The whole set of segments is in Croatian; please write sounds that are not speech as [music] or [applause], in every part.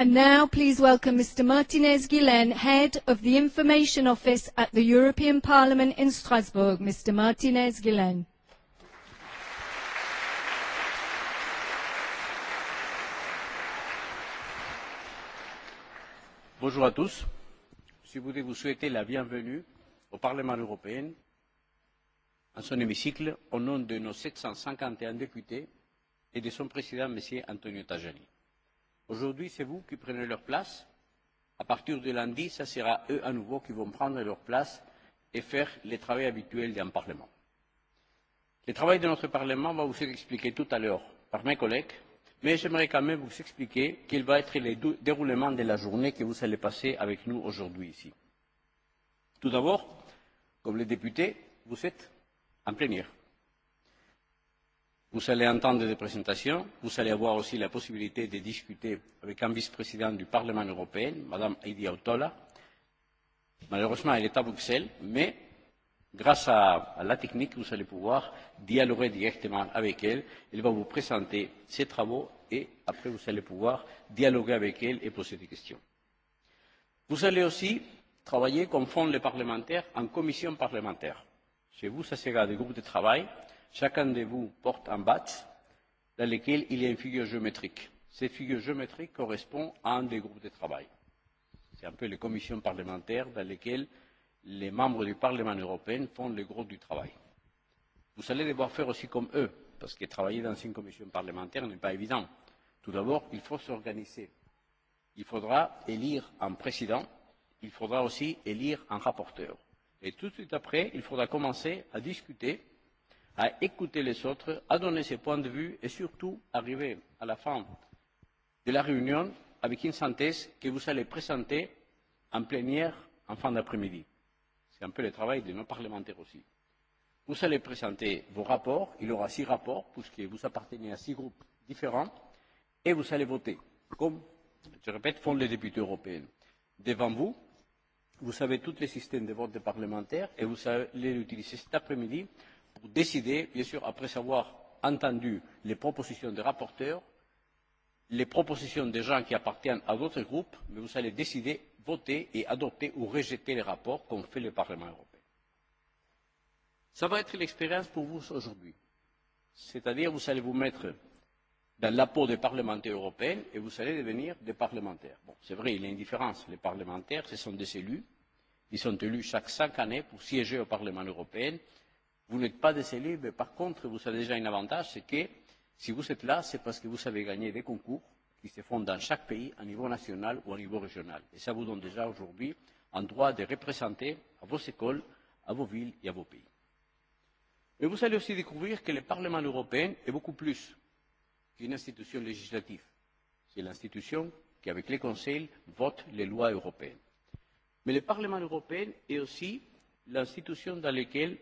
And now please welcome Mr. Martinez Guillen, Head of the Information Office at the European Parliament in Strasbourg. Mr. Martinez Guillen. Bonjour à tous. Je voudrais vous souhaiter la bienvenue au Parlement européen, en son hémicycle, au nom de nos 751 députés et de son président, M. Antonio Tajani Aujourd'hui, c'est vous qui prenez leur place. À partir de lundi, ce sera eux à nouveau qui vont prendre leur place et faire les travail habituels d'un Parlement. Le travail de notre Parlement va vous être expliqué tout à l'heure par mes collègues, mais j'aimerais quand même vous expliquer quel va être le déroulement de la journée que vous allez passer avec nous aujourd'hui ici. Tout d'abord, comme les députés, vous êtes en plénière. Vous allez entendre des présentations. Vous allez avoir aussi la possibilité de discuter avec un vice-président du Parlement européen, madame Heidi hautala Malheureusement, elle est à Bruxelles, mais grâce à, la technique, vous allez pouvoir dialoguer directement avec elle. Elle va vous présenter ses travaux et après, vous allez pouvoir dialoguer avec elle et poser des questions. Vous allez aussi travailler comme font les parlementaires en commission parlementaire. Chez vous, ça sera des groupes de travail Chacun de vous porte un bat dans lequel il y a une figure géométrique. Cette figure géométrique correspond à un des groupes de travail. C'est un peu les commissions parlementaires dans lesquelles les membres du Parlement européen font le groupe du travail. Vous allez devoir faire aussi comme eux, parce que travailler dans une commission parlementaire n'est pas évident. Tout d'abord, il faut s'organiser. Il faudra élire un président, il faudra aussi élire un rapporteur. Et tout de suite après, il faudra commencer à discuter à écouter les autres, à donner ses points de vue et surtout arriver à la fin de la réunion avec une synthèse que vous allez présenter en plénière en fin d'après-midi. C'est un peu le travail de nos parlementaires aussi. Vous allez présenter vos rapports, il y aura six rapports puisque vous appartenez à six groupes différents et vous allez voter, comme, je répète, font les députés européens. Devant vous, vous savez tous les systèmes de vote des parlementaires et vous allez l'utiliser cet après-midi décider, bien sûr, après avoir entendu les propositions des rapporteurs, les propositions des gens qui appartiennent à votre groupe, mais vous allez décider, voter et adopter ou rejeter les rapports qu'ont fait le Parlement européen. Ça va être l'expérience pour vous aujourd'hui. C'est-à-dire, vous allez vous mettre dans la peau des parlementaires européens et vous allez devenir des parlementaires. Bon, c'est vrai, il y a une différence. Les parlementaires, ce sont des élus. Ils sont élus chaque cinq années pour siéger au Parlement européen Vous n'êtes pas des élus, mais par contre, vous avez déjà un avantage, c'est que si vous êtes là, c'est parce que vous avez gagné des concours qui se font dans chaque pays, à niveau national ou à niveau régional. Et ça vous donne déjà aujourd'hui un droit de représenter à vos écoles, à vos villes et à vos pays. Mais vous allez aussi découvrir que le Parlement européen est beaucoup plus qu'une institution législative. C'est l'institution qui, avec les conseils, vote les lois européennes. Mais le Parlement européen est aussi l'institution dans laquelle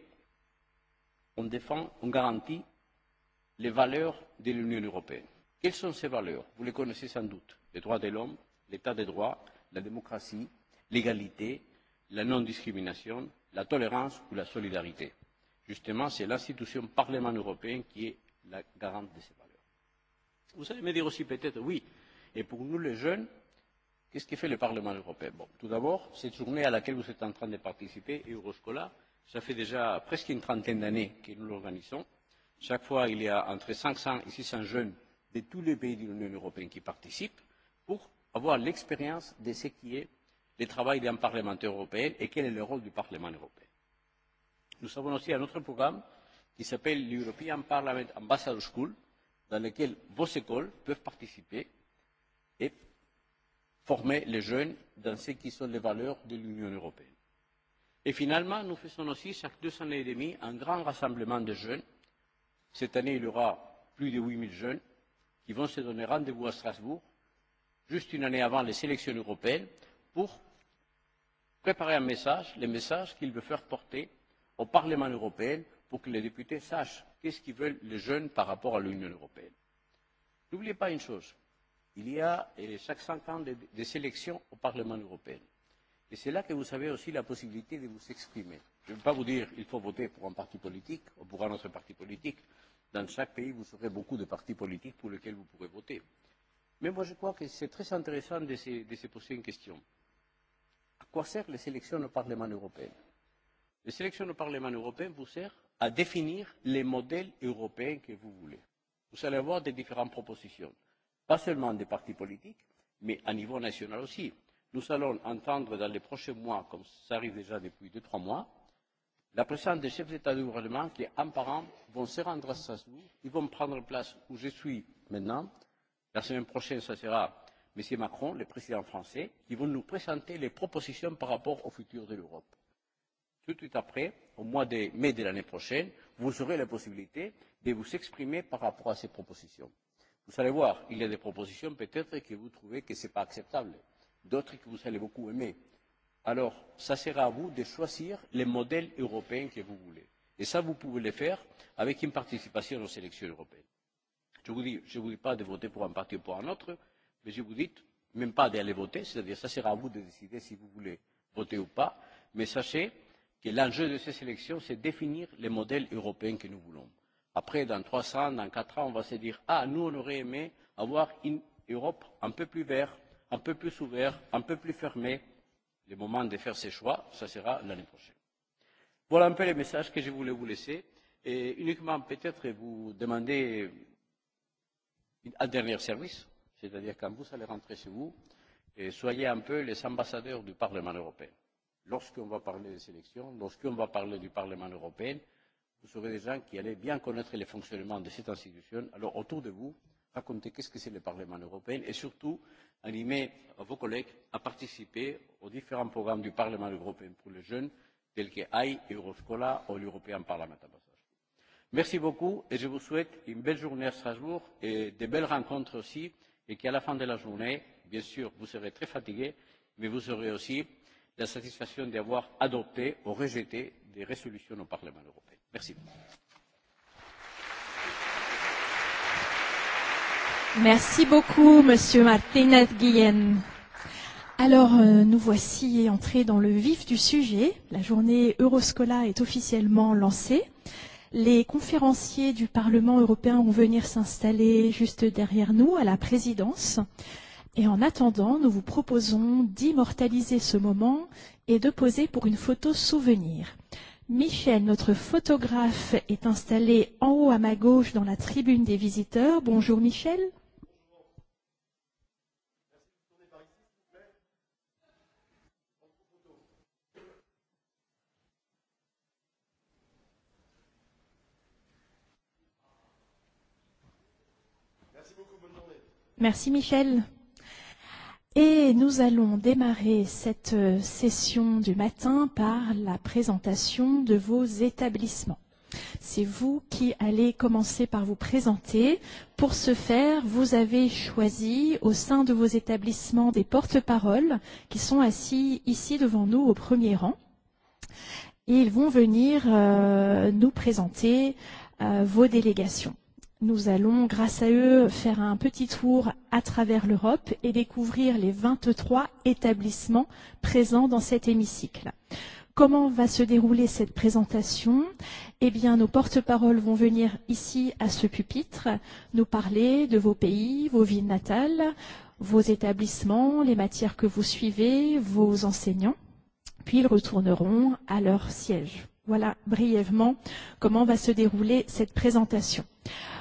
on défend, on garantit les valeurs de l'Union européenne. Quelles sont ces valeurs Vous les connaissez sans doute. Les droits de l'homme, l'état de droit, la démocratie, l'égalité, la non-discrimination, la tolérance ou la solidarité. Justement, c'est l'institution Parlement européen qui est la garante de ces valeurs. Vous allez me dire aussi peut-être, oui, et pour nous les jeunes, qu'est-ce que fait le Parlement européen bon, Tout d'abord, cette journée à laquelle vous êtes en train de participer, Euroscola, Ça fait déjà presque une trentaine d'années que nous l'organisons. Chaque fois, il y a entre 500 et 600 jeunes de tous les pays de l'Union européenne qui participent pour avoir l'expérience de ce qui est le travail d'un parlement européen et quel est le rôle du Parlement européen. Nous avons aussi un autre programme qui s'appelle l'European Parliament Ambassador School, dans lequel vos écoles peuvent participer et former les jeunes dans ce qui sont les valeurs de l'Union européenne. Et finalement, nous faisons aussi chaque deux années et demie un grand rassemblement de jeunes. Cette année, il y aura plus de 8000 jeunes qui vont se donner rendez-vous à Strasbourg, juste une année avant les élections européennes, pour préparer un message, le messages qu'ils veulent faire porter au Parlement européen pour que les députés sachent qu'est-ce qu'ils veulent les jeunes par rapport à l'Union européenne. N'oubliez pas une chose, il y a chaque cinq ans des, des élections au Parlement européen. Et c'est là que vous avez aussi la possibilité de vous exprimer. Je ne vais pas vous dire il faut voter pour un parti politique ou pour un autre parti politique. Dans chaque pays, vous aurez beaucoup de partis politiques pour lesquels vous pourrez voter. Mais moi, je crois que c'est très intéressant de se, de se poser une question. À quoi servent les élections au Parlement européen Les élections au Parlement européen vous servent à définir les modèles européens que vous voulez. Vous allez avoir des différentes propositions, pas seulement des partis politiques, mais à niveau national aussi nous allons entendre dans les prochains mois, comme ça arrive déjà depuis deux, trois mois, la présence des chefs d'État de gouvernement qui, en parlant, vont se rendre à Strasbourg. Ils vont prendre place où je suis maintenant. La semaine prochaine, ce sera M. Macron, le président français. qui vont nous présenter les propositions par rapport au futur de l'Europe. Tout de suite après, au mois de mai de l'année prochaine, vous aurez la possibilité de vous exprimer par rapport à ces propositions. Vous allez voir, il y a des propositions peut-être que vous trouvez que ce n'est pas acceptable d'autres que vous allez beaucoup aimer. Alors, ça sera à vous de choisir les modèles européens que vous voulez. Et ça, vous pouvez le faire avec une participation aux élections européennes. Je vous dis, je vous dis pas de voter pour un parti ou pour un autre, mais je vous dis même pas d'aller voter, c'est-à-dire ça sera à vous de décider si vous voulez voter ou pas, mais sachez que l'enjeu de ces élections, c'est définir les modèles européens que nous voulons. Après, dans trois ans, dans quatre ans, on va se dire, ah, nous, on aurait aimé avoir une Europe un peu plus verte, un peu plus ouvert, un peu plus fermé. Le moment de faire ses choix, ça sera l'année prochaine. Voilà un peu les messages que je voulais vous laisser. Et uniquement peut-être vous demander un dernier service, c'est-à-dire quand vous allez rentrer chez vous, et soyez un peu les ambassadeurs du Parlement européen. Lorsqu'on va parler des élections, lorsqu'on va parler du Parlement européen, vous serez des gens qui allaient bien connaître le fonctionnement de cette institution. Alors autour de vous, racontez qu'est-ce que c'est le Parlement européen et surtout animer euh, vos collègues à participer aux différents programmes du Parlement européen pour les jeunes, tels que AI, Euroscola ou l'European Parliament Passage. Merci beaucoup et je vous souhaite une belle journée à Strasbourg et de belles rencontres aussi et qu'à la fin de la journée, bien sûr, vous serez très fatigués, mais vous aurez aussi la satisfaction d'avoir adopté ou rejeté des résolutions au Parlement européen. Merci. Merci beaucoup, Monsieur Martinez Guillen. Alors, euh, nous voici entrés dans le vif du sujet. La journée Euroscola est officiellement lancée. Les conférenciers du Parlement européen vont venir s'installer juste derrière nous, à la présidence. Et en attendant, nous vous proposons d'immortaliser ce moment et de poser pour une photo souvenir. Michel, notre photographe, est installé en haut à ma gauche dans la tribune des visiteurs. Bonjour Michel. Merci Michel. Et nous allons démarrer cette euh, session du matin par la présentation de vos établissements. C'est vous qui allez commencer par vous présenter. Pour ce faire, vous avez choisi au sein de vos établissements des porte-paroles qui sont assis ici devant nous au premier rang. Et ils vont venir euh, nous présenter euh, vos délégations. Nous allons, grâce à eux, faire un petit tour à travers l'Europe et découvrir les 23 établissements présents dans cet hémicycle. Comment va se dérouler cette présentation Eh bien, nos porte-paroles vont venir ici, à ce pupitre, nous parler de vos pays, vos villes natales, vos établissements, les matières que vous suivez, vos enseignants. Puis, ils retourneront à leur siège. Voilà, brièvement, comment va se dérouler cette présentation.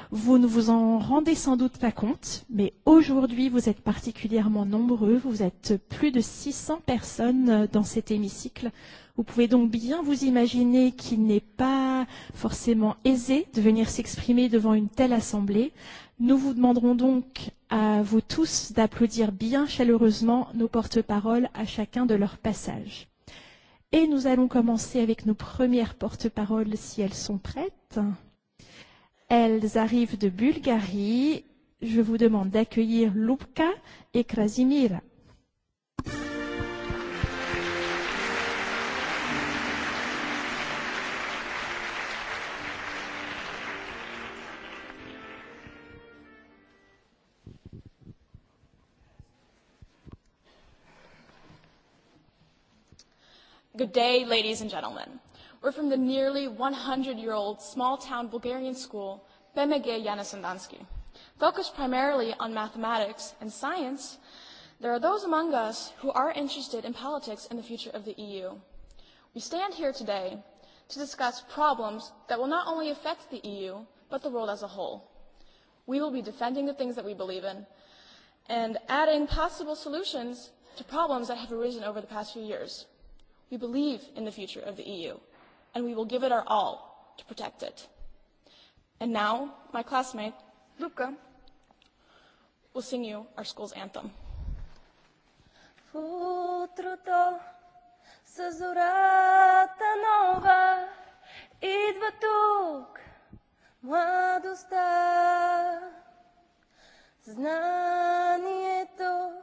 Vous ne vous en rendez sans doute pas compte, mais aujourd'hui, vous êtes particulièrement nombreux. Vous êtes plus de 600 personnes dans cet hémicycle. Vous pouvez donc bien vous imaginer qu'il n'est pas forcément aisé de venir s'exprimer devant une telle assemblée. Nous vous demanderons donc à vous tous d'applaudir bien chaleureusement nos porte-paroles à chacun de leur passage. Et nous allons commencer avec nos premières porte-paroles si elles sont prêtes. Elles arrivent de Bulgarie. Je vous demande d'accueillir Lubka et Krasimir. Good day, ladies and gentlemen. We're from the nearly 100-year-old small-town Bulgarian school, Bemege Yanisandansky. Focused primarily on mathematics and science, there are those among us who are interested in politics and the future of the EU. We stand here today to discuss problems that will not only affect the EU, but the world as a whole. We will be defending the things that we believe in and adding possible solutions to problems that have arisen over the past few years. We believe in the future of the EU. And we will give it our all to protect it. And now, my classmate, Luka, will sing you our school's anthem. Futruto otro nova Izva tuk mladosta to,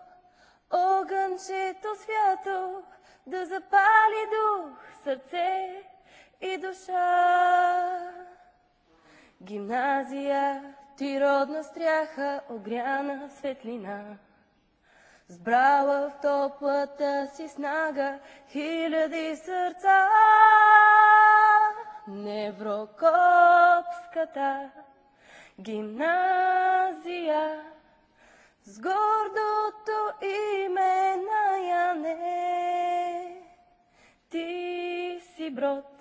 oganče to svijato Da zapali duh srce i duša. Гимназия, ти родна стряха, огряна светлина. Сбрала в топлата си снага хиляди сърца. Неврокопската гимназия с гордото име на Яне. Ти си брод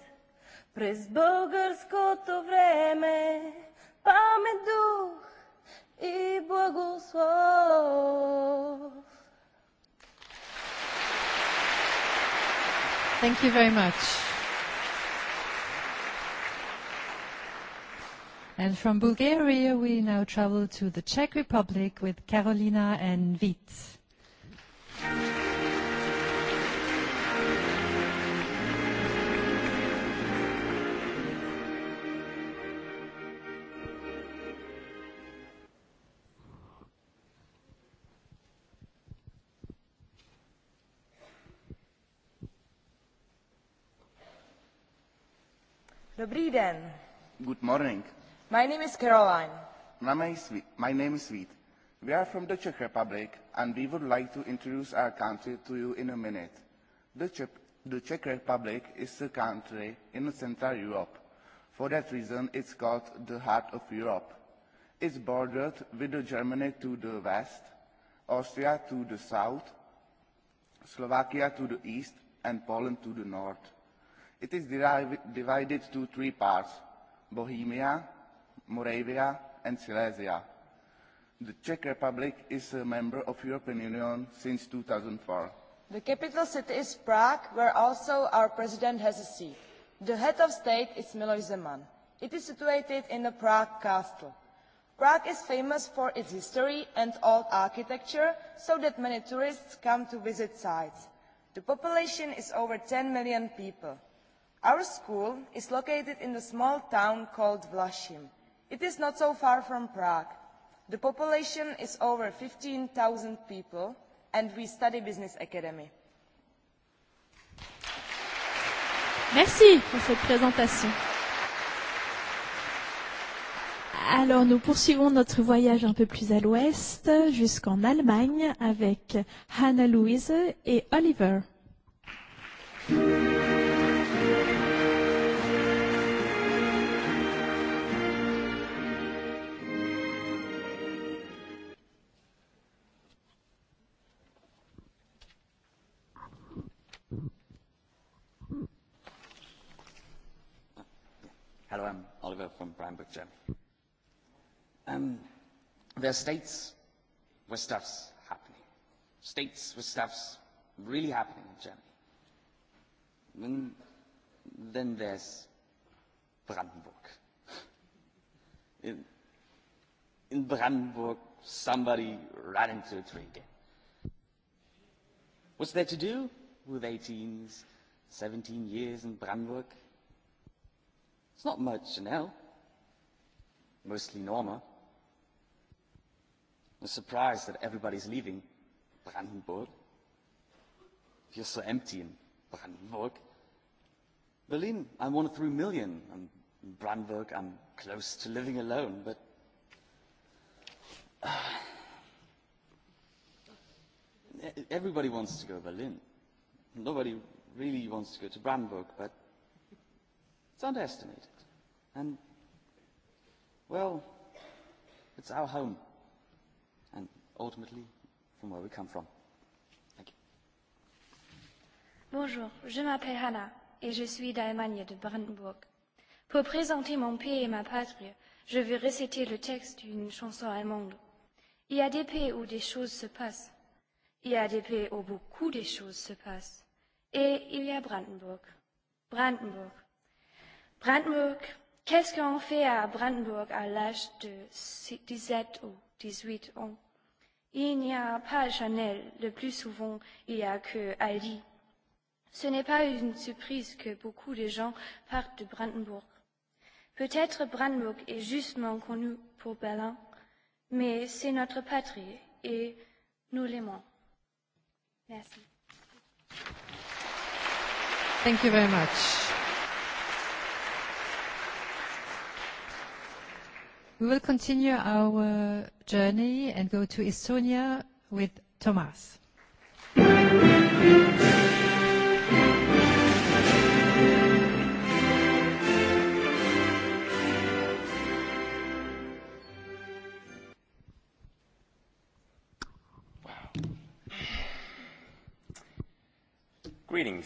През to vreme памет дух i благослов. Thank you very much. And from Bulgaria, we now travel to the Czech Republic with Carolina and Vít. Dobrý den. Good morning. My name is Caroline. My name is Sweet. We are from the Czech Republic and we would like to introduce our country to you in a minute. The Czech, the Czech Republic is a country in Central Europe. For that reason, it's called the heart of Europe. It's bordered with Germany to the west, Austria to the south, Slovakia to the east, and Poland to the north It is divided into three parts, Bohemia, Moravia and Silesia. The Czech Republic is a member of European Union since 2004. The capital city is Prague, where also our president has a seat. The head of state is Miloš Zeman. It is situated in the Prague castle. Prague is famous for its history and old architecture, so that many tourists come to visit sites. The population is over 10 million people. Our school is located in a small town called Vlašim. It is not so far from Prague. The population is over 15,000 people and we study business academy. Merci pour cette présentation. Alors nous poursuivons notre voyage un peu plus à l'ouest jusqu'en Allemagne avec Hannah Louise et Oliver. Um, there are states where stuff's happening. States where stuff's really happening in Germany. And then there's Brandenburg. In, in Brandenburg, somebody ran into a tree again. What's there to do with 18, 17 years in Brandenburg? It's not much, you know mostly normal. I'm surprised that everybody's leaving Brandenburg. You're so empty in Brandenburg. Berlin, I'm one of three million. in Brandenburg, I'm close to living alone, but [sighs] everybody wants to go to Berlin. Nobody really wants to go to Brandenburg, but it's underestimated. And well, it's our home and ultimately from where we come from. Thank you. Bonjour, je m'appelle Hannah et je suis d'Allemagne de Brandenburg. Pour présenter mon pays et ma patrie, je vais réciter le texte d'une chanson allemande. Il y a des pays où des choses se passent. Il y a des pays où beaucoup de choses se passent. Et il y a Brandenburg. Brandenburg. Brandenburg Qu'est-ce qu'on fait à Brandenburg à l'âge de 17 ou 18 ans Il n'y a pas Chanel, le plus souvent il n'y a que Aldi. Ce n'est pas une surprise que beaucoup de gens partent de Brandenburg. Peut-être Brandenburg est justement connu pour Berlin, mais c'est notre patrie et nous l'aimons. Merci. Thank you very much. We will continue our journey and go to Estonia with Thomas. Greetings.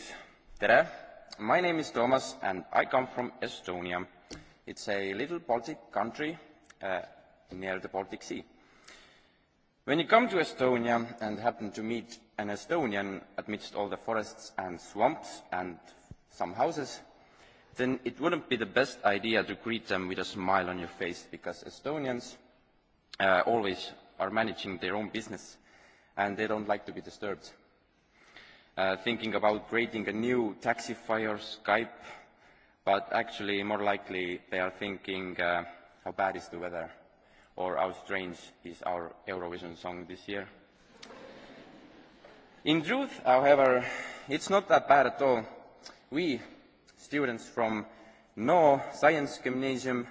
Tere. My name is Thomas and I come from Estonia. It's a little Baltic country Uh, near the Baltic Sea. When you come to Estonia and happen to meet an Estonian amidst all the forests and swamps and some houses, then it wouldn't be the best idea to greet them with a smile on your face because Estonians uh, always are managing their own business and they don't like to be disturbed. Uh, thinking about creating a new taxi fire Skype, but actually more likely they are thinking uh, How bad is the weather? Or how strange is our Eurovision song this year? In truth, however, it's not that bad at all. We, students from no science gymnasium,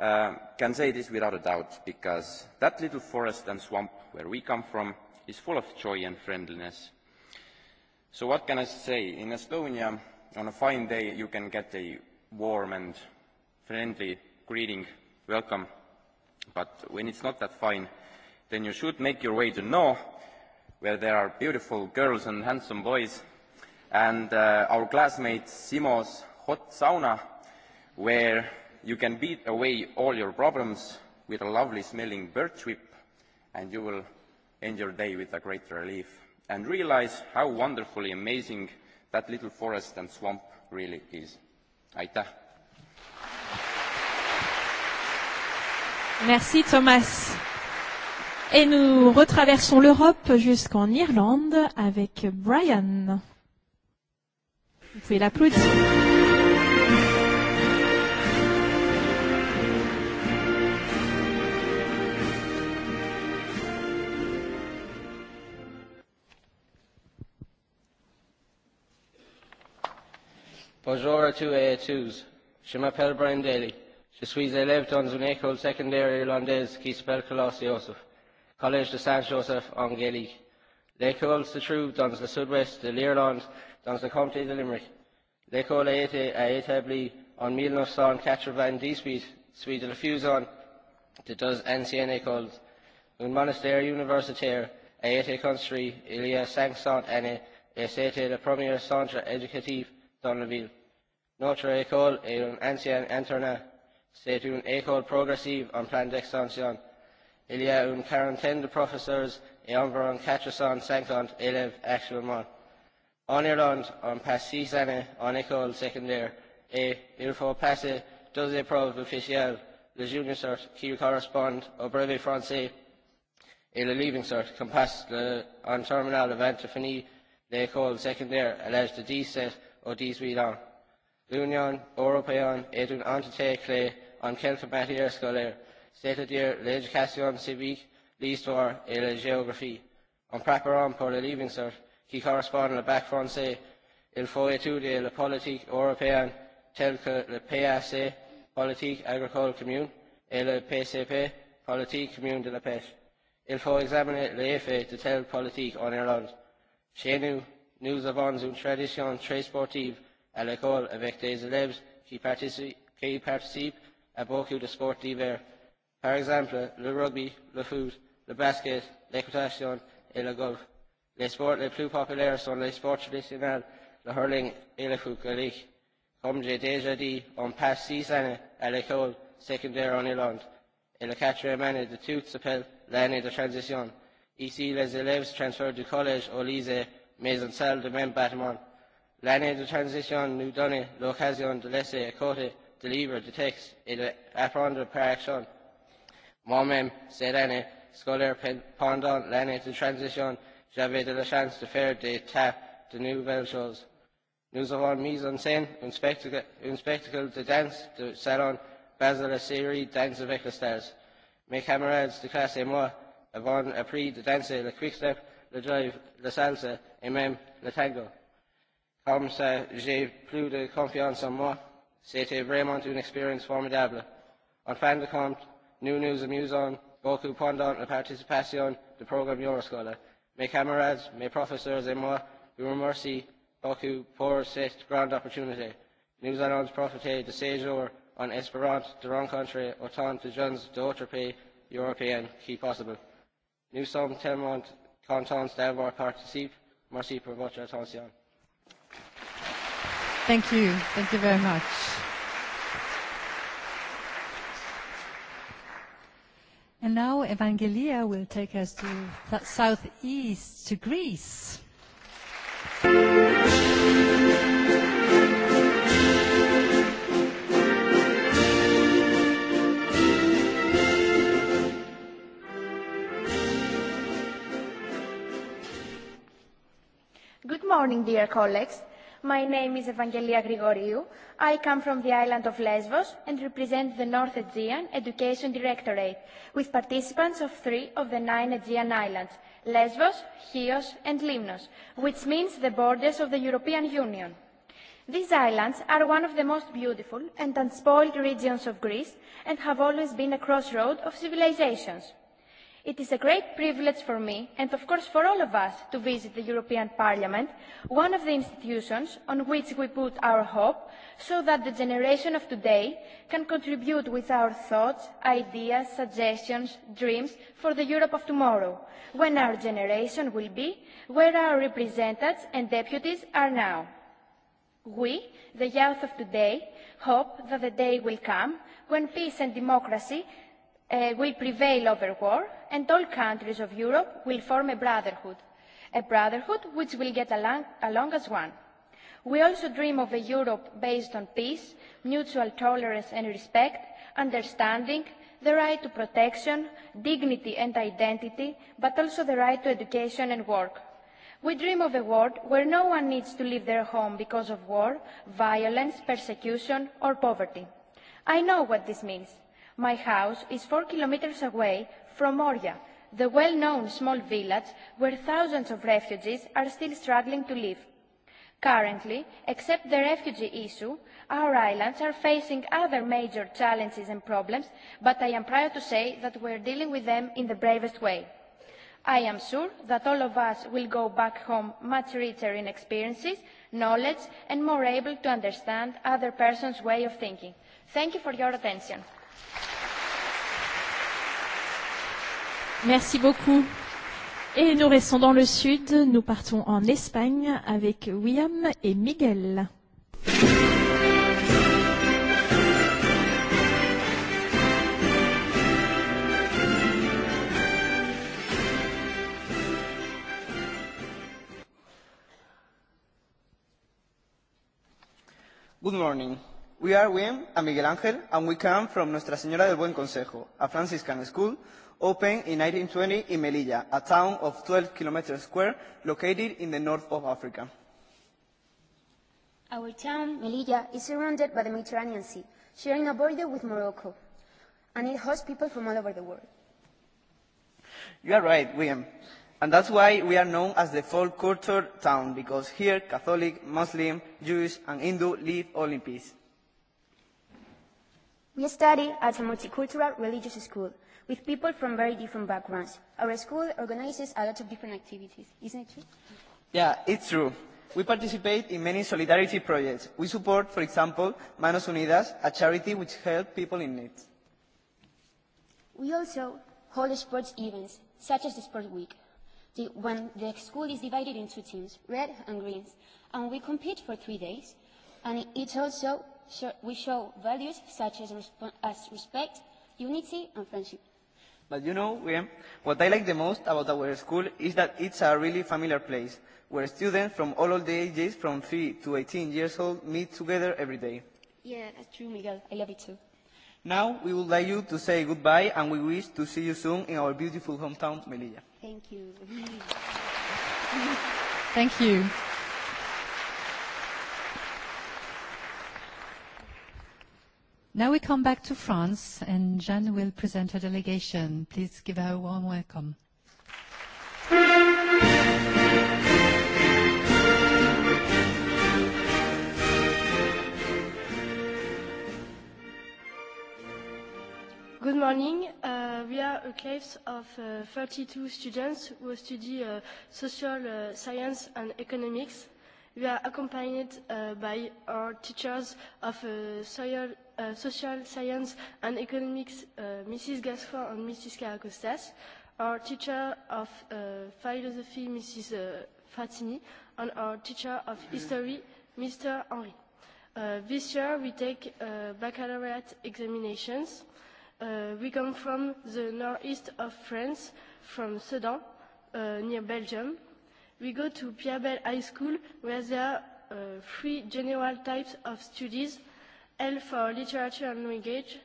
uh, can say this without a doubt, because that little forest and swamp where we come from is full of joy and friendliness. So what can I say? In Estonia, on a fine day, you can get a warm and friendly greeting welcome but when it's not that fine then you should make your way to no where there are beautiful girls and handsome boys and uh, our classmate simo's hot sauna where you can beat away all your problems with a lovely smelling birch whip and you will end your day with a great relief and realize how wonderfully amazing that little forest and swamp really is. Aita. Merci Thomas. Et nous retraversons l'Europe jusqu'en Irlande avec Brian. Vous pouvez l'applaudir. Bonjour à tous et à tous. Je m'appelle Brian Daly. Suize Levton Zunekol Secondary Landez Kis Perkalos Joseph, College de Saint Joseph Angelique, L'école se trouve dans le sud-ouest de l'Irlande, dans the Comte de Limerick. L'école a été a établie en 1998 suite à la fusion de deux anciennes écoles. Un monastère universitaire a été Ilia il y a 500 années et c'était premier centre éducatif dans la Notre école est un ancien internat C'est un école progressive en plan d'extension. Il y a une quarantaine de professeurs et environ 450 élèves actuellement. En Irlande, on passe six années en école secondaire et il faut passer deux épreuves officielles, le Junior Cert qui correspond au brevet français et le Leaving Cert qu'on passe le, en terminale avant de finir l'école secondaire à l'âge de 17 ou 18 ans. L'Union européenne est une entité on celt a batair scolaire. C'est à dire l'éducation civique, l'histoire et la géographie. On préparant pour le Leaving Cert, qui correspond le la il faut étudier la politique européenne tel que le PAC, politique agricole commune, et le PCP, politique commune de la pêche. Il faut examiner l'effet de telle politique en Irlande. Chez nous, nous avons une tradition très sportive à l'école avec des élèves qui participent, qui participent a beaucoup de sports d'hiver. Par exemple, le rugby, le foot, le basket, l'équitation et le golf. Les sports les plus populaires sont les sports traditionnels, le hurling et le foot gaélique. Comme j'ai déjà dit, on passe six années à l'école secondaire en Irlande et la quatrième année de tout s'appelle l'année de transition. Ici, les élèves transfèrent du collège au lycée, mais en salle de même bâtiment. L'année de transition nous donne l'occasion de laisser à côté de the de texte et d'apprendre par action. Moi-même, cette scolaire, pendant l'année de transition, j'avais de la chance de faire des tap de nouvelles choses. Nous avons mis en scène un spectacle, un spectacle de danse de salon basé la série Danse avec les stars. Mes camarades de classe et moi avons appris de danse, le step, le drive, le salsa et même le tango. Comme ça, j'ai plus de confiance en moi C'était vraiment une expérience formidable. En fin de compte, nous nous amusons beaucoup pendant la participation du programme Euroscola. Mes camarades, mes professeurs et moi vous remercie beaucoup pour cette grande opportunité. Nous allons profiter de ces jours en espérant de rencontrer autant de jeunes d'autres pays européens qui possible. Nous sommes tellement contents d'avoir participé. Merci pour votre attention. Thank you. Thank you very much. And now Evangelia will take us to the southeast, to Greece. Good morning, dear colleagues. My name is Evangelia Grigoriou. I come from the island of Lesbos and represent the North Aegean Education Directorate, with participants of three of the nine Aegean islands, Lesbos, Chios and Limnos, which means the borders of the European Union. These islands are one of the most beautiful and unspoiled regions of Greece and have always been a crossroad of civilizations. It is a great privilege for me, and of course for all of us, to visit the European Parliament, one of the institutions on which we put our hope, so that the generation of today can contribute with our thoughts, ideas, suggestions, dreams for the Europe of tomorrow, when our generation will be where our representatives and deputies are now. We, the youth of today, hope that the day will come when peace and democracy uh, will prevail over war and all countries of Europe will form a brotherhood, a brotherhood which will get along, along as one. We also dream of a Europe based on peace, mutual tolerance and respect, understanding, the right to protection, dignity and identity, but also the right to education and work. We dream of a world where no one needs to leave their home because of war, violence, persecution or poverty. I know what this means My house is four kilometers away from Moria, the well-known small village where thousands of refugees are still struggling to live. Currently, except the refugee issue, our islands are facing other major challenges and problems, but I am proud to say that we are dealing with them in the bravest way. I am sure that all of us will go back home much richer in experiences, knowledge and more able to understand other person's way of thinking. Thank you for your attention. Merci beaucoup. Et nous restons dans le sud, nous partons en Espagne avec William et Miguel. Good morning. We are William and Miguel Ángel and we come from Nuestra Señora del Buen Consejo, a Franciscan school opened in 1920 in Melilla, a town of 12 kilometers square located in the north of Africa. Our town, Melilla, is surrounded by the Mediterranean Sea, sharing a border with Morocco, and it hosts people from all over the world. You are right, William. And that's why we are known as the folk culture town, because here Catholic, Muslim, Jewish and Hindu live all in peace. We study at a multicultural religious school with people from very different backgrounds. Our school organizes a lot of different activities, isn't it true? Yeah, it's true. We participate in many solidarity projects. We support, for example, Manos Unidas, a charity which helps people in need. We also hold sports events, such as the Sports Week, the, when the school is divided into teams, red and greens, and we compete for three days. And it also, sh we show values such as, resp as respect, unity, and friendship. But you know, William, what I like the most about our school is that it's a really familiar place, where students from all of the ages, from 3 to 18 years old, meet together every day. Yeah, that's true, Miguel. I love it too. Now, we would like you to say goodbye, and we wish to see you soon in our beautiful hometown, Melilla. Thank you. Thank you. Now we come back to France, and Jeanne will present her delegation. Please give her a warm welcome. Good morning. Uh, we are a class of 32 uh, students who study uh, social science and economics we are accompanied uh, by our teachers of uh, social, uh, social science and economics, uh, Mrs. Gascoigne and Mrs. Caracostas, our teacher of uh, philosophy, Mrs. Uh, Fatini, and our teacher of history, Mr. Henri. Uh, this year we take uh, baccalaureate examinations. Uh, we come from the northeast of France, from Sedan, uh, near Belgium we go to Piabel High School where there are uh, three general types of studies, L for literature and language,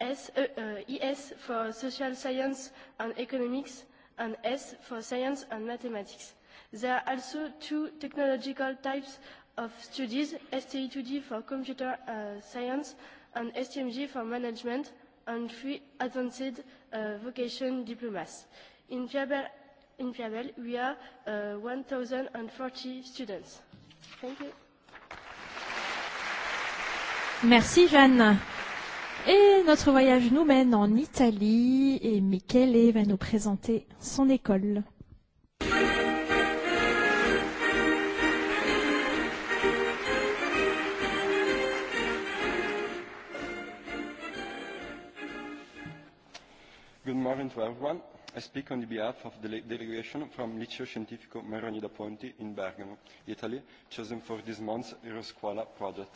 S, uh, uh, ES for social science and economics, and S for science and mathematics. There are also two technological types of studies, STE2D for computer uh, science and STMG for management, and three advanced uh, vocation diplomas. In Piabel in Javel, we are uh, 1,040 students. Thank you. Merci, Jeanne. Et notre voyage nous mène en Italie et Michele va nous présenter son école. Good morning to everyone. I speak on behalf of the delegation from Liceo Scientifico Maroni da Ponti in Bergamo, Italy, chosen for this month's Euroscuola project.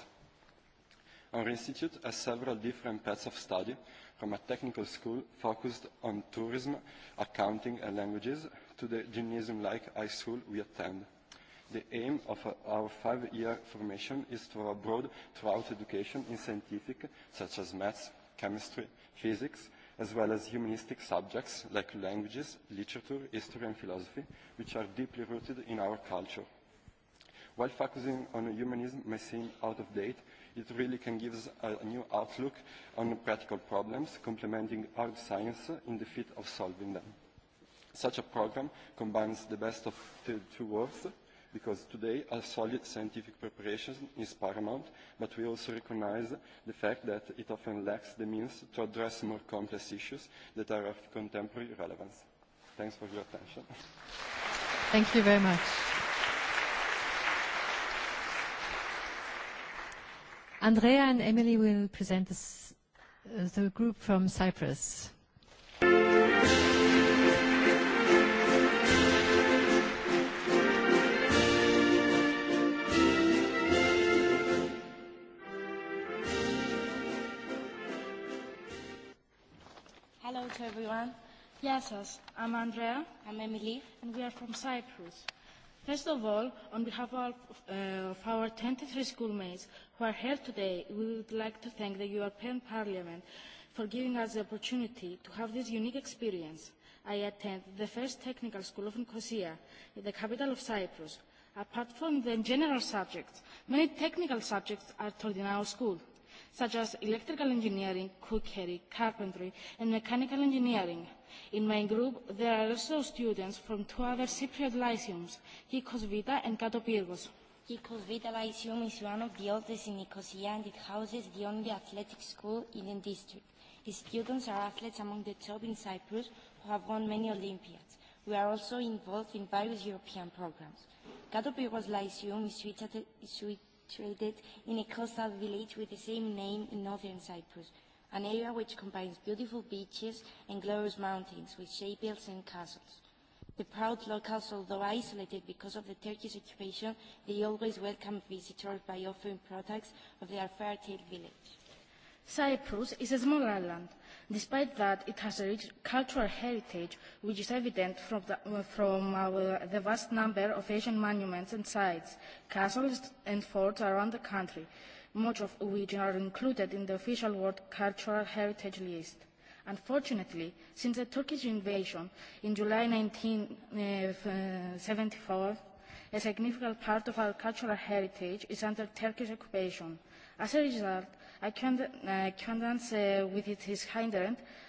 Our institute has several different paths of study, from a technical school focused on tourism, accounting and languages, to the gymnasium-like high school we attend. The aim of our five-year formation is to abroad throughout education in scientific, such as maths, chemistry, physics, as well as humanistic subjects like languages, literature, history and philosophy, which are deeply rooted in our culture. While focusing on humanism may seem out of date, it really can give us a new outlook on practical problems, complementing art science in the fit of solving them. Such a program combines the best of the two worlds, because today a solid scientific preparation is paramount, but we also recognize the fact that it often lacks the means to address more complex issues that are of contemporary relevance. Thanks for your attention. Thank you very much. Andrea and Emily will present this, uh, the group from Cyprus. everyone. Yes, I'm Andrea. I'm Emily, and we are from Cyprus. First of all, on behalf of, uh, of our 23 schoolmates who are here today, we would like to thank the European Parliament for giving us the opportunity to have this unique experience. I attend the first technical school of Nicosia, in the capital of Cyprus. Apart from the general subjects, many technical subjects are taught in our school such as electrical engineering, cookery, carpentry, and mechanical engineering. In my group, there are also students from two other Cypriot lyceums, Kikos Vita and Kato Pyrgos. Kikos Vita Lyceum is one of the oldest in Nicosia and it houses the only athletic school in the district. The students are athletes among the top in Cyprus who have won many Olympiads. We are also involved in various European programs. Kato Pyrgos Lyceum is situated situated in a coastal village with the same name in northern Cyprus, an area which combines beautiful beaches and glorious mountains with shape hills and castles. The proud locals, although isolated because of the Turkish occupation, they always welcome visitors by offering products of their fertile village. Cyprus is a small island Despite that, it has a rich cultural heritage, which is evident from, the, uh, from our, the vast number of Asian monuments and sites, castles and forts around the country, much of which are included in the official World Cultural Heritage List. Unfortunately, since the Turkish invasion in July 1974, uh, uh, a significant part of our cultural heritage is under Turkish occupation. As a result, i can't, uh, dance uh, with it, his hind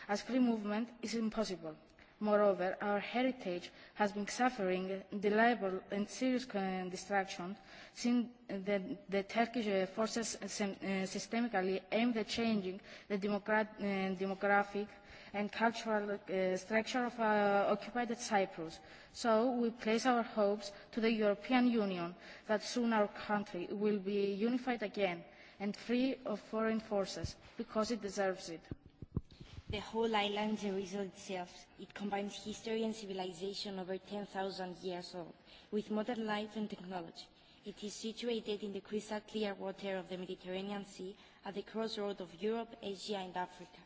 as free movement is impossible. Moreover, our heritage has been suffering deliable and serious uh, destruction since the, Turkish uh, forces systemically aimed at changing the demographic and cultural structure of uh, occupied Cyprus. So we place our hopes to the European Union that soon our country will be unified again and free of foreign forces, because it deserves it. The whole island result itself. It combines history and civilization over 10,000 years old, with modern life and technology. It is situated in the crystal clear water of the Mediterranean Sea at the crossroads of Europe, Asia and Africa.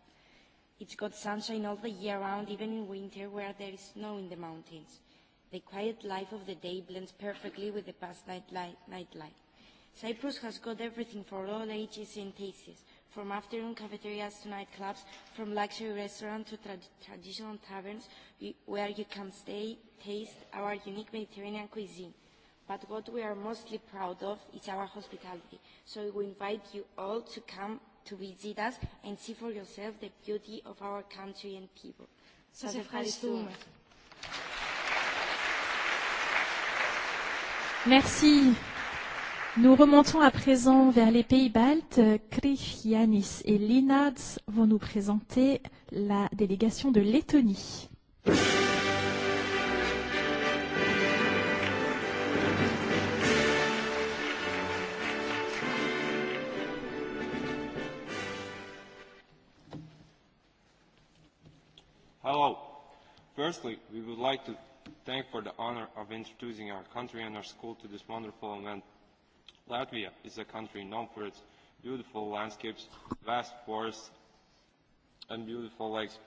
It's got sunshine all the year round, even in winter where there is snow in the mountains. The quiet life of the day blends perfectly with the past night life. Cyprus has got everything for all ages and tastes, from afternoon cafeterias to nightclubs, from luxury restaurants to tra traditional taverns where you can stay, taste our unique Mediterranean cuisine. But what we are mostly proud of is our hospitality, so we invite you all to come to visit us and see for yourself the beauty of our country and people. Merci. Nous remontons à présent vers les pays baltes. Krif Yanis et Linads vont nous présenter la délégation de Lettonie. Hello. Firstly, we would like to thank for the honor of introducing our country and our school to this wonderful event Latvia is a country known for its beautiful landscapes, vast forests, and beautiful lakes.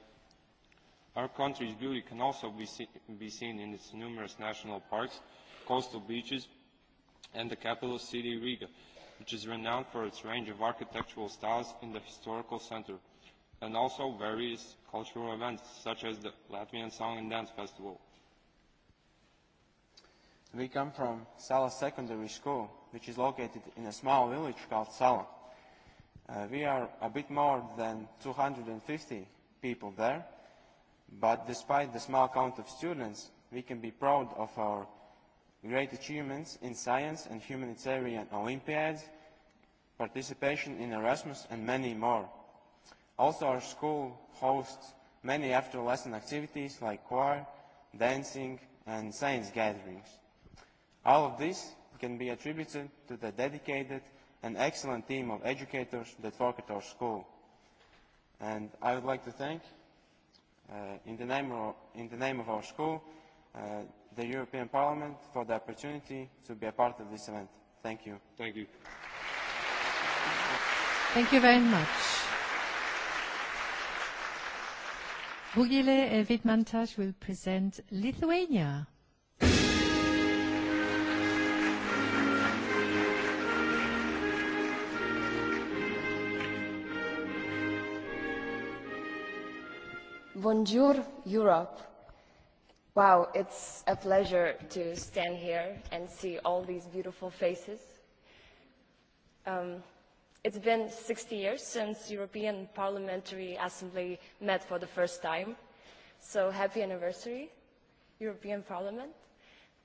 Our country's beauty can also be, see, be seen in its numerous national parks, coastal beaches, and the capital city, Riga, which is renowned for its range of architectural styles in the historical center, and also various cultural events, such as the Latvian Song and Dance Festival. We come from Sala Secondary School, which is located in a small village called Sala. Uh, we are a bit more than 250 people there, but despite the small count of students, we can be proud of our great achievements in science and humanitarian Olympiads, participation in Erasmus, and many more. Also, our school hosts many after-lesson activities like choir, dancing, and science gatherings. All of this can be attributed to the dedicated and excellent team of educators that work at our school. And I would like to thank, uh, in, the name of, in the name of our school, uh, the European Parliament for the opportunity to be a part of this event. Thank you. Thank you. Thank you very much. Bugile will present Lithuania. Bonjour, Europe. Wow, it's a pleasure to stand here and see all these beautiful faces. Um, it's been 60 years since European Parliamentary Assembly met for the first time. So happy anniversary, European Parliament.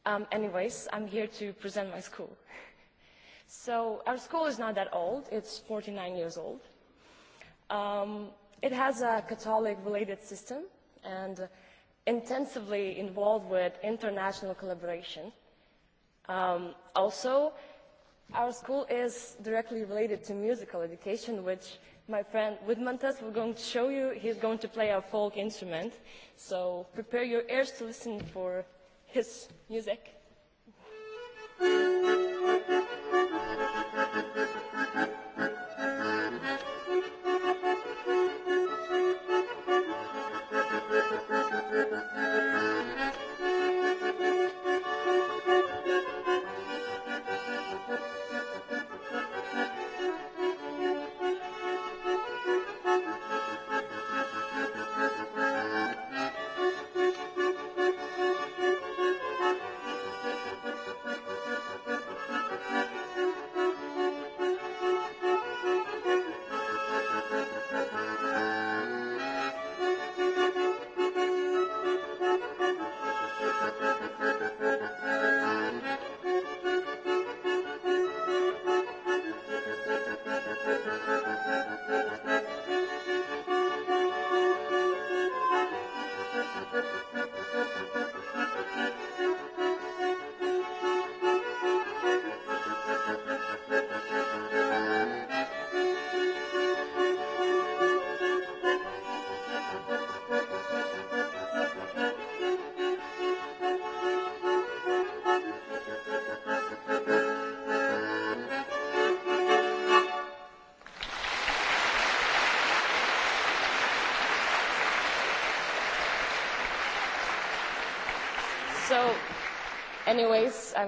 Um, anyways, I'm here to present my school. So our school is not that old. It's 49 years old. Um, It has a Catholic-related system and uh, intensively involved with international collaboration. Um, also, our school is directly related to musical education, which my friend Widmantas will going to show you. He's going to play a folk instrument, so prepare your ears to listen for his music.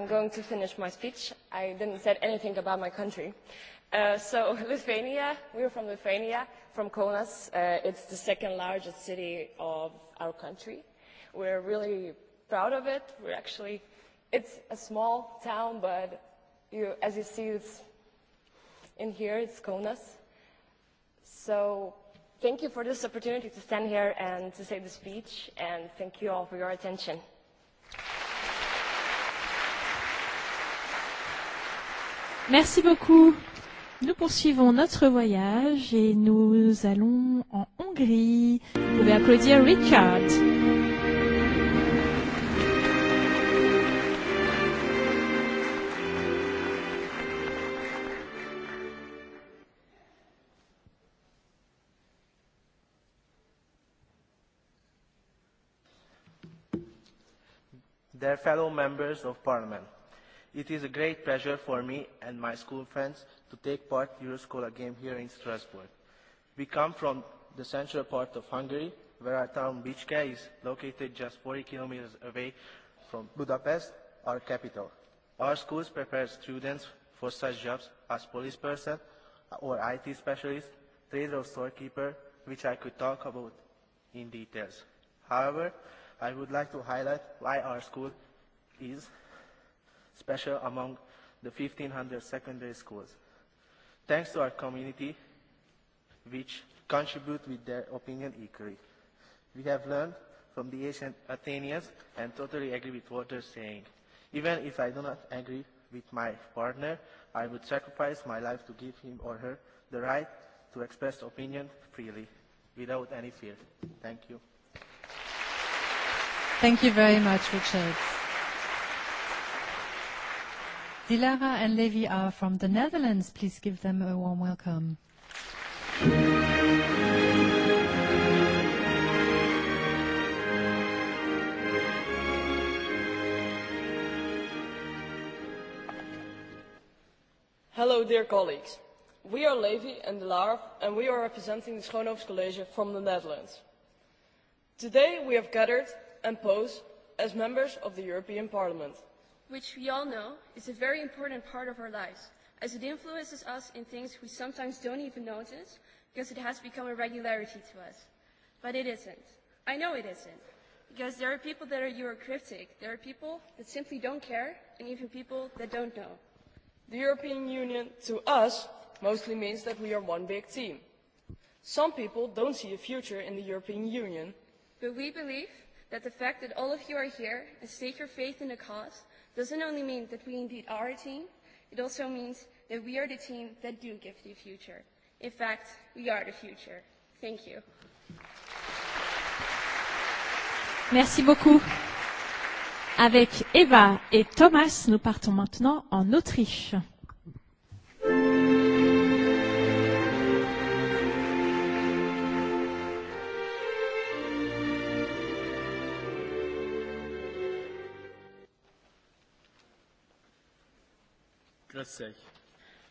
I'm going to finish my speech. I didn't say anything about my country. Uh, so [laughs] Lithuania, we're from Lithuania, from Kaunas. Uh, it's the second largest city of our country. We're really proud of it. We're actually, it's a small town, but you, as you see, it's in here, it's Kaunas. So thank you for this opportunity to stand here and to say the speech, and thank you all for your attention. Merci beaucoup. Nous poursuivons notre voyage et nous allons en Hongrie. Vous pouvez applaudir Richard. Dear fellow members of parliament, It is a great pleasure for me and my school friends to take part in Euroscola game here in Strasbourg. We come from the central part of Hungary, where our town Bicske is located just 40 kilometers away from Budapest, our capital. Our schools prepare students for such jobs as police person or IT specialist, trader or storekeeper, which I could talk about in details. However, I would like to highlight why our school is special among the 1,500 secondary schools. Thanks to our community, which contribute with their opinion equally. We have learned from the ancient Athenians and totally agree with what they're saying. Even if I do not agree with my partner, I would sacrifice my life to give him or her the right to express opinion freely, without any fear. Thank you. Thank you very much, Richard. Dilara and Levi are from the Netherlands. Please give them a warm welcome. Hello, dear colleagues. We are Levi and Dilara, and we are representing the Schoonhoofs College from the Netherlands. Today, we have gathered and posed as members of the European Parliament which we all know is a very important part of our lives, as it influences us in things we sometimes don't even notice because it has become a regularity to us. But it isn't. I know it isn't. Because there are people that are Eurocryptic, there are people that simply don't care, and even people that don't know. The European Union, to us, mostly means that we are one big team. Some people don't see a future in the European Union. But we believe that the fact that all of you are here and stake your faith in a cause doesn't only mean that we indeed are a team, it also means that we are the team that do give the future. In fact, we are the future. Thank you. Merci beaucoup. Avec Eva et Thomas, nous partons maintenant en Autriche.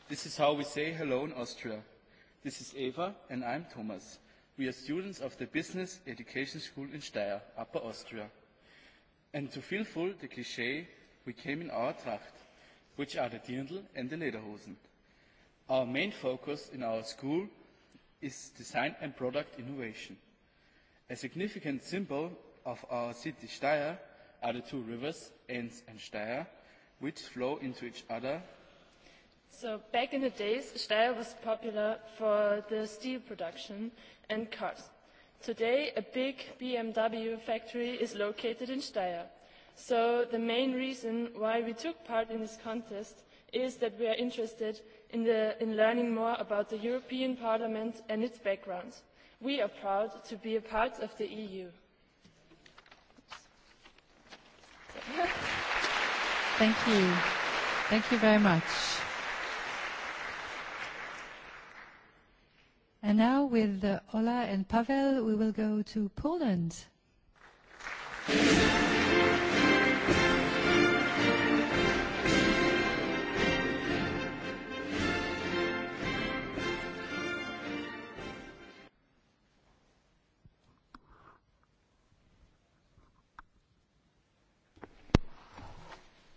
This is how we say hello in Austria. This is Eva and I'm Thomas. We are students of the Business Education School in Steyr, Upper Austria. And to fulfill the cliché, we came in our Tracht, which are the Dirndl and the Lederhosen. Our main focus in our school is design and product innovation. A significant symbol of our city Steyr are the two rivers, Enns and Steyr, which flow into each other So back in the days, Steyr was popular for the steel production and cars. Today, a big BMW factory is located in Steyr. So the main reason why we took part in this contest is that we are interested in, the, in learning more about the European Parliament and its background. We are proud to be a part of the EU. Thank you. Thank you very much. And now with uh, Ola and Pavel, we will go to Poland.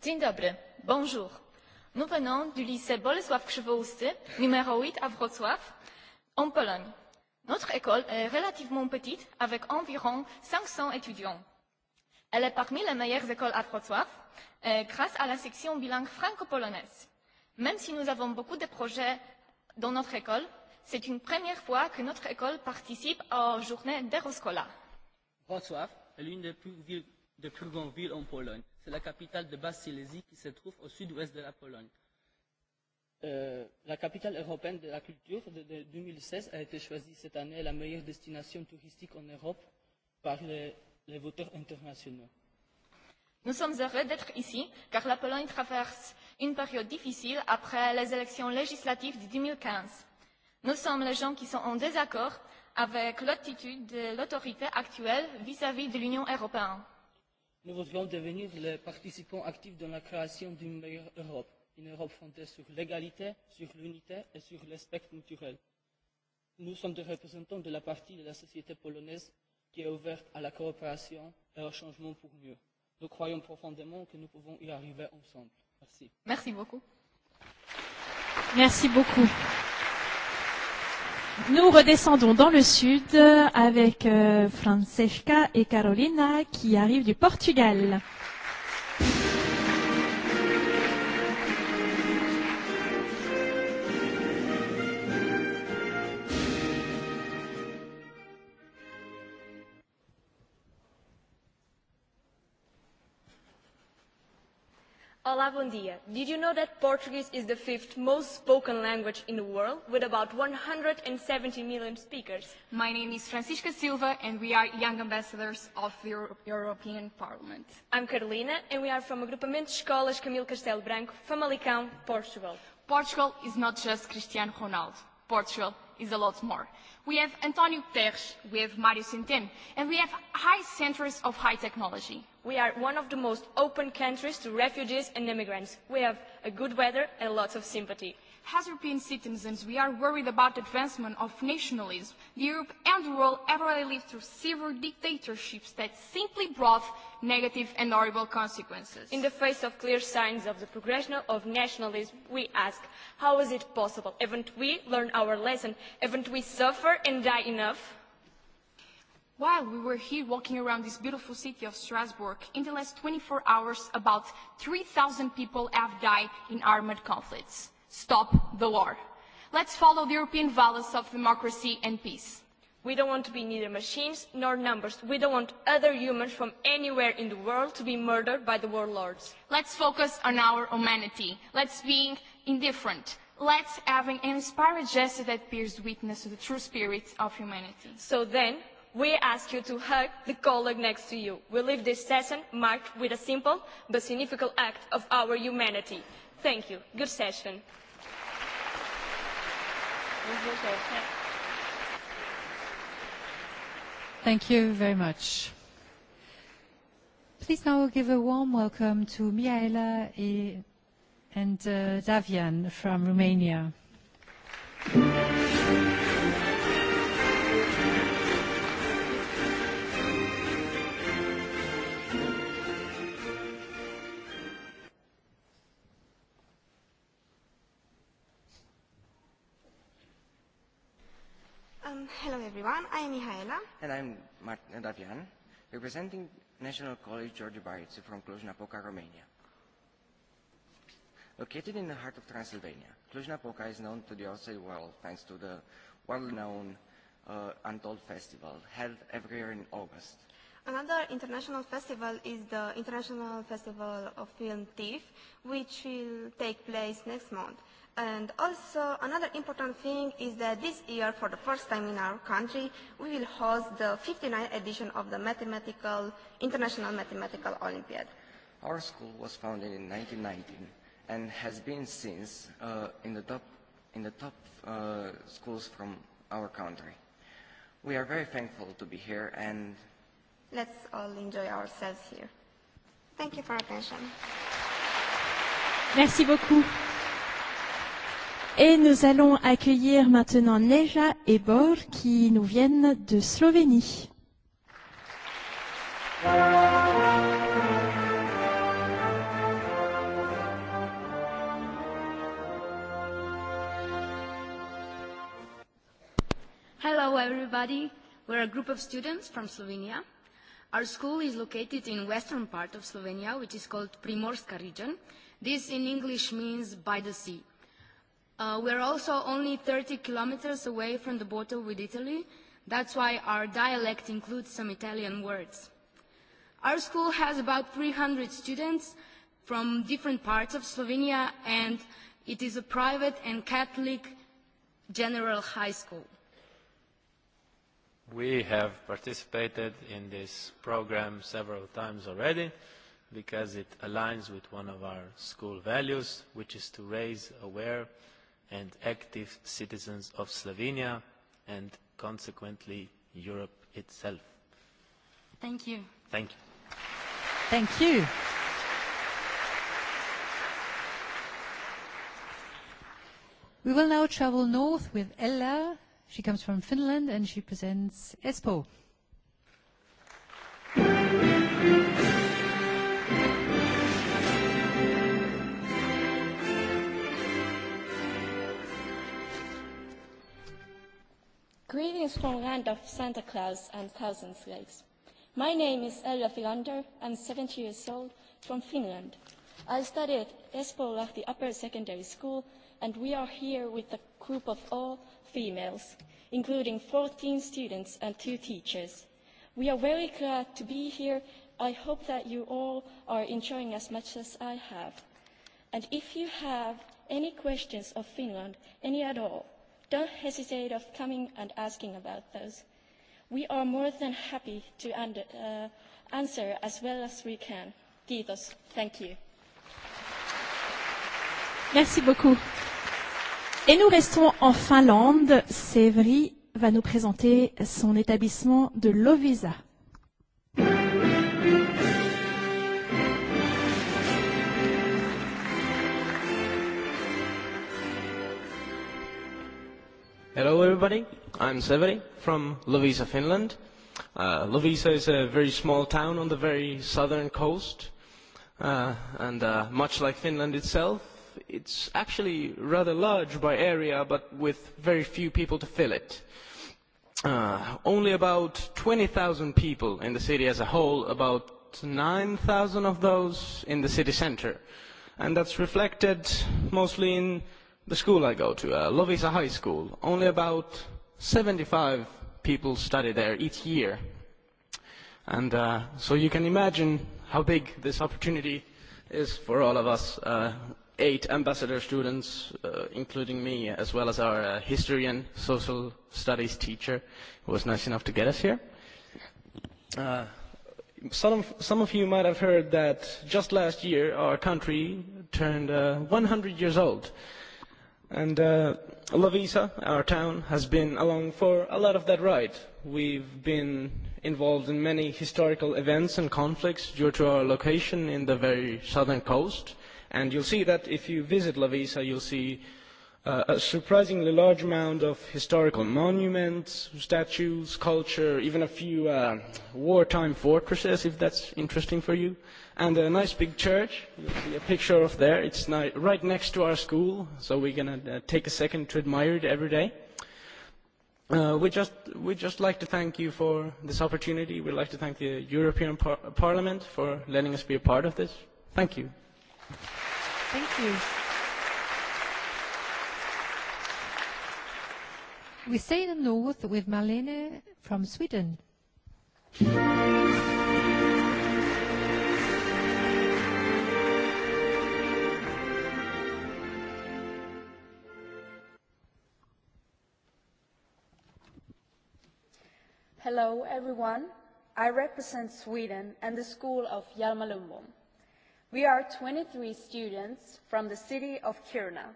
Dzień dobry. Bonjour. Nous venons du lycée Bolesław Krzywousty, numéro 8 à Wrocław en Pologne. Notre école est relativement petite, avec environ 500 étudiants. Elle est parmi les meilleures écoles à Wrocław, euh, grâce à la section bilingue franco-polonaise. Même si nous avons beaucoup de projets dans notre école, c'est une première fois que notre école participe aux journées d'Eroscola. Wrocław est l'une des plus, villes, des plus grandes villes en Pologne. C'est la capitale de Basse-Silésie qui se trouve au sud-ouest de la Pologne. Euh, la capitale européenne de la culture de, de 2016 a été choisie cette année la meilleure destination touristique en Europe par les, les voteurs internationaux. Nous sommes heureux d'être ici car la Pologne traverse une période difficile après les élections législatives de 2015. Nous sommes les gens qui sont en désaccord avec l'attitude de l'autorité actuelle vis-à-vis -vis de l'Union européenne. Nous voudrions devenir les participants actifs dans la création d'une meilleure Europe une Europe fondée sur l'égalité, sur l'unité et sur l'aspect culturel. Nous sommes des représentants de la partie de la société polonaise qui est ouverte à la coopération et au changement pour mieux. Nous croyons profondément que nous pouvons y arriver ensemble. Merci. Merci beaucoup. Merci beaucoup. Nous redescendons dans le sud avec euh, Francesca et Carolina qui arrivent du Portugal. Olá, bom dia. Did you know that Portuguese is the fifth most spoken language in the world with about 170 million speakers? My name is Francisca Silva and we are young ambassadors of the Euro European Parliament. I'm Carolina and we are from Agrupamento de Escolas Camilo Castelo Branco, Famalicão, Portugal. Portugal is not just Cristiano Ronaldo. Portugal is a lot more. We have Antonio Guterres, we have Mario Centeno, and we have high centres of high technology. We are one of the most open countries to refugees and immigrants. We have a good weather and lots of sympathy As European citizens, we are worried about the advancement of nationalism. Europe and the world have already lived through severe dictatorships that simply brought negative and horrible consequences. In the face of clear signs of the progression of nationalism, we ask, how is it possible? Haven't we learned our lesson? Haven't we suffered and died enough? While we were here walking around this beautiful city of Strasbourg, in the last 24 hours, about 3,000 people have died in armed conflicts. Stop the war. Let's follow the European values of democracy and peace. We don't want to be neither machines nor numbers. We don't want other humans from anywhere in the world to be murdered by the warlords. Let's focus on our humanity. Let's be indifferent. Let's have an inspired gesture that bears witness to the true spirit of humanity. So then, we ask you to hug the colleague next to you. We leave this session marked with a simple but significant act of our humanity. Thank you. Good session. Thank you very much. Please now give a warm welcome to Miaela and uh, Davian from Romania. Hello everyone, I am Mihaela. And I'm Martin Davian, representing National College George Baritsu from Cluj-Napoca, Romania. Located in the heart of Transylvania, Cluj-Napoca is known to the outside world thanks to the well-known uh, Untold Festival, held every year in August. Another international festival is the International Festival of Film TIFF, which will take place next month. And also, another important thing is that this year, for the first time in our country, we will host the 59th edition of the Mathematical International Mathematical Olympiad. Our school was founded in 1919 and has been since uh, in the top, in the top uh, schools from our country. We are very thankful to be here and let's all enjoy ourselves here. Thank you for attention. Merci beaucoup. Et nous allons accueillir maintenant Neja et Bor qui nous viennent de Slovénie. Hello everybody, we're a group of students from Slovenia. Our school is located in western part of Slovenia, which is called Primorska region. This in English means by the sea. Uh, we're also only 30 kilometers away from the border with Italy. That's why our dialect includes some Italian words. Our school has about 300 students from different parts of Slovenia, and it is a private and Catholic general high school. We have participated in this program several times already because it aligns with one of our school values, which is to raise awareness and active citizens of Slovenia and consequently Europe itself. Thank you. Thank you. Thank you. We will now travel north with Ella. She comes from Finland and she presents Espoo. Greetings from land of Santa Claus and Thousand Lakes. My name is Ella Filander. I'm 70 years old from Finland. I studied at the Upper Secondary School and we are here with a group of all females, including 14 students and two teachers. We are very glad to be here. I hope that you all are enjoying as much as I have. And if you have any questions of Finland, any at all, Don't hesitate of coming and asking about those. We are more than happy to uh, answer as well as we can. Kiitos. Thank you. Merci beaucoup. Et nous restons en Finlande. Sévry va nous présenter son établissement de Lovisa. Hello, everybody. I'm Severi from Lovisa, Finland. Uh, Lovisa is a very small town on the very southern coast. Uh, and uh, much like Finland itself, it's actually rather large by area, but with very few people to fill it. Uh, only about 20,000 people in the city as a whole, about 9,000 of those in the city center. And that's reflected mostly in the school I go to, uh, Lovisa High School, only about 75 people study there each year. And uh, so you can imagine how big this opportunity is for all of us, uh, eight ambassador students, uh, including me, as well as our uh, history and social studies teacher, who was nice enough to get us here. Uh, some, of, some of you might have heard that just last year our country turned uh, 100 years old. And uh, Lavisa, our town, has been along for a lot of that ride. We've been involved in many historical events and conflicts due to our location in the very southern coast. And you'll see that if you visit Lavisa, you'll see uh, a surprisingly large amount of historical monuments, statues, culture, even a few uh, wartime fortresses, if that's interesting for you and a nice big church. You see a picture of there. It's right next to our school, so we're gonna uh, take a second to admire it every day. Uh, we just we just like to thank you for this opportunity. We'd like to thank the European par- Parliament for letting us be a part of this. Thank you. Thank you. We stay in the north with Marlene from Sweden. Hello everyone. I represent Sweden and the school of Jalmalumbo. We are 23 students from the city of Kiruna,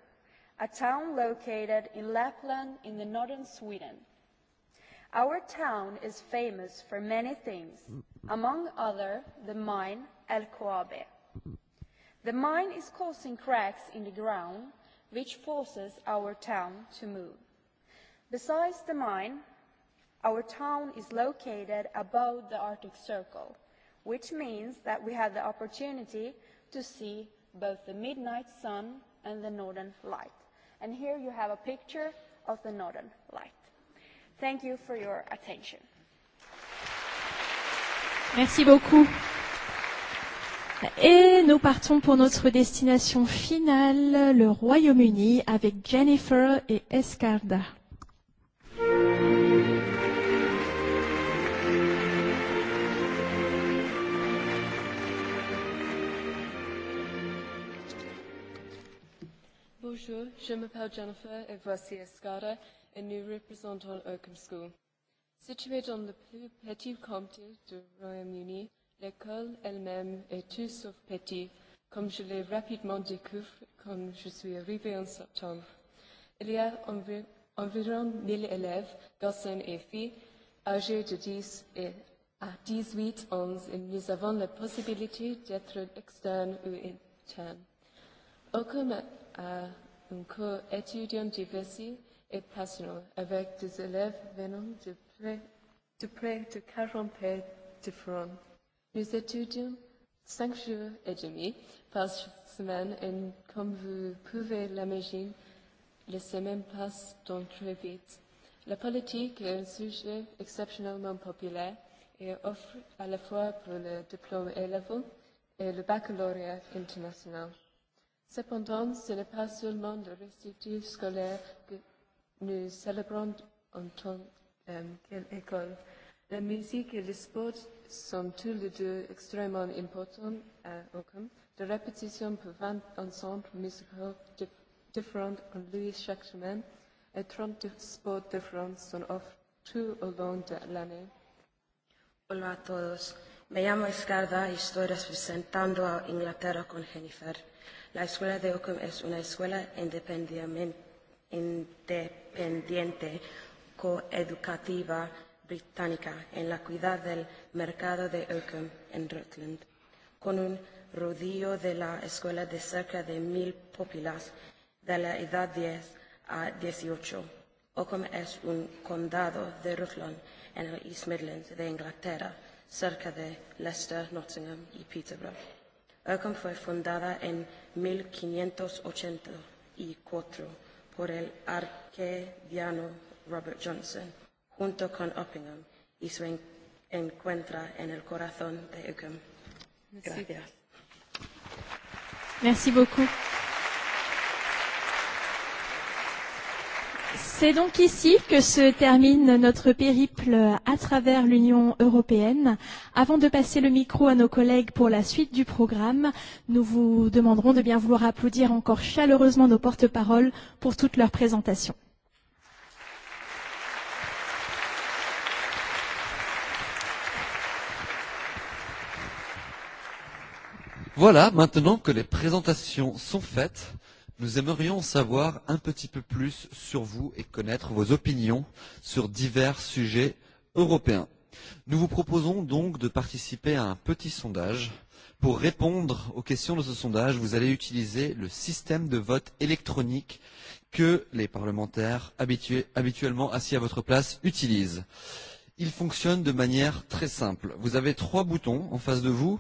a town located in Lapland in the northern Sweden. Our town is famous for many things, among other the mine El Coabe. The mine is causing cracks in the ground, which forces our town to move. Besides the mine, Our town is located above the Arctic Circle, which means that we have the opportunity to see both the midnight sun and the northern light. And here you have a picture of the northern light. Thank you for your attention. Merci beaucoup. Et nous partons pour notre destination finale, le Royaume-Uni, avec Jennifer et Escarda. Bonjour, je m'appelle Jennifer et voici Escara et nous représentons Oakham School. Située dans le plus petit comté du Royaume-Uni, l'école elle-même est tout sauf petite, comme je l'ai rapidement découvert quand je suis arrivée en septembre. Il y a environ 1000 élèves, garçons et filles, âgés de 10 et à 18 ans et nous avons la possibilité d'être externe ou interne. Aucun a un cours étudiant diversifié et personnel avec des élèves venant de près de, près de 40 pays différents. Nous étudions cinq jours et demi par semaine et comme vous pouvez l'imaginer, les semaines passent donc très vite. La politique est un sujet exceptionnellement populaire et offre à la fois pour le diplôme élève et le baccalauréat international. Cependant, ce n'est pas seulement le restitut scolaire que nous célébrons en tant euh, école. La musique et le sport sont tous les deux extrêmement importants à euh, Ockham. Des répétitions pour 20 ensembles musicaux différents ont lieu chaque semaine et 30 sports différents sont offerts tout au long de l'année. Hola a todos. Me llamo Escarda y estoy representando a Inglaterra con Jennifer. La Escuela de Ocum es una escuela independiente coeducativa británica en la cuidad del mercado de Ocum en Rutland, con un rodillo de la escuela de cerca de mil pupilas de la edad 10 a 18. Ockham es un condado de Rutland en el East Midlands de Inglaterra, cerca de Leicester, Nottingham y Peterborough. ECOM eh, fue fundada en 1584 por el arquediano Robert Johnson, junto con Oppingham, y se encuentra en el corazón de ECOM. Gracias. Merci beaucoup. C'est donc ici que se termine notre périple à travers l'Union européenne. Avant de passer le micro à nos collègues pour la suite du programme, nous vous demanderons de bien vouloir applaudir encore chaleureusement nos porte-paroles pour toutes leurs présentations. Voilà, maintenant que les présentations sont faites, Nous aimerions savoir un petit peu plus sur vous et connaître vos opinions sur divers sujets européens. Nous vous proposons donc de participer à un petit sondage. Pour répondre aux questions de ce sondage, vous allez utiliser le système de vote électronique que les parlementaires habitués, habituellement assis à votre place utilisent. Il fonctionne de manière très simple. Vous avez trois boutons en face de vous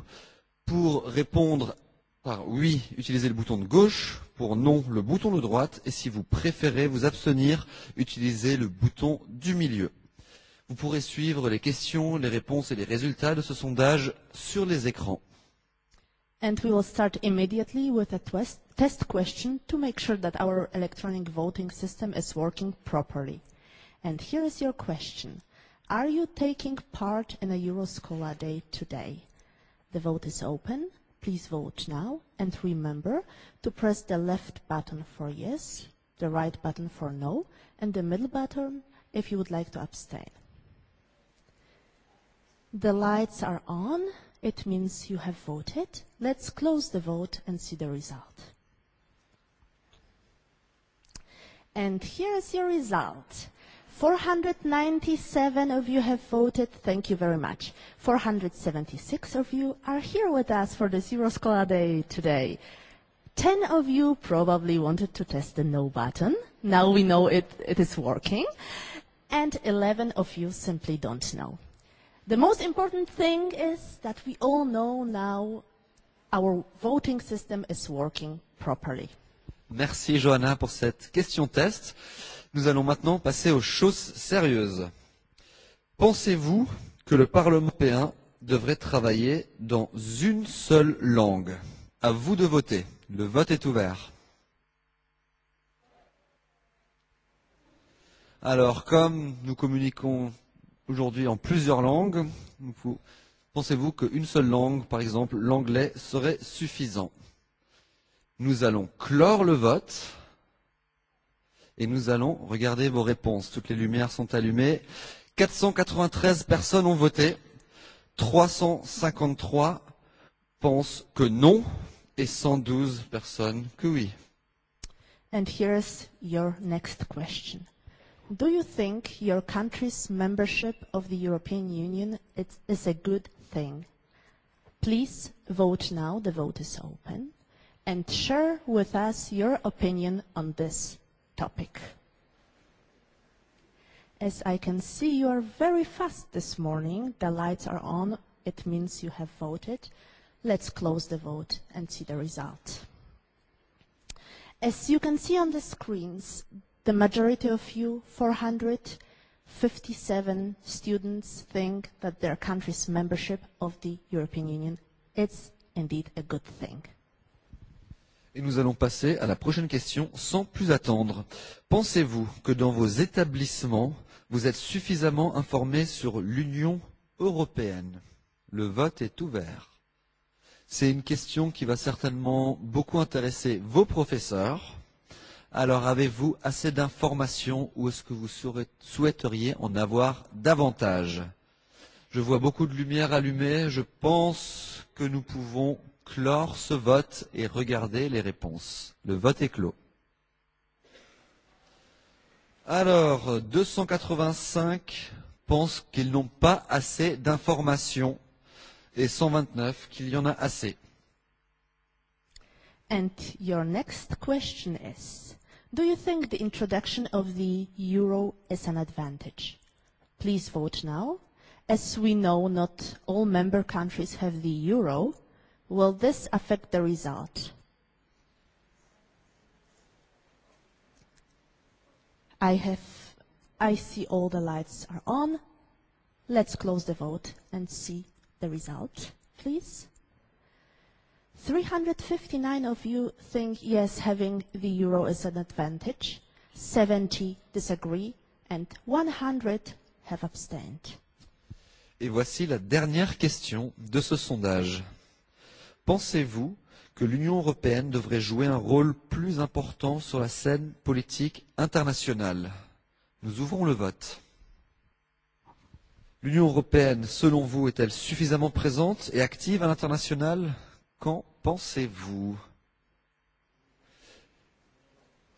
pour répondre par oui, utilisez le bouton de gauche, pour non, le bouton de droite, et si vous préférez vous abstenir, utilisez le bouton du milieu. Vous pourrez suivre les questions, les réponses et les résultats de ce sondage sur les écrans. And we will start immediately with a twist, test question to make sure that our electronic voting system is working properly. And here is your question. Are you taking part in a Euroscola day today? The vote is open. Please vote now. And remember to press the left button for yes, the right button for no, and the middle button if you would like to abstain. The lights are on. It means you have voted. Let's close the vote and see the result. And here is your result. 497 of you have voted. Thank you very much. 476 of you are here with us for the Zero Scholar Day today. 10 of you probably wanted to test the no button. Now we know it, it is working. And 11 of you simply don't know. The most important thing is that we all know now our voting system is working properly. Merci Johanna pour cette question test. Nous allons maintenant passer aux choses sérieuses. Pensez-vous que le Parlement européen devrait travailler dans une seule langue À vous de voter. Le vote est ouvert. Alors, comme nous communiquons aujourd'hui en plusieurs langues, pensez-vous qu'une seule langue, par exemple l'anglais, serait suffisant Nous allons clore le vote et nous allons regarder vos réponses. Toutes les lumières sont allumées. 493 personnes ont voté. 353 pensent que non et 112 personnes que oui. And here's your next question. Do you think your country's membership of the European Union is, is a good thing? Please vote now. The vote is open. And share with us your opinion on this topic. As I can see, you are very fast this morning. The lights are on. It means you have voted. Let's close the vote and see the result. As you can see on the screens, the majority of you, 457 students, think that their country's membership of the European Union is indeed a good thing. Et nous allons passer à la prochaine question sans plus attendre. Pensez-vous que dans vos établissements, vous êtes suffisamment informés sur l'Union européenne Le vote est ouvert. C'est une question qui va certainement beaucoup intéresser vos professeurs. Alors avez-vous assez d'informations ou est-ce que vous souhaiteriez en avoir davantage Je vois beaucoup de lumière allumée. Je pense que nous pouvons clore ce vote et regarder les réponses. Le vote est clos. Alors, 285 pensent qu'ils n'ont pas assez d'informations et 129 qu'il y en a assez. And your next question is, do you think the introduction of the euro is an advantage? Please vote now. As we know, not all member countries have the euro, Will this affect the result? I have, I see all the lights are on. Let's close the vote and see the result, please. 359 of you think yes, having the euro is an advantage. 70 disagree and 100 have abstained. Et voici la dernière question de ce sondage. Pensez-vous que l'Union européenne devrait jouer un rôle plus important sur la scène politique internationale Nous ouvrons le vote. L'Union européenne, selon vous, est-elle suffisamment présente et active à l'international Qu'en pensez-vous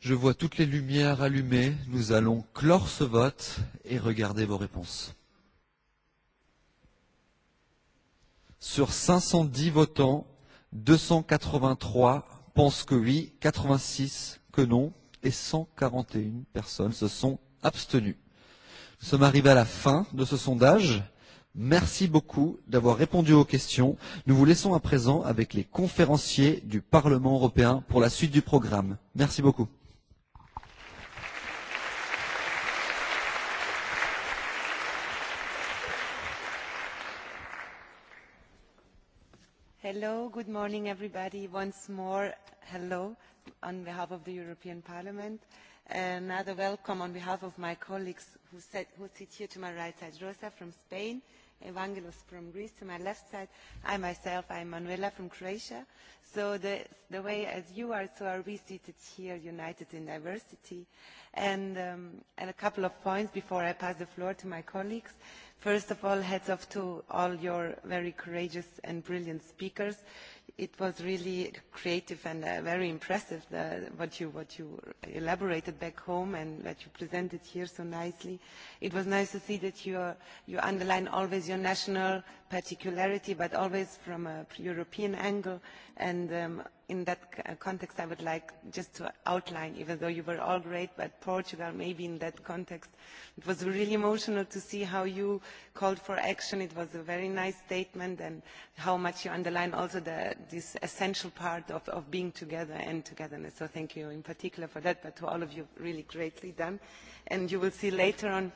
Je vois toutes les lumières allumées. Nous allons clore ce vote et regarder vos réponses. Sur 510 votants, 283 pensent que oui, 86 que non et 141 personnes se sont abstenues. Nous sommes arrivés à la fin de ce sondage. Merci beaucoup d'avoir répondu aux questions. Nous vous laissons à présent avec les conférenciers du Parlement européen pour la suite du programme. Merci beaucoup. Hello, good morning everybody. Once more, hello on behalf of the European Parliament. Another welcome on behalf of my colleagues who, who sit here to my right side, Rosa from Spain, Evangelos from Greece to my left side. I myself, I'm Manuela from Croatia. So the, the way as you are, so are we seated here, united in diversity. And, um, and a couple of points before I pass the floor to my colleagues. First of all, heads off to all your very courageous and brilliant speakers. It was really creative and uh, very impressive the, what, you, what you elaborated back home and what you presented here so nicely. It was nice to see that you, you underline always your national particularity but always from a European angle and um, in that uh, context I would like just to outline even though you were all great but Portugal maybe in that context it was really emotional to see how you called for action it was a very nice statement and how much you underline also the, this essential part of, of being together and togetherness so thank you in particular for that but to all of you really greatly done and you will see later on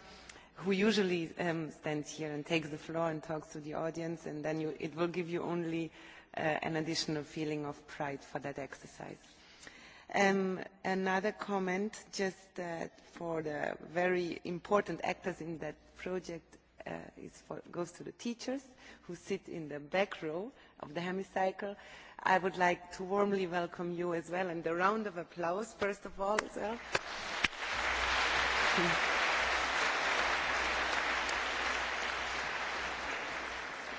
who usually um, stands here and takes the floor and talks to the audience, and then you, it will give you only uh, an additional feeling of pride for that exercise. Um, another comment, just uh, for the very important actors in that project, uh, is for, goes to the teachers who sit in the back row of the hemicycle. I would like to warmly welcome you as well, and a round of applause, first of all, as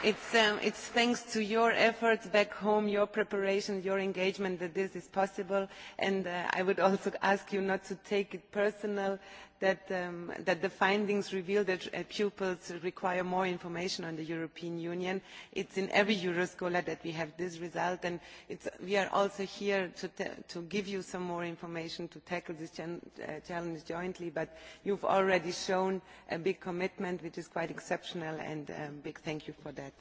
It's, um, it's thanks to your efforts back home, your preparation, your engagement that this is possible. And uh, I would also ask you not to take it personal that, um, that the findings reveal that uh, pupils require more information on the European Union. It is in every Euroscholar that we have this result, and we are also here to, to give you some more information to tackle this uh, challenge jointly, but you have already shown a big commitment, which is quite exceptional, and a um, big thank you for that.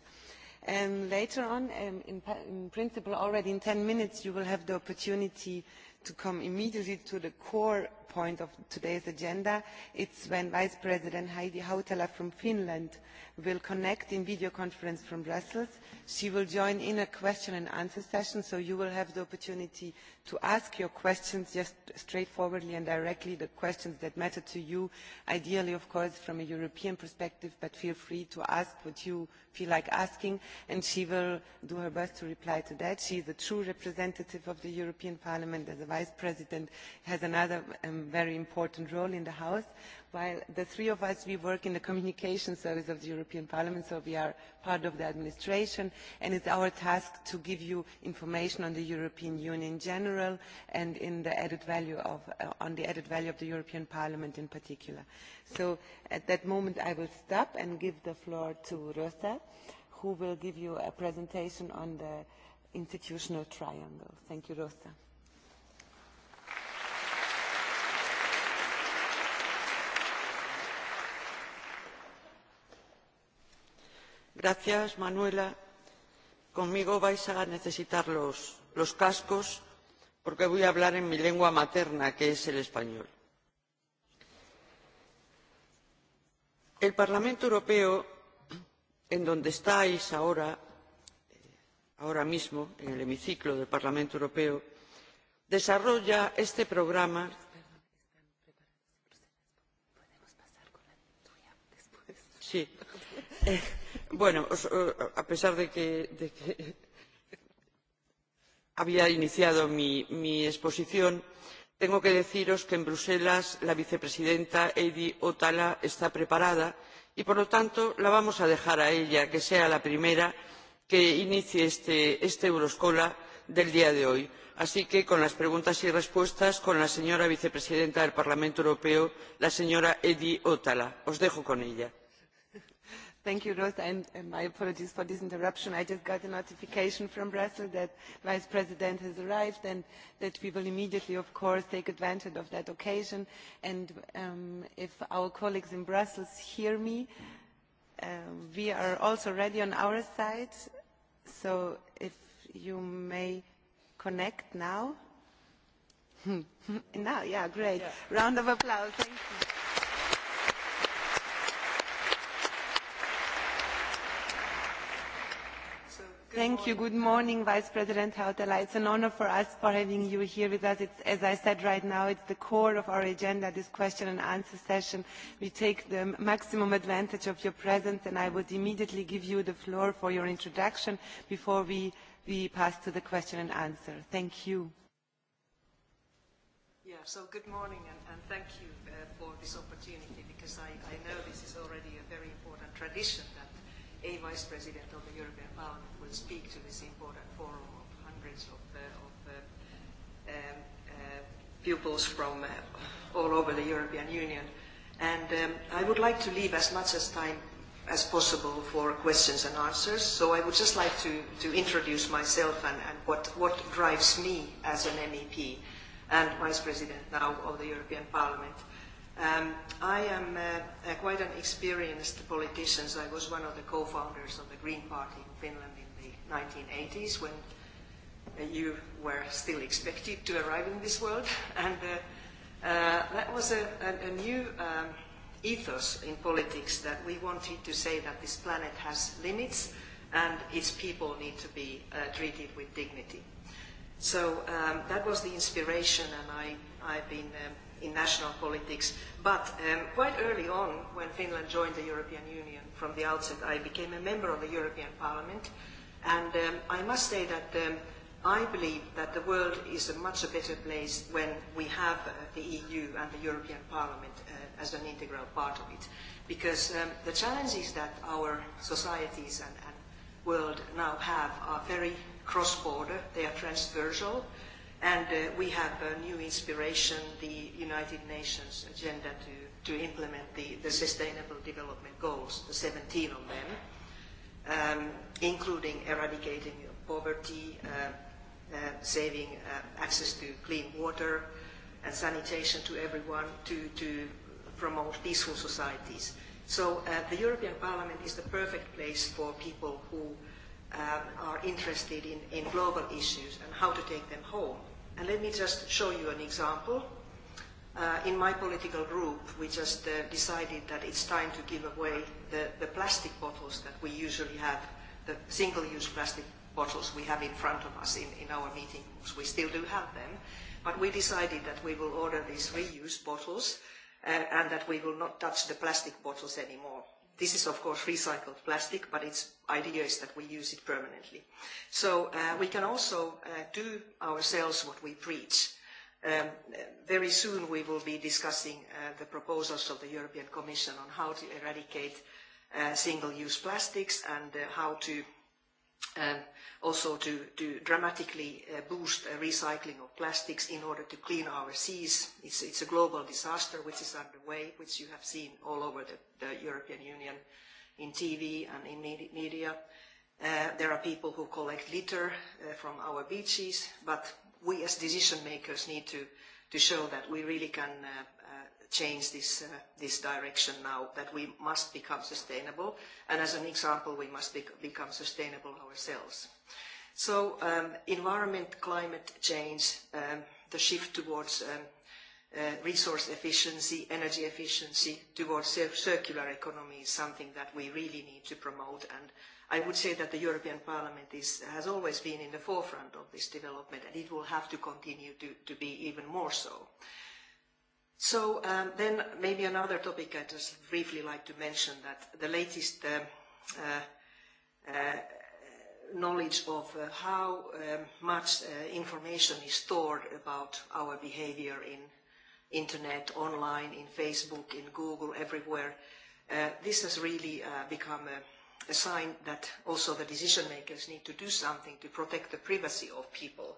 Um, later on, in, pa, in principle, already in 10 minutes, you will have the opportunity to come immediately to the core point of today's agenda, it's when Vice President Heidi Hautala from Finland will connect in video conference from Brussels. She will join in a question and answer session, so you will have the opportunity to ask your questions just straightforwardly and directly, the questions that matter to you, ideally, of course, from a European perspective, but feel free to ask what you feel like asking, and she will do her best to reply to that. She is a true representative of the European Parliament as a Vice President has another um, very important role in the House, while the three of us, we work in the Communication Service of the European Parliament, so we are part of the administration, and it's our task to give you information on the European Union in general and in the added value of, uh, on the added value of the European Parliament in particular. So at that moment, I will stop and give the floor to Rosa, who will give you a presentation on the institutional triangle. Thank you, Rosa. Gracias, Manuela. Conmigo vais a necesitar los, cascos porque voy a hablar en mi lengua materna, que es el español. El Parlamento Europeo, en donde estáis ahora, eh, ahora mismo, en el hemiciclo del Parlamento Europeo, desarrolla este programa Bueno, eh, a pesar de que, [laughs] había iniciado mi, exposición, tengo que deciros que en Bruselas la vicepresidenta Heidi Otala está preparada y, por lo tanto, la vamos a dejar a ella que sea la primera que inicie este, este Euroscola del día de hoy. Así que, con las preguntas y respuestas, con la señora vicepresidenta del Parlamento Europeo, la señora Heidi Otala. Os dejo con ella. Thank you, Ruth, and, my apologies for this interruption. I just got a notification from Brussels that Vice President has arrived and that we will immediately, of course, take advantage of that occasion. And um, if our colleagues in Brussels hear me, um, we are also ready on our side. So if you may connect now. [laughs] now, yeah, great. Round of applause. Thank you. Thank you. Good morning, Vice President Hautala. It's an honor for us for having you here with us. It's, as I said right now, it's the core of our agenda, this question and answer session. We take the maximum advantage of your presence, and I would immediately give you the floor for your introduction before we, we pass to the question and answer. Thank you. Yeah, so good morning, and, and thank you uh, for this opportunity, because I, I know this is already a very important tradition that a vice president of the European Parliament will speak to this important forum of hundreds of, uh, of uh, um, uh, pupils from uh, all over the European Union. And um, I would like to leave as much as time as possible for questions and answers. So I would just like to, to introduce myself and, and what, what drives me as an MEP and Vice President now of the European Parliament. Um, I am uh, quite an experienced politician. So I was one of the co-founders of the Green Party in Finland in the 1980s when uh, you were still expected to arrive in this world. [laughs] And uh, uh, that was a, a, a new um, ethos in politics that we wanted to say that this planet has limits and its people need to be uh, treated with dignity. So um, that was the inspiration and I, I've been um, in national politics. But um, quite early on, when Finland joined the European Union from the outset, I became a member of the European Parliament. And um, I must say that um, I believe that the world is a much a better place when we have uh, the EU and the European Parliament uh, as an integral part of it. Because um, the challenges that our societies and, and world now have are very cross-border, they are transversal, And uh, we have a new inspiration, the United Nations agenda to, to implement the, the Sustainable Development Goals, the 17 of them, um, including eradicating poverty, uh, uh, saving uh, access to clean water and sanitation to everyone to, to promote peaceful societies. So uh, the European Parliament is the perfect place for people who um, are interested in, in global issues and how to take them home And let me just show you an example. Uh, in my political group, we just uh, decided that it's time to give away the, the plastic bottles that we usually have, the single-use plastic bottles we have in front of us in, in our meeting rooms. We still do have them, but we decided that we will order these reuse bottles uh, and that we will not touch the plastic bottles anymore. This is of course recycled plastic, but its idea is that we use it permanently. So uh, we can also uh, do ourselves what we preach. Um, very soon we will be discussing uh, the proposals of the European Commission on how to eradicate uh, single-use plastics and uh, how to um, also to, dramatically uh, boost uh, recycling of plastics in order to clean our seas. It's, it's a global disaster which is underway, which you have seen all over the, European Union in TV and in media. Uh, there are people who collect litter from our beaches, but we as decision makers need to, to show that we really can change this, uh, this direction now, that we must become sustainable. And as an example, we must become sustainable ourselves. So um, environment, climate change, um, the shift towards um, uh, resource efficiency, energy efficiency, towards circular economy is something that we really need to promote. And I would say that the European Parliament is, has always been in the forefront of this development, and it will have to continue to, to be even more so. So um, then maybe another topic I just briefly like to mention that the latest um, uh, uh, knowledge of uh, how um, much information is stored about our behavior in internet, online, in Facebook, in Google, everywhere. This has really become a sign that also the decision makers need to do something to protect the privacy of people.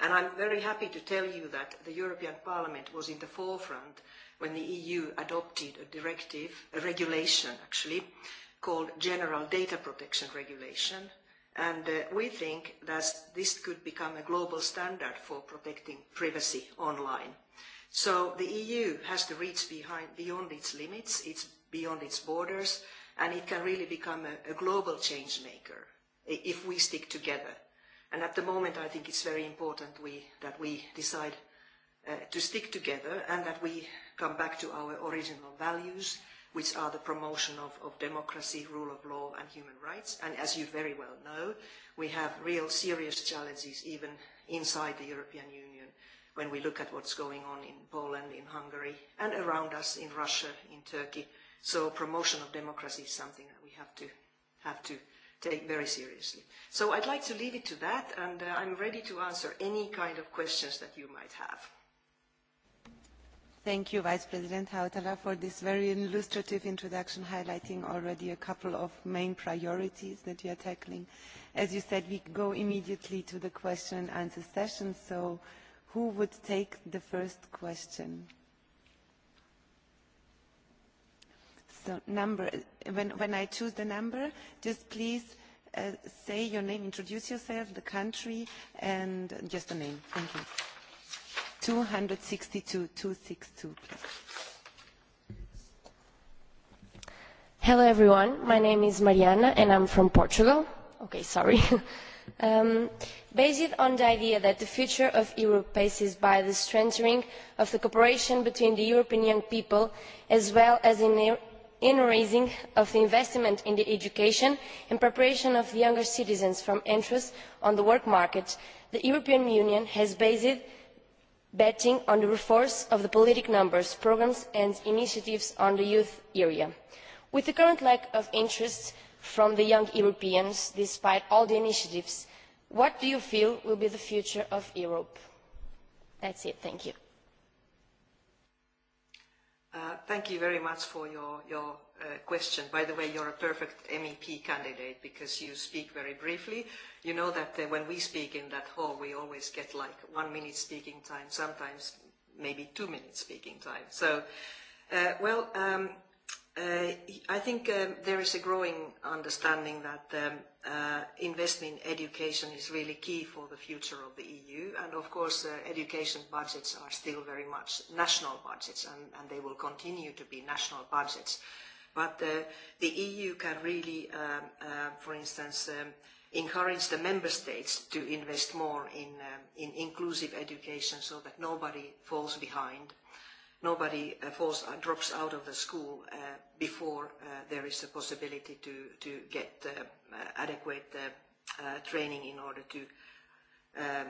And I'm very happy to tell you that the European Parliament was in the forefront when the EU adopted a directive, a regulation actually, called General Data Protection Regulation. And uh, we think that this could become a global standard for protecting privacy online. So the EU has to reach behind, beyond its limits, it's beyond its borders, and it can really become a global change maker if we stick together And at the moment, I think it's very important we, that we decide uh, to stick together and that we come back to our original values, which are the promotion of, of democracy, rule of law, and human rights. And as you very well know, we have real serious challenges even inside the European Union when we look at what's going on in Poland, in Hungary, and around us in Russia, in Turkey. So promotion of democracy is something that we have to, have to take very seriously. So I'd like to leave it to that, and uh, I'm ready to answer any kind of questions that you might have. Thank you, Vice President Hautala, for this very illustrative introduction, highlighting already a couple of main priorities that you are tackling. As you said, we go immediately to the question and answer session, so who would take the first question? So number, when, when I choose the number, just please uh, say your name, introduce yourself, the country, and just the name. Thank you. 262, 262, Hello, everyone. My name is Mariana, and I'm from Portugal. Okay, sorry. [laughs] um, based on the idea that the future of europe passes by the strengthening of the cooperation between the european young people as well as in In raising of investment in the education and preparation of younger citizens from interest on the work market the european union has based betting on the reforce of the politic numbers programmes and initiatives on the youth area. with the current lack of interest from the young europeans despite all the initiatives what do you feel will be the future of europe? that is it. thank you. Uh, thank you very much for your, your uh, question. By the way, you're a perfect MEP candidate because you speak very briefly. You know that uh, when we speak in that hall, we always get like one minute speaking time, sometimes maybe two minutes speaking time. So, uh, well, um, Uh, I think um, there is a growing understanding that um, uh, investment in education is really key for the future of the EU. And of course, uh, education budgets are still very much national budgets, and, and they will continue to be national budgets. But uh, the EU can really, um, for instance, um, encourage the member states to invest more in, in inclusive education so that nobody falls behind nobody uh, falls uh, drops out of the school uh, before uh, there is a possibility to to get uh, uh, adequate uh, uh, training in order to uh,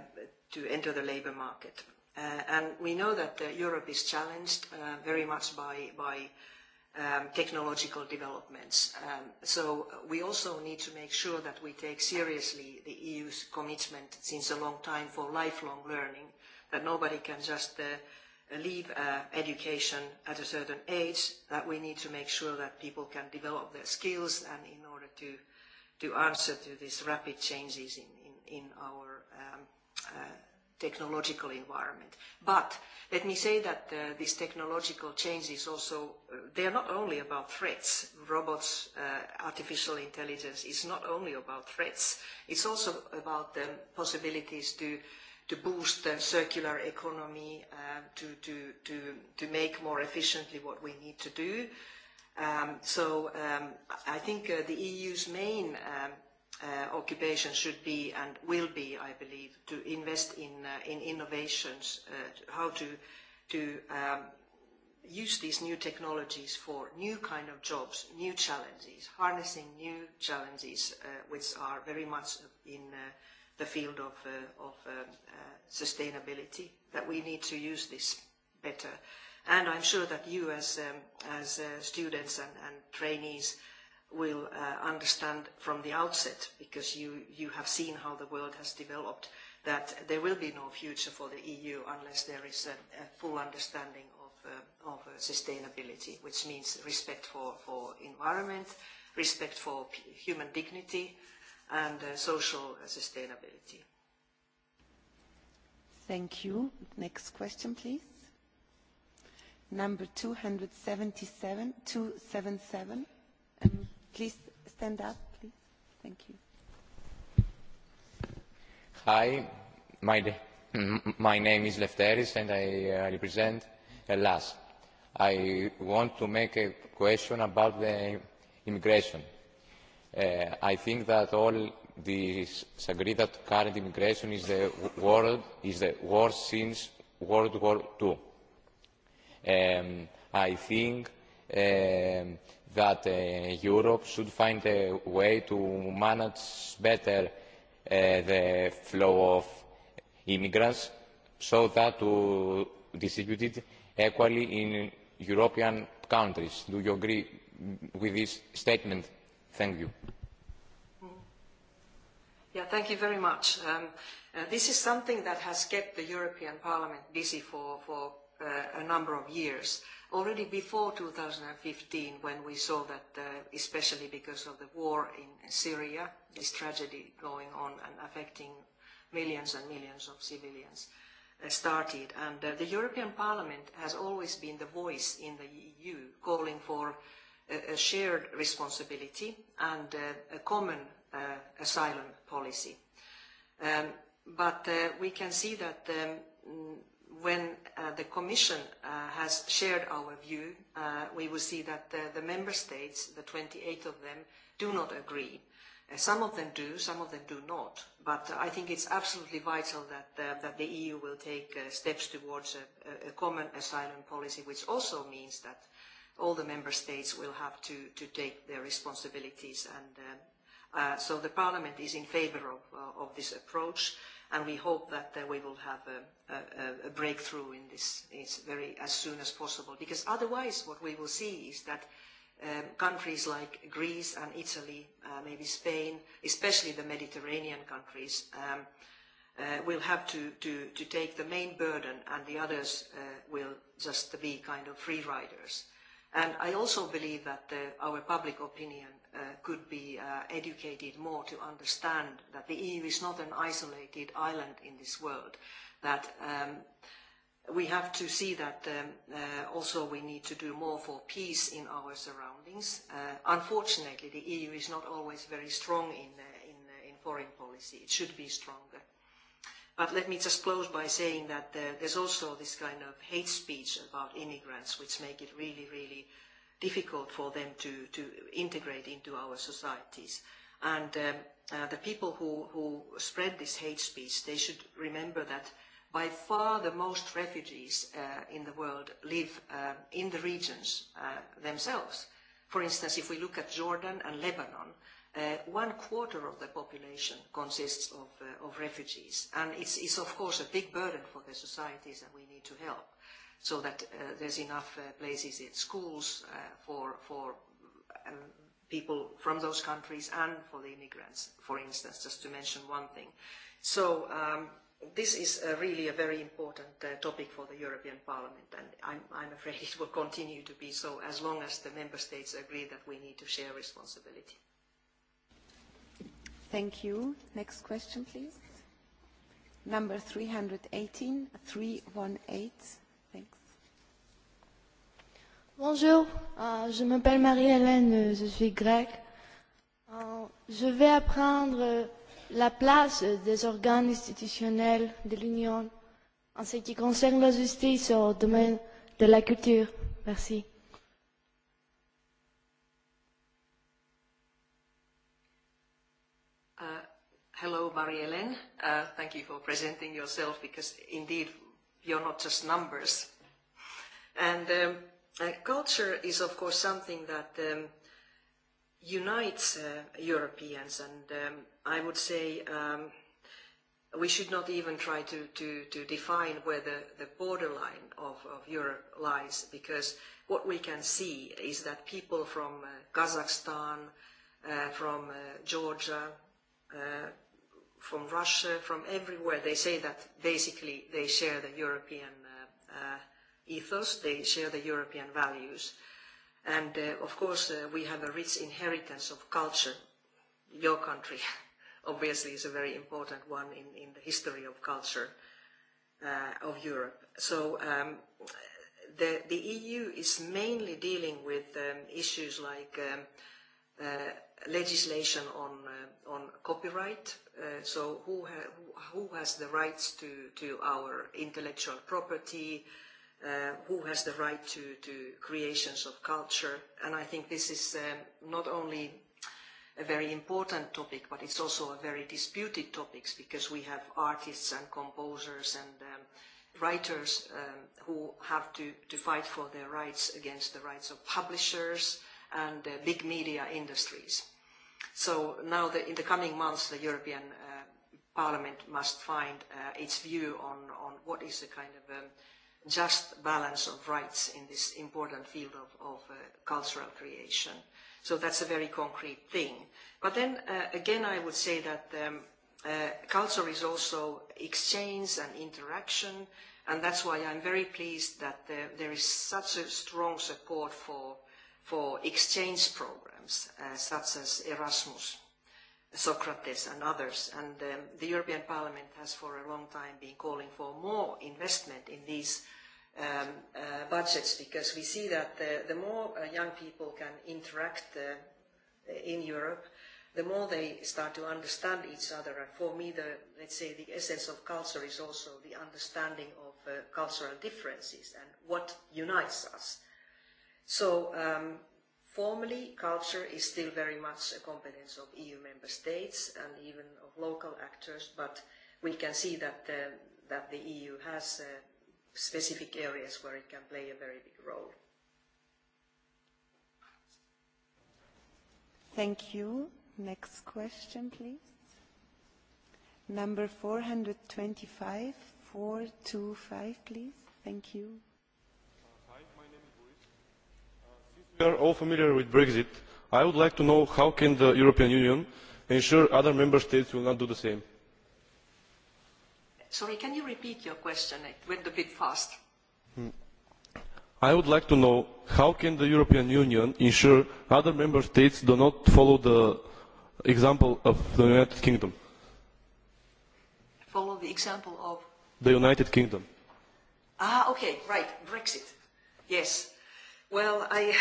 to enter the labor market. Uh, and we know that uh, Europe is challenged uh, very much by by um, technological developments. Um, so we also need to make sure that we take seriously the EU's commitment since a long time for lifelong learning, that nobody can just uh, leave uh, education at a certain age, that we need to make sure that people can develop their skills and in order to, to answer to these rapid changes in, in, in our um, uh, technological environment. But let me say that uh, these technological changes also, uh, they are not only about threats. Robots, uh, artificial intelligence is not only about threats. It's also about the possibilities to to boost the circular economy, uh, to, to, to, to make more efficiently what we need to do. Um, so um, I think uh, the EU's main um, uh, occupation should be and will be, I believe, to invest in, in innovations, how to, to um, use these new technologies for new kind of jobs, new challenges, harnessing new challenges, which are very much in uh, the field of, uh, of um, uh, sustainability, that we need to use this better. And I'm sure that you as, um, as uh, students and, and trainees will uh, understand from the outset, because you, you have seen how the world has developed, that there will be no future for the EU unless there is a, a full understanding of, uh, of uh, sustainability, which means respect for, for environment, respect for human dignity, and uh, social uh, sustainability. Thank you. Next question, please. Number 277, 277. Um, please stand up, please. Thank you. Hi, my, my name is Lefteris and I uh, represent Elas. Uh, I want to make a question about the immigration Uh, I think that all agree that current immigration is the world is the worst since World War II. Um, I think um, that uh, Europe should find a way to manage better uh, the flow of immigrants so that to distribute it equally in European countries. Do you agree with this statement? Thank you. Yeah, thank you very much. Um, uh, this is something that has kept the European Parliament busy for, for uh, a number of years. Already before 2015, when we saw that, uh, especially because of the war in Syria, this tragedy going on and affecting millions and millions of civilians, uh, started. And uh, the European Parliament has always been the voice in the EU calling for a shared responsibility and a common uh, asylum policy. Um, but uh, we can see that um, when uh, the Commission has shared our view, we will see that the member states, the 28 of them, do not agree. Some of them do, some of them do not. But I think it's absolutely vital that, that the EU will take steps towards a, a common asylum policy, which also means that all the member states will have to, to take their responsibilities. And uh, uh, so the Parliament is in favour of, uh, of this approach, and we hope that uh, we will have a, a, a breakthrough in this very as soon as possible. Because otherwise, what we will see is that um, countries like Greece and Italy, uh, maybe Spain, especially the Mediterranean countries, um, uh, will have to, to, to take the main burden and the others uh, will just be kind of free riders. And I also believe that uh, our public opinion uh, could be uh, educated more to understand that the EU is not an isolated island in this world, that um, we have to see that um, also we need to do more for peace in our surroundings. Unfortunately, the EU is not always very strong in, in foreign policy. It should be stronger But let me just close by saying that uh, there's also this kind of hate speech about immigrants, which make it really, really difficult for them to, to integrate into our societies. And um, uh, the people who, who spread this hate speech, they should remember that by far the most refugees uh, in the world live in the regions themselves. For instance, if we look at Jordan and Lebanon, Uh, one quarter of the population consists of, uh, of refugees, and it's, it's of course a big burden for the societies that we need to help, so that uh, there's enough uh, places in schools uh, for, for um, people from those countries and for the immigrants, for instance, just to mention one thing. So um, this is uh, really a very important uh, topic for the European Parliament, and I'm, I'm afraid [laughs] it will continue to be so as long as the member states agree that we need to share responsibility. Thank you. Next question, please. Number 318, 318. Thanks. Bonjour, uh, je m'appelle Marie-Hélène, je suis grecque. Uh, je vais apprendre la place des organes institutionnels de l'Union en ce qui concerne la justice au domaine de la culture. Merci. Hello, Marie-Hélène. Uh, thank you for presenting yourself because indeed you're not just numbers. And um, uh, culture is of course something that um, unites uh, Europeans and um, I would say we should not even try to, to, to define where the, the borderline of, of Europe lies because what we can see is that people from Kazakhstan, from Georgia, from Russia, from everywhere. They say that basically they share the European uh, uh, ethos, they share the European values. And uh, of course, uh, we have a rich inheritance of culture. Your country [laughs] obviously is a very important one in, in the history of culture uh, of Europe. So um, the, the EU is mainly dealing with um, issues like um, Uh, legislation on uh, on copyright. Uh, so who ha who has the rights to to our intellectual property? Uh, who has the right to to creations of culture? And I think this is um, not only a very important topic, but it's also a very disputed topic because we have artists and composers and um, writers um, who have to, to fight for their rights against the rights of publishers, and uh, big media industries. So now the, in the coming months the European uh, Parliament must find uh, its view on, on what is the kind of um, just balance of rights in this important field of, of uh, cultural creation. So that's a very concrete thing. But then uh, again I would say that um, uh, culture is also exchange and interaction and that's why I'm very pleased that uh, there is such a strong support for for exchange programs uh, such as Erasmus, Socrates and others. And um, the European Parliament has for a long time been calling for more investment in these um, uh, budgets because we see that the, the more uh, young people can interact uh, in Europe, the more they start to understand each other. And for me, the, let's say the essence of culture is also the understanding of uh, cultural differences and what unites us So um, formally, culture is still very much a competence of EU member states and even of local actors, but we can see that the, that the EU has uh, specific areas where it can play a very big role. Thank you. Next question, please. Number 425, 425, please. Thank you. we are all familiar with brexit i would like to know how can the european union ensure other member states will not do the same? sorry can you repeat your question it went a bit fast. Hmm. i would like to know how can the european union ensure other member states do not follow the example of the united kingdom? follow the example of? the united kingdom. ah okay right brexit yes Well, I,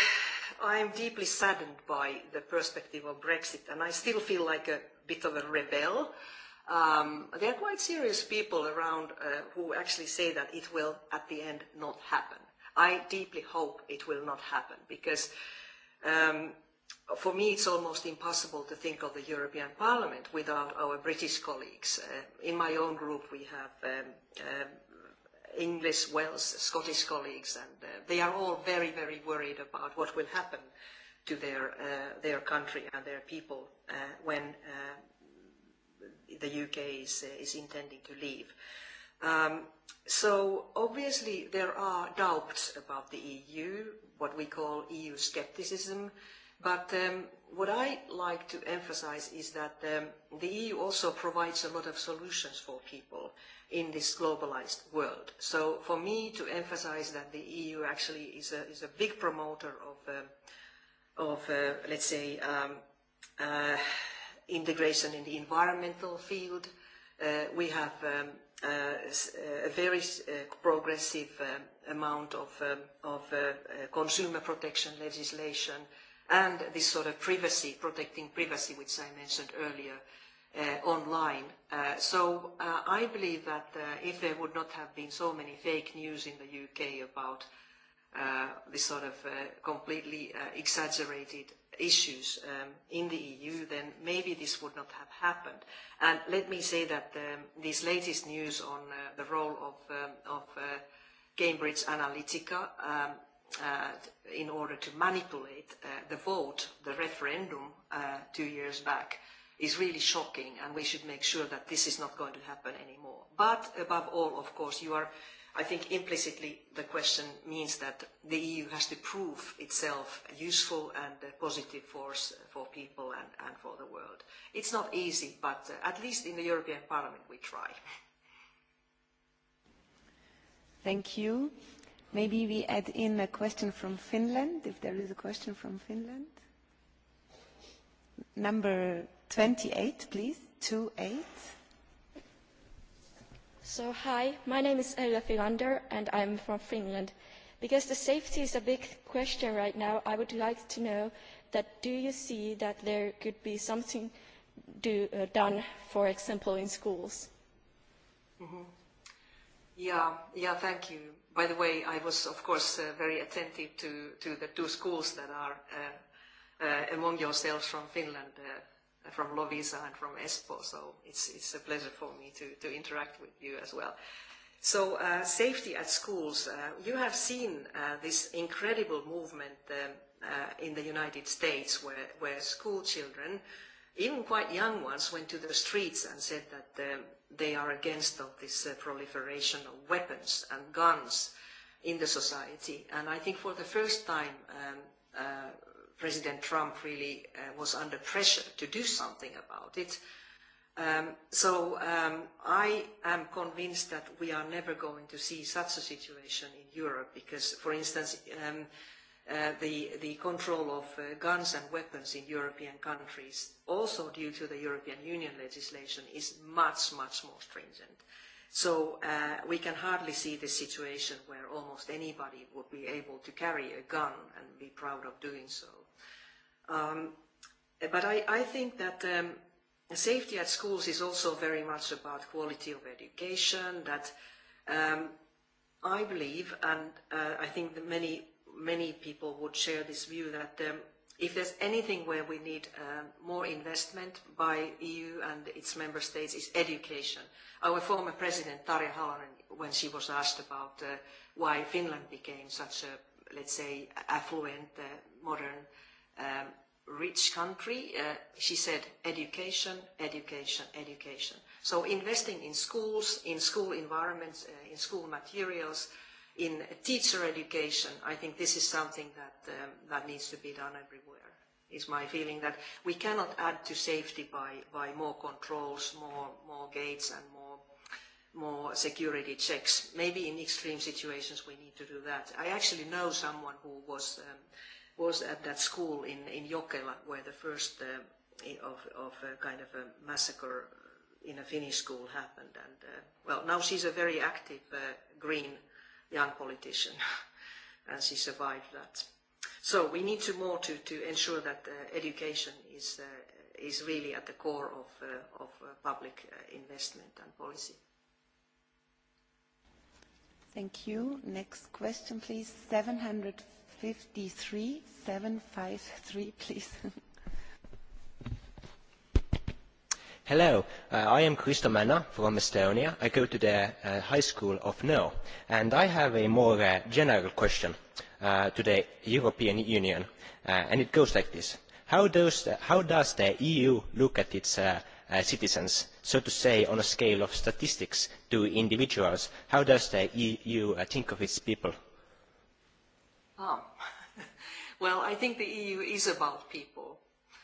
am deeply saddened by the perspective of Brexit, and I still feel like a bit of a rebel. Um, there are quite serious people around uh, who actually say that it will, at the end, not happen. I deeply hope it will not happen because um, for me it's almost impossible to think of the European Parliament without our British colleagues. Uh, in my own group we have um, um English, Welsh, Scottish colleagues, and uh, they are all very, very worried about what will happen to their, uh, their country and their people uh, when uh, the UK is, uh, is intending to leave. Um, so obviously there are doubts about the EU, what we call EU skepticism, but um, what I like to emphasize is that um, the EU also provides a lot of solutions for people in this globalized world. So for me to emphasize that the EU actually is a, is a big promoter of, uh, of uh, let's say, um, uh, integration in the environmental field. Uh, we have um, uh, uh a very uh, progressive uh, amount of, um, of uh, consumer protection legislation and this sort of privacy, protecting privacy, which I mentioned earlier, Uh, online. Uh, so uh, I believe that if there would not have been so many fake news in the UK about uh, this sort of completely exaggerated issues um, in the EU, then maybe this would not have happened. And let me say that um, this latest news on the role of, um, of Cambridge Analytica in order to manipulate the vote, the referendum two years back, is really shocking and we should make sure that this is not going to happen anymore. But above all, of course, you are, I think implicitly the question means that the EU has to prove itself a useful and a positive force for people and, and for the world. It's not easy, but uh, at least in the European Parliament we try. Thank you. Maybe we add in a question from Finland, if there is a question from Finland. Number 28, please. 28. So, hi, my name is Ella Filander and I'm from Finland. Because the safety is a big question right now, I would like to know that do you see that there could be something do, uh, done, for example, in schools? Mm -hmm. Yeah, yeah, thank you. By the way, I was, of course, uh, very attentive to, to the two schools that are uh, uh, among yourselves from Finland, uh, from Lovisa and from Espoo, so it's, it's a pleasure for me to, to interact with you as well. So uh, safety at schools, uh, you have seen uh, this incredible movement um, uh, in the United States where, where school children, even quite young ones, went to the streets and said that um, they are against of this uh, proliferation of weapons and guns in the society. And I think for the first time, um, uh, President Trump really uh, was under pressure to do something about it. Um, so um, I am convinced that we are never going to see such a situation in Europe because, for instance, um, uh, the, control of uh, guns and weapons in European countries, also due to the European Union legislation, is much, much more stringent. So we can hardly see the situation where almost anybody would be able to carry a gun and be proud of doing so. Um, but I, I think that um, safety at schools is also very much about quality of education that um, I believe, and uh, I think that many, many people would share this view that um, if there's anything where we need uh, more investment by EU and its member states is education. Our former president, Tarja Halonen, when she was asked about uh, why Finland became such a, let's say, affluent, uh, modern um, rich country, uh, she said education, education, education. So investing in schools, in school environments, uh, in school materials, in teacher education, I think this is something that, um, that needs to be done everywhere, is my feeling that we cannot add to safety by, by more controls, more, more gates and more more security checks. Maybe in extreme situations we need to do that. I actually know someone who was um, was at that school in, in Jokela where the first uh, of, of a uh, kind of a massacre uh, in a Finnish school happened. And uh, well, now she's a very active uh, green young politician [laughs] and she survived that. So we need to more to, to ensure that uh, education is, uh, is really at the core of, uh, of uh, public uh, investment and policy. Thank you. Next question, please. 700 53753 please. Hello, uh, I am Kristo Manna from Estonia. I go to the uh, high school of No, and I have a more uh, general question uh, to the European Union, and it goes like this. How does, how does the EU look at its citizens, so to say, on a scale of statistics to individuals? How does the EU think of its people? come? Oh. [laughs] well, I think the EU is about people.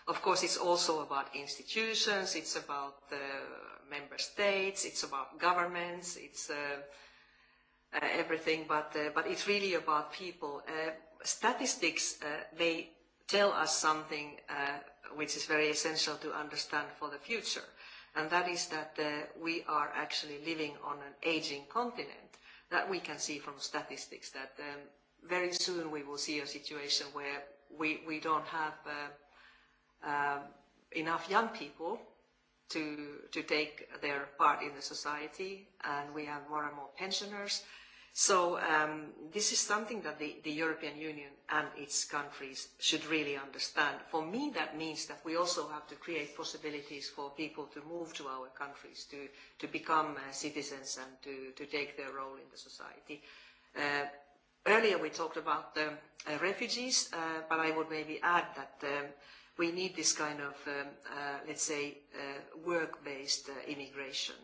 Of course, it's also about institutions, it's about the member states, it's about governments, it's uh, uh, everything, but, uh, but it's really about people. Uh, statistics, uh, they tell us something uh, which is very essential to understand for the future, and that is that uh, we are actually living on an aging continent. That we can see from statistics that um, very soon we will see a situation where we, we don't have uh, um, enough young people to, to take their part in the society and we have more and more pensioners. So um, this is something that the, the European Union and its countries should really understand. For me, that means that we also have to create possibilities for people to move to our countries, to, to become uh, citizens and to, to take their role in the society. Uh, Earlier we talked about the um, uh, refugees, uh, but I would maybe add that um, we need this kind of, um, uh, let's say, uh, work-based uh, immigration,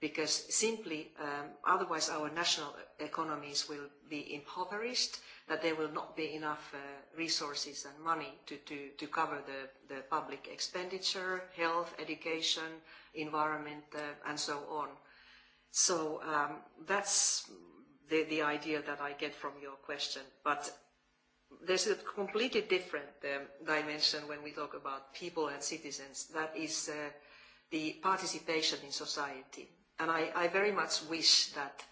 because simply um, otherwise our national economies will be impoverished, that there will not be enough uh, resources and money to, to, to cover the, the public expenditure, health, education, environment, uh, and so on. So um, that's the, the idea that I get from your question. But there's a completely different um, dimension when we talk about people and citizens. That is uh, the participation in society. And I, I very much wish that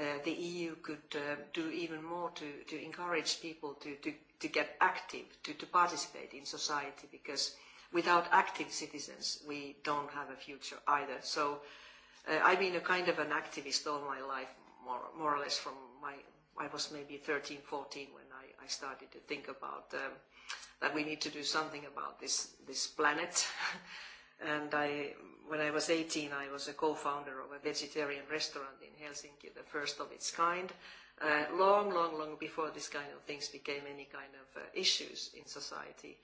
uh, the EU could uh, do even more to, to encourage people to, to, to get active, to, to participate in society, because without active citizens, we don't have a future either. So uh, I've been a kind of an activist all my life more, more or less from my, I was maybe 13, 14 when I, I started to think about um, that we need to do something about this, this planet. [laughs] and I, when I was 18, I was a co-founder of a vegetarian restaurant in Helsinki, the first of its kind. Uh, long, long, long before this kind of things became any kind of uh, issues in society.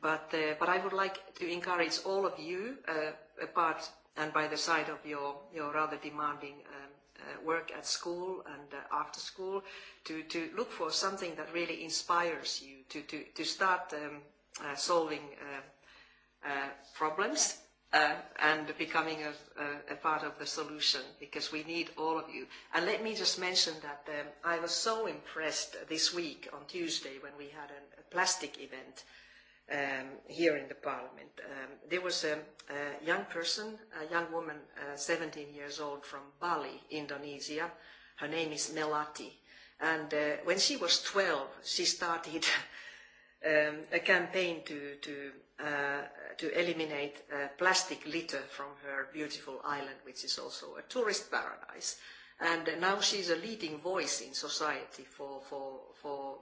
But, uh, but I would like to encourage all of you, uh, apart and by the side of your, your rather demanding um, Uh, work at school and uh, after school to, to look for something that really inspires you to, to, to start um, uh, solving problems uh, and becoming a, a, a part of the solution because we need all of you. And let me just mention that um, I was so impressed this week on Tuesday when we had a plastic event um, here in the parliament. Um, there was a, a young person, a young woman, uh, 17 years old from Bali, Indonesia. Her name is Melati. And uh, when she was 12, she started [laughs] um, a campaign to, to, uh, to eliminate uh, plastic litter from her beautiful island, which is also a tourist paradise. And now she's a leading voice in society for, for, for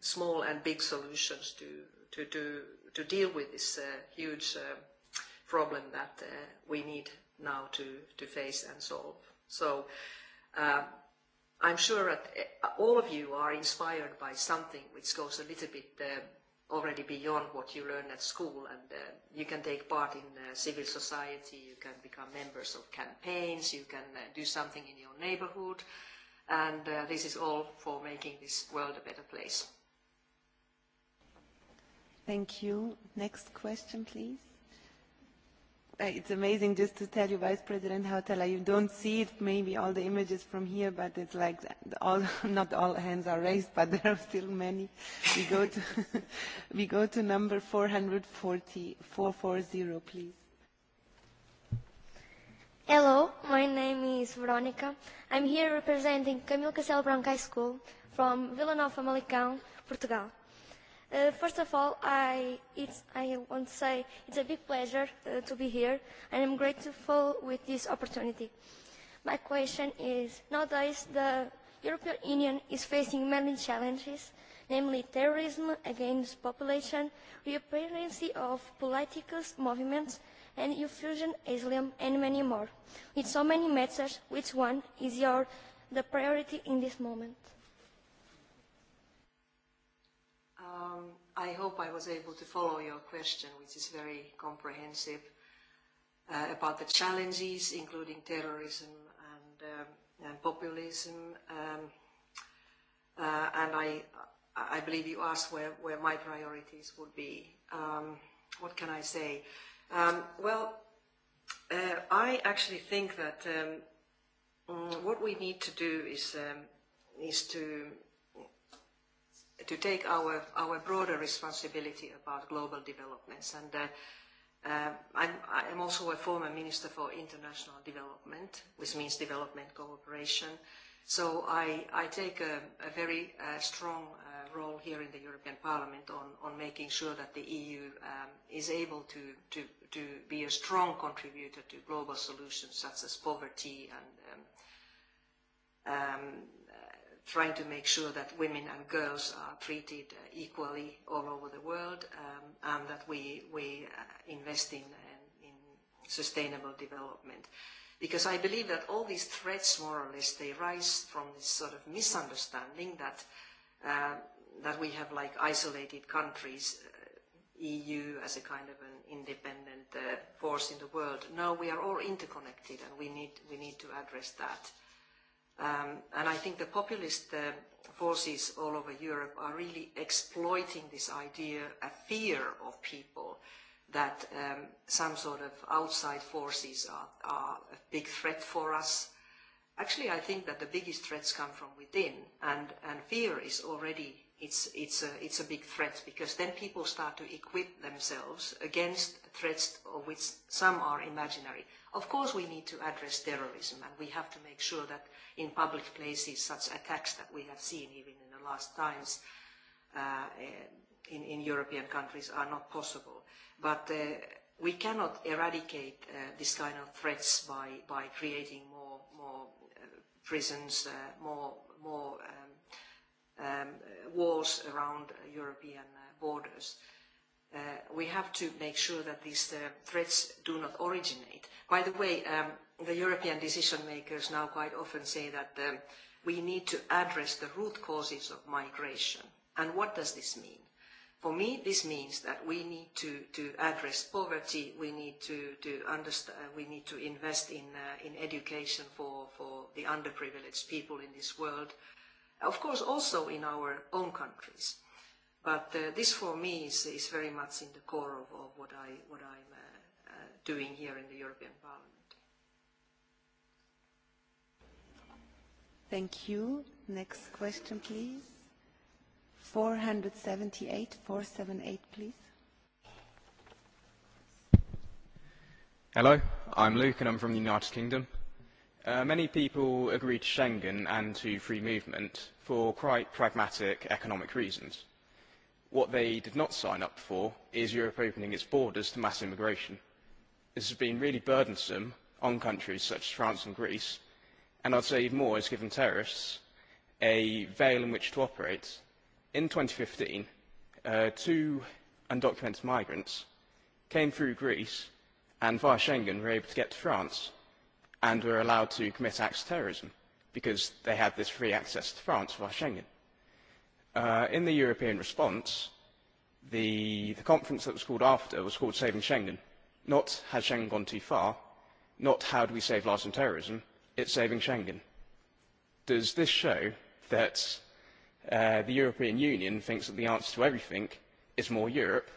small and big solutions to to, to, to deal with this uh, huge uh, problem that uh, we need now to, to face and solve. So um, I'm sure that uh, all of you are inspired by something which goes a little bit uh, already beyond what you learn at school and uh, you can take part in uh, civil society, you can become members of campaigns, you can uh, do something in your neighborhood and uh, this is all for making this world a better place. Thank you. Next question, please. Uh, it's amazing just to tell you, Vice President Hautala, you don't see it, maybe all the images from here, but it's like all, [laughs] not all hands are raised, but [laughs] there are still many. We go to, [laughs] we go to number 440, please. Hello, my name is Veronica. I'm here representing Camilo Castelo Branco High School from Villanova Nova, Malicão, Portugal. Uh, first of all, I, it's, I want to say it's a big pleasure uh, to be here, and I'm grateful with this opportunity. My question is, nowadays the European Union is facing many challenges, namely terrorism against population, reappearance of political movements, and infusion Islam, and many more. With so many matters, which one is your the priority in this moment? Um, I hope I was able to follow your question, which is very comprehensive, uh, about the challenges, including terrorism and, um, and populism. Um, uh, and I, I believe you asked where, where my priorities would be. Um, what can I say? Um, well, uh, I actually think that um, mm, what we need to do is, um, is to to take our, our broader responsibility about global developments. And uh, uh, I'm, I'm also a former Minister for International Development, which means development cooperation. So I, I take a, a very uh, strong uh, role here in the European Parliament on, on making sure that the EU um, is able to, to, to be a strong contributor to global solutions such as poverty and um, um, trying to make sure that women and girls are treated uh, equally all over the world um, and that we, we uh, invest in, uh, in sustainable development. Because I believe that all these threats, more or less, they rise from this sort of misunderstanding that, uh, that we have like isolated countries, uh, EU as a kind of an independent uh, force in the world. No, we are all interconnected and we need, we need to address that. Um, and I think the populist uh, forces all over Europe are really exploiting this idea, a fear of people that um, some sort of outside forces are, are a big threat for us. Actually, I think that the biggest threats come from within, and, and fear is already it's, it's, a, it's a big threat because then people start to equip themselves against threats of which some are imaginary. Of course we need to address terrorism and we have to make sure that in public places such attacks that we have seen even in the last times uh, eh, in, in European countries are not possible. But uh, we cannot eradicate uh, this kind of threats by, by creating more, more uh, prisons, uh, more, more um, um, walls around European uh, borders. Uh, we have to make sure that these uh, threats do not originate. By the way, um, the European decision makers now quite often say that um, we need to address the root causes of migration. And what does this mean? For me, this means that we need to, to address poverty, we need to, to, understand, uh, we need to invest in, uh, in education for, for the underprivileged people in this world, uh, Of course, also in our own countries. But uh, this for me is, is very much in the core of, of what, I, what I'm uh, uh, doing here in the European Parliament. Thank you. Next question, please. 478, 478, please. Hello, I'm Luke and I'm from the United Kingdom. Uh, many people agree to Schengen and to free movement for quite pragmatic economic reasons. What they did not sign up for is Europe opening its borders to mass immigration. This has been really burdensome on countries such as France and Greece, and I'd say even more, has given terrorists a veil in which to operate. In 2015, uh, two undocumented migrants came through Greece and via Schengen were able to get to France and were allowed to commit acts of terrorism because they had this free access to France via Schengen. Uh, in the European response, the, the conference that was called after was called Saving Schengen. Not has Schengen gone too far, not how do we save lives from terrorism, it's saving Schengen. Does this show that uh, the European Union thinks that the answer to everything is more Europe,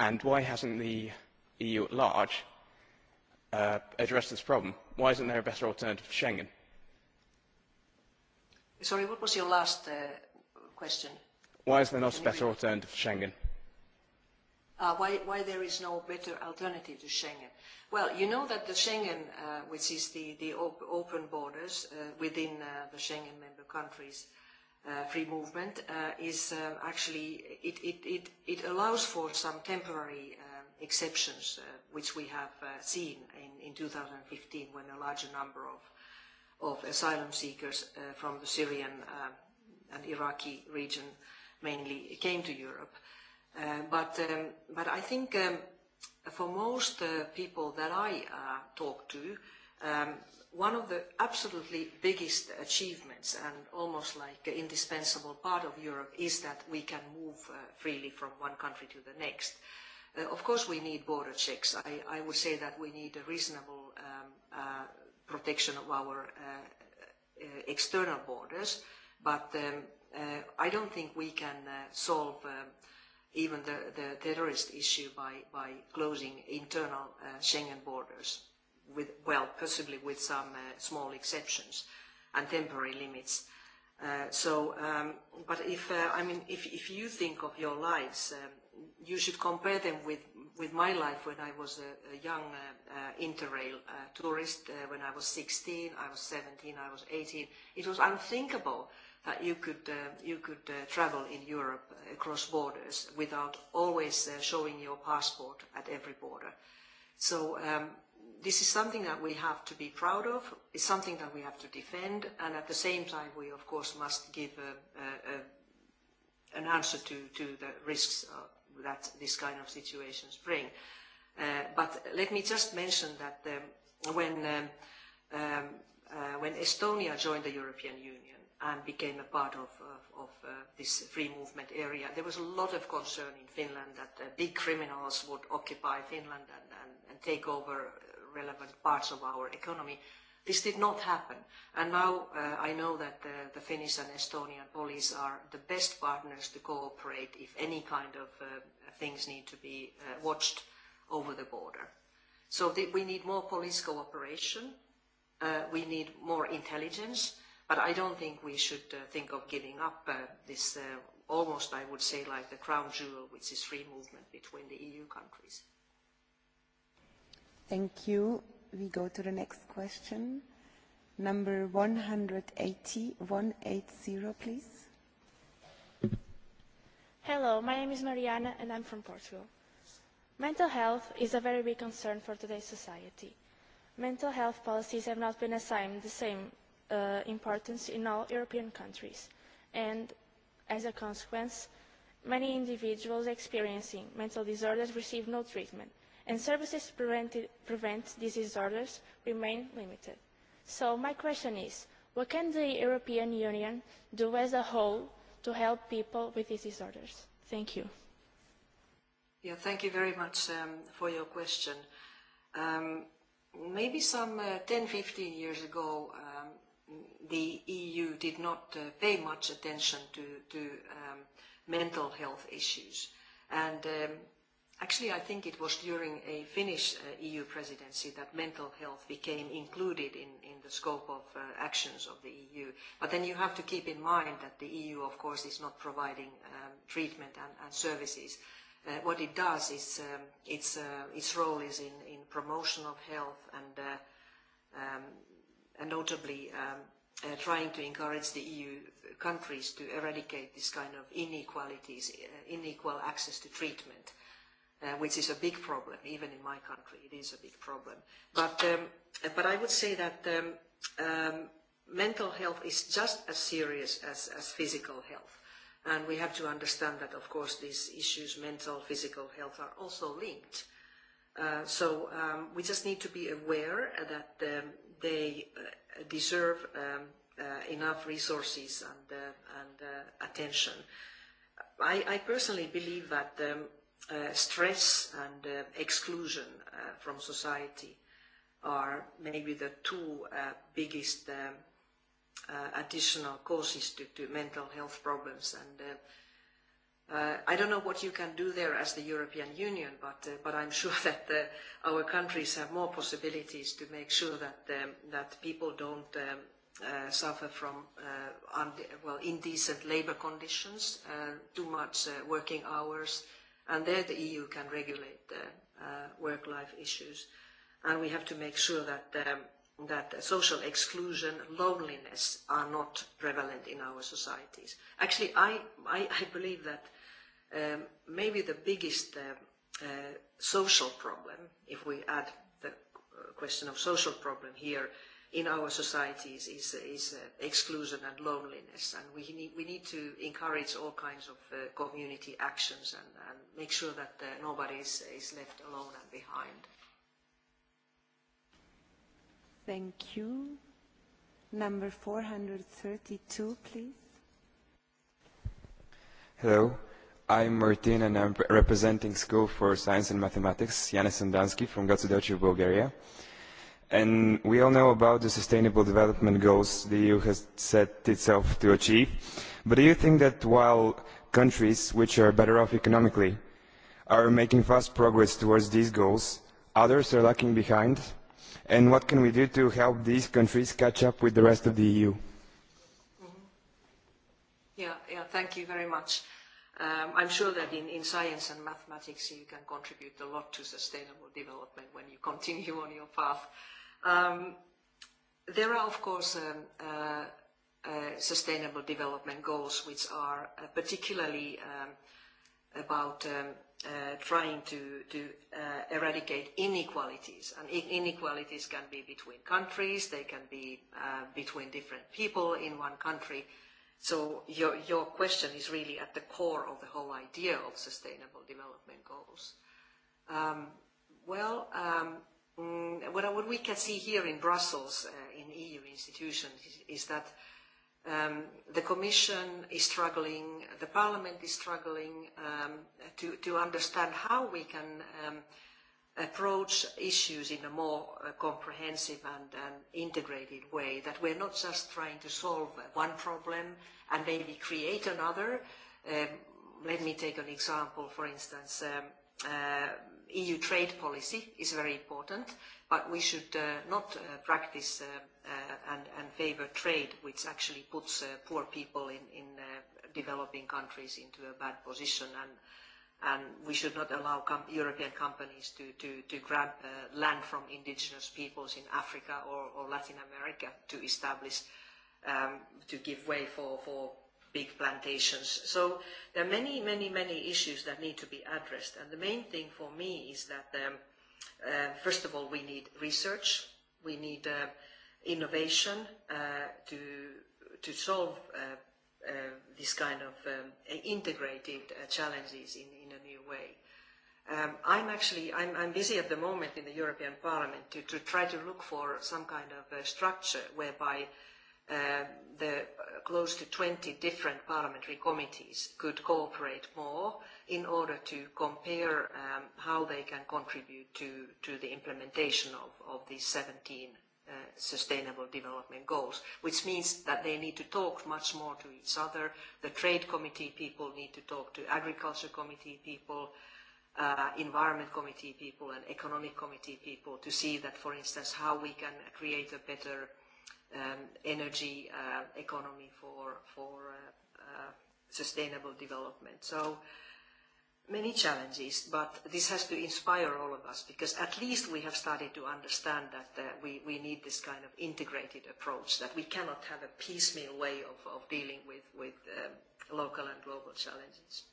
and why hasn't the EU at large uh, address this problem? Why isn't there a better alternative to Schengen? Sorry, what was your last uh, question? Why is there not a better read? alternative to Schengen? Uh, why, why there is no better alternative to Schengen? Well, you know that the Schengen, uh, which is the, the op open borders uh, within uh, the Schengen member countries, uh, free movement uh, is uh, actually, it, it, it, it allows for some temporary uh, exceptions, uh, which we have uh, seen in, in 2015 when a larger number of of asylum seekers uh, from the Syrian and Iraqi region mainly came to Europe. Um, but, I think um, for most people that I talk to, um, one of the absolutely biggest achievements and almost like an indispensable part of Europe is that we can move freely from one country to the next. Uh, of course, we need border checks. I, I would say that we need a reasonable um, uh, protection of our uh, uh external borders, but um, uh, I don't think we can solve um, even the, the terrorist issue by, by closing internal Schengen borders, with, well, possibly with some small exceptions and temporary limits. So, um, but if, I mean, if, if you think of your lives, um, you should compare them with, with my life when I was a, a young uh, uh, interrail uh, tourist. Uh, when I was 16, I was 17, I was 18. It was unthinkable that you could, uh, you could uh, travel in Europe uh, across borders without always uh, showing your passport at every border. So um, this is something that we have to be proud of. It's something that we have to defend. And at the same time, we, of course, must give a, a, a, an answer to, to the risks uh, that this kind of situations bring. Uh, but let me just mention that um, when, um, um, uh, when Estonia joined the European Union, and became a part of, of, of uh, this free movement area. There was a lot of concern in Finland that uh, big criminals would occupy Finland and, and, and take over relevant parts of our economy. This did not happen. And now uh, I know that uh, the Finnish and Estonian police are the best partners to cooperate if any kind of uh, things need to be uh, watched over the border. So we need more police cooperation. Uh, we need more intelligence. But I don't think we should uh, think of giving up uh, this uh, almost, I would say, like the crown jewel, which is free movement between the EU countries. Thank you we go to the next question. Number 180, please. Hello, my name is Mariana and I'm from Portugal. Mental health is a very big concern for today's society. Mental health policies have not been assigned the same uh, importance in all European countries, and as a consequence, many individuals experiencing mental disorders receive no treatment and services to prevent, these disorders remain limited. So my question is, what can the European Union do as a whole to help people with these disorders? Thank you. thank you very much um, for your question. Um, maybe some 10, uh, 15 years ago, um, the EU did not uh, pay much attention to, mental health issues. And Actually, I think it was during a Finnish uh, EU presidency that mental health became included in, in the scope of uh, actions of the EU. But then you have to keep in mind that the EU, of course, is not providing um, treatment and, and services. Uh, what it does is um, its, uh, its role is in, in promotion of health and, uh, um, and notably um, uh, trying to encourage the EU countries to eradicate this kind of inequalities, uh, unequal access to treatment Uh, which is a big problem. Even in my country, it is a big problem. But, um, but I would say that um, um, mental health is just as serious as, as physical health. And we have to understand that, of course, these issues, mental, physical health, are also linked. Uh, so um, we just need to be aware that um, they uh, deserve um, uh, enough resources and, uh, and uh, attention. I, I personally believe that um, Uh, stress and uh, exclusion uh, from society are maybe the two uh, biggest um, uh, additional causes to, to mental health problems. And uh, uh, I don't know what you can do there as the European Union, but, uh, but I'm [laughs] sure that uh, our countries have more possibilities to make sure that, um, that people don't um, uh, suffer from uh, well, indecent labor conditions, uh, too much uh, working hours, And there the EU can regulate the uh, work-life issues. And we have to make sure that, um, that social exclusion, loneliness are not prevalent in our societies. Actually, I, I, I believe that um, maybe the biggest uh, uh, social problem, if we add the uh, question of social problem here, in our societies is, is uh, exclusion and loneliness. And we need, we need to encourage all kinds of uh, community actions and, and make sure that uh, nobody is, is left alone and behind. Thank you. Number 432, please. Hello. I'm Martin and I'm representing School for Science and Mathematics, Yanis Sandansky from Gotsudochi, Bulgaria and we all know about the sustainable development goals the eu has set itself to achieve but do you think that while countries which are better off economically are making fast progress towards these goals others are lagging behind and what can we do to help these countries catch up with the rest of the eu? Yeah, yeah, thank you very much. Um, I'm sure that in, in science and mathematics you can contribute a lot to sustainable development when you continue on your path. Um, there are, of course, um, uh, uh, sustainable development goals, which are uh, particularly um, about um, uh, trying to, to uh, eradicate inequalities. And inequalities can be between countries, they can be uh, between different people in one country. So your, your question is really at the core of the whole idea of sustainable development goals. Um, well, um, Mm, what, what we can see here in Brussels, uh, in EU institutions, is, that um, the Commission is struggling, the Parliament is struggling um, to, understand how we can um, approach issues in a more uh, comprehensive and, integrated way, that we're not just trying to solve one problem and maybe create another. let me take an example, for instance, uh, EU trade policy is very important, but we should uh, not uh, practice uh, uh and, and favor trade, which actually puts uh, poor people in, in uh, developing countries into a bad position, and, and we should not allow com European companies to, to, to grab land from indigenous peoples in Africa or, or Latin America to establish, um, to give way for, for big plantations. So there are many, many, many issues that need to be addressed. And the main thing for me is that, um, uh, first of all, we need research. We need uh, innovation uh, to, to solve uh, uh, this kind of um, integrated uh, challenges in, in a new way. Um, I'm actually I'm, I'm busy at the moment in the European Parliament to, to try to look for some kind of uh, structure whereby Uh, the uh, close to 20 different parliamentary committees could cooperate more in order to compare um, how they can contribute to, to the implementation of, of these 17 uh, sustainable development goals, which means that they need to talk much more to each other. The trade committee people need to talk to agriculture committee people, uh, environment committee people and economic committee people to see that, for instance, how we can create a better um, energy uh, economy for, for uh, uh, sustainable development. So many challenges, but this has to inspire all of us because at least we have started to understand that uh, we, we need this kind of integrated approach, that we cannot have a piecemeal way of, of dealing with, with um, local and global challenges.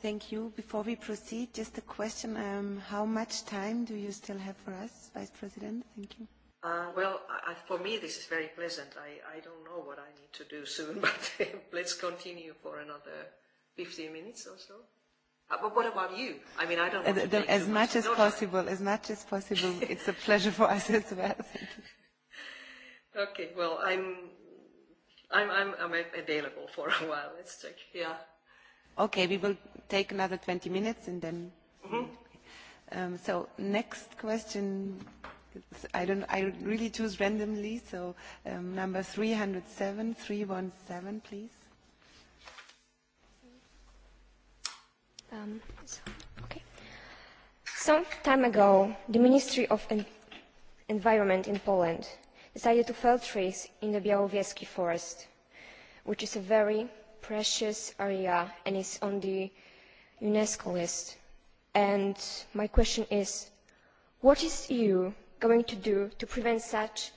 Thank you. Before we proceed, just a question. Um, how much time do you still have for us, Vice President? Thank you. Uh, well, I, for me this is very pleasant. I, I don't know what I need to do [laughs] soon, but [laughs] let's continue for another 15 minutes or so. Uh, but what about you? I mean, I don't. as, uh, as much, much as possible, as much as possible. [laughs] it's a pleasure for us as well. okay. Well, I'm, I'm, I'm, I'm available for a while. Let's check. Yeah. Okay, we will take another 20 minutes and then. Mm -hmm. um, so next question i don't. I really choose randomly. So um, number 307, 317, please. Um, so, okay. Some time ago, the Ministry of Environment in Poland decided to fell trees in the Białowieski forest, which is a very precious area and is on the UNESCO list. And my question is, what is EU going to do to prevent such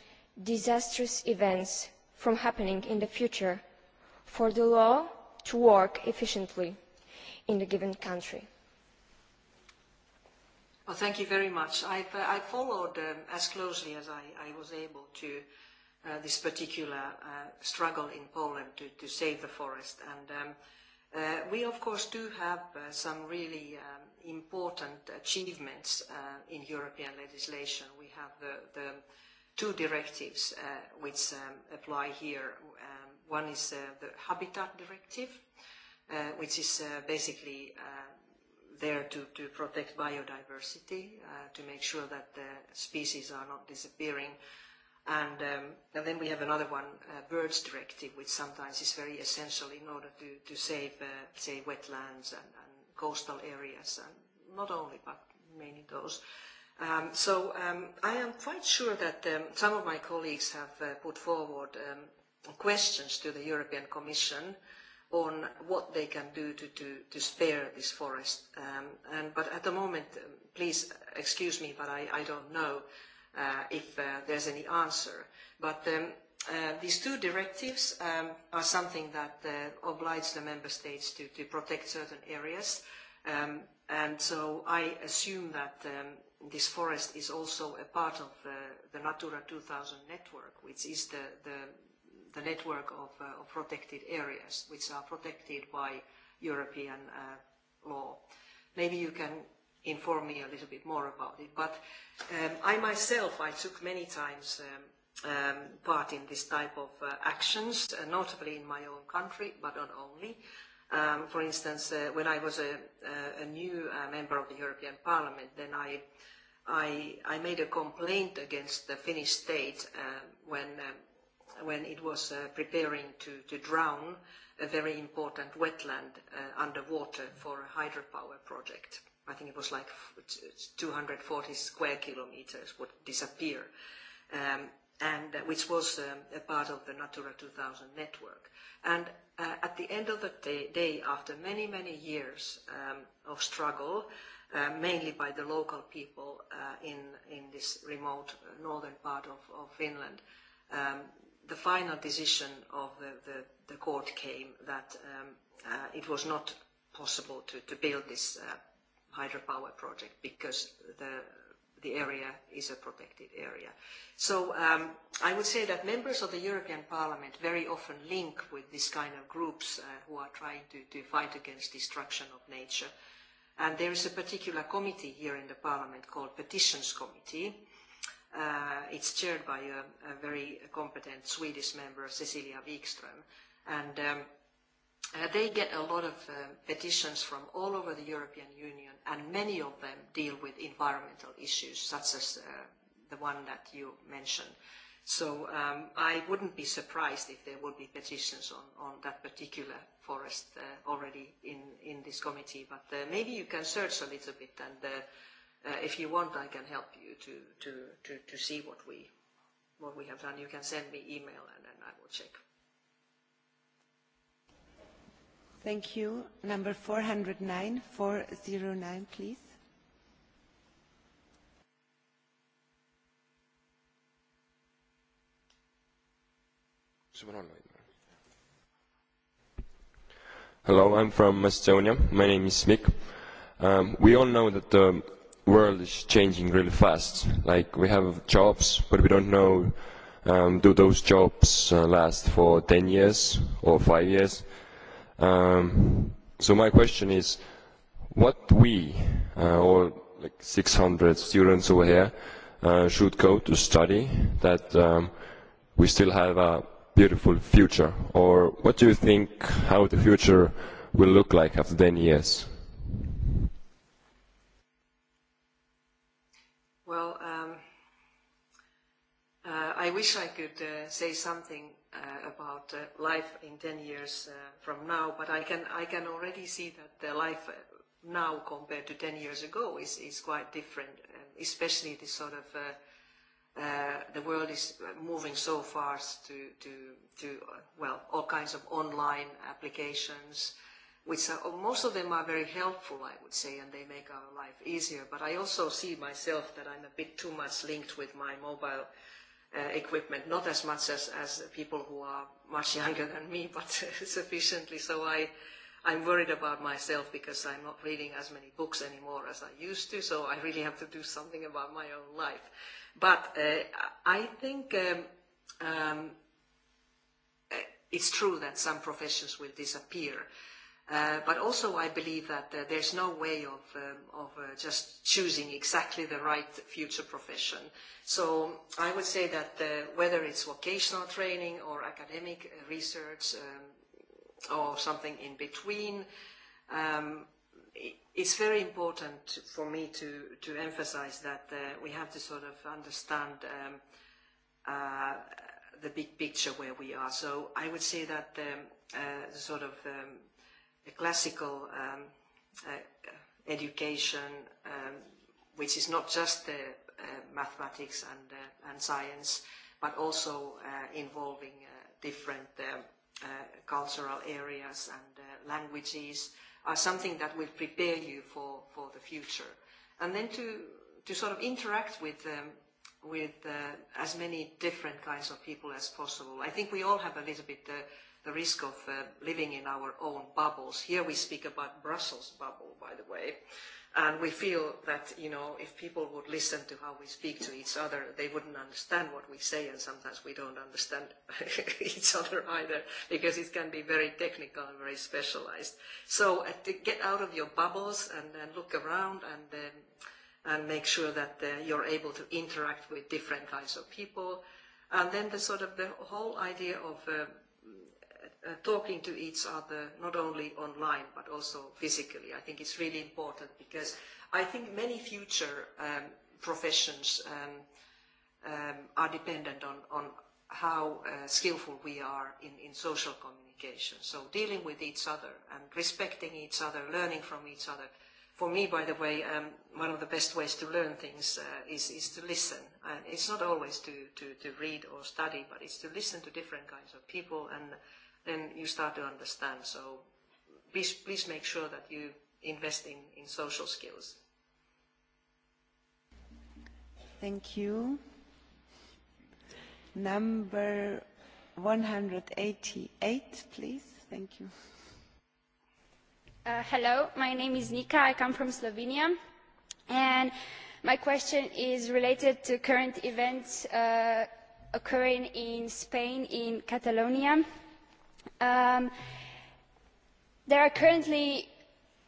disastrous events from happening in the future for the law to work efficiently in the given country? Well, thank you very much. I've, I followed um, as closely as I, I was able to uh, this particular uh, struggle in Poland to, to save the forest. And um, uh, we, of course, do have uh, some really um, important achievements uh, in European legislation. We have the, the two directives uh, which um, apply here. Um, one is uh, the Habitat Directive, uh, which is uh, basically uh, there to, to protect biodiversity, uh, to make sure that the species are not disappearing. And, um, and then we have another one, uh, Birds Directive, which sometimes is very essential in order to, to save, uh, say, wetlands and, coastal areas, and not only, but mainly those. Um, so um, I am quite sure that um, some of my colleagues have uh, put forward um, questions to the European Commission on what they can do to, to, to spare this forest. Um, and, but at the moment, um, please excuse me, but I, I don't know uh, if uh, there's any answer. But um, uh, these two directives um, are something that uh, oblige the member states to, to protect certain areas. Um, and so I assume that um, this forest is also a part of uh, the Natura 2000 network, which is the, the, the network of, uh, of protected areas, which are protected by European uh, law. Maybe you can inform me a little bit more about it. But um, I myself, I took many times um, um, part in this type of uh, actions, uh, notably in my own country, but not only. Um, for instance, uh, when I was a, a new uh, member of the European Parliament, then I i, I made a complaint against the Finnish state uh, when, um, when it was uh, preparing to, to drown a very important wetland uh, underwater for a hydropower project. I think it was like 240 square kilometers would disappear, um, and uh, which was um, a part of the Natura 2000 network. And uh, at the end of the day, day after many, many years um, of struggle, Uh, mainly by the local people uh, in, in this remote uh, northern part of, of Finland. Um, the final decision of the, the, the court came that um, uh, it was not possible to, to build this uh, hydropower project because the the area is a protected area. So um, I would say that members of the European Parliament very often link with this kind of groups uh, who are trying to, to fight against destruction of nature. And there is a particular committee here in the Parliament called Petitions Committee. Uh, it's chaired by a, very competent Swedish member, Cecilia Wikström. And um, uh, they get a lot of uh, petitions from all over the European Union, and many of them deal with environmental issues, such as uh, the one that you mentioned. So um, I wouldn't be surprised if there would be petitions on, on that particular forest uh, already in, in this committee, but uh, maybe you can search a little bit and uh, uh, if you want I can help you to, to, to, to see what we, what we have done. You can send me email and then I will check. Thank you. Number 409, 409 please. Subhanallah. Hello, I'm from Estonia. My name is Mick. Um, we all know that the world is changing really fast. Like we have jobs, but we don't know um, do those jobs uh, last for 10 years or 5 years. Um, so my question is, what we, uh, all like 600 students over here, uh, should go to study that um, we still have a beautiful future? Or what do you think how the future will look like after 10 years? Well, um, uh, I wish I could uh, say something uh, about uh, life in 10 years uh, from now, but I can, I can already see that the life uh, now compared to 10 years ago is, is quite different, especially this sort of uh, Uh, the world is moving so fast to, to, to uh, well, all kinds of online applications, which are, most of them are very helpful, I would say, and they make our life easier. But I also see myself that I'm a bit too much linked with my mobile uh, equipment, not as much as, as people who are much [laughs] younger than me, but [laughs] sufficiently. So I, I'm worried about myself because I'm not reading as many books anymore as I used to, so I really have to do something about my own life. But uh, I think um, um, it's true that some professions will disappear. Uh, but also I believe that uh, there's no way of, um, of uh, just choosing exactly the right future profession. So I would say that uh, whether it's vocational training or academic uh, research, um, or something in between. Um, it's very important for me to, to emphasize that uh, we have to sort of understand um, uh, the big picture where we are. So I would say that um, uh, the uh, sort of um, a classical um, uh, education, um, which is not just the uh, mathematics and, uh, and science, but also uh, involving uh, different uh, Uh, cultural areas and uh, languages are something that will prepare you for, for the future. And then to, to sort of interact with, um, with uh, as many different kinds of people as possible. I think we all have a little bit uh the risk of uh, living in our own bubbles. Here we speak about Brussels bubble, by the way. And we feel that, you know, if people would listen to how we speak to each other, they wouldn't understand what we say, and sometimes we don't understand [laughs] each other either, because it can be very technical and very specialized. So uh, to get out of your bubbles and, then look around and, then um, and make sure that uh, you're able to interact with different kinds of people. And then the sort of the whole idea of uh, uh, talking to each other, not only online, but also physically. I think it's really important because I think many future um, professions um, um, are dependent on, on how uh, skillful we are in, in social communication. So dealing with each other and respecting each other, learning from each other. For me, by the way, um, one of the best ways to learn things uh, is, is to listen. And it's not always to, to, to read or study, but it's to listen to different kinds of people and then you start to understand. So please, please make sure that you invest in, in social skills. Thank you. Number 188, please. Thank you. Uh, hello, my name is Nika. I come from Slovenia. And my question is related to current events uh, occurring in Spain, in Catalonia Um, there are currently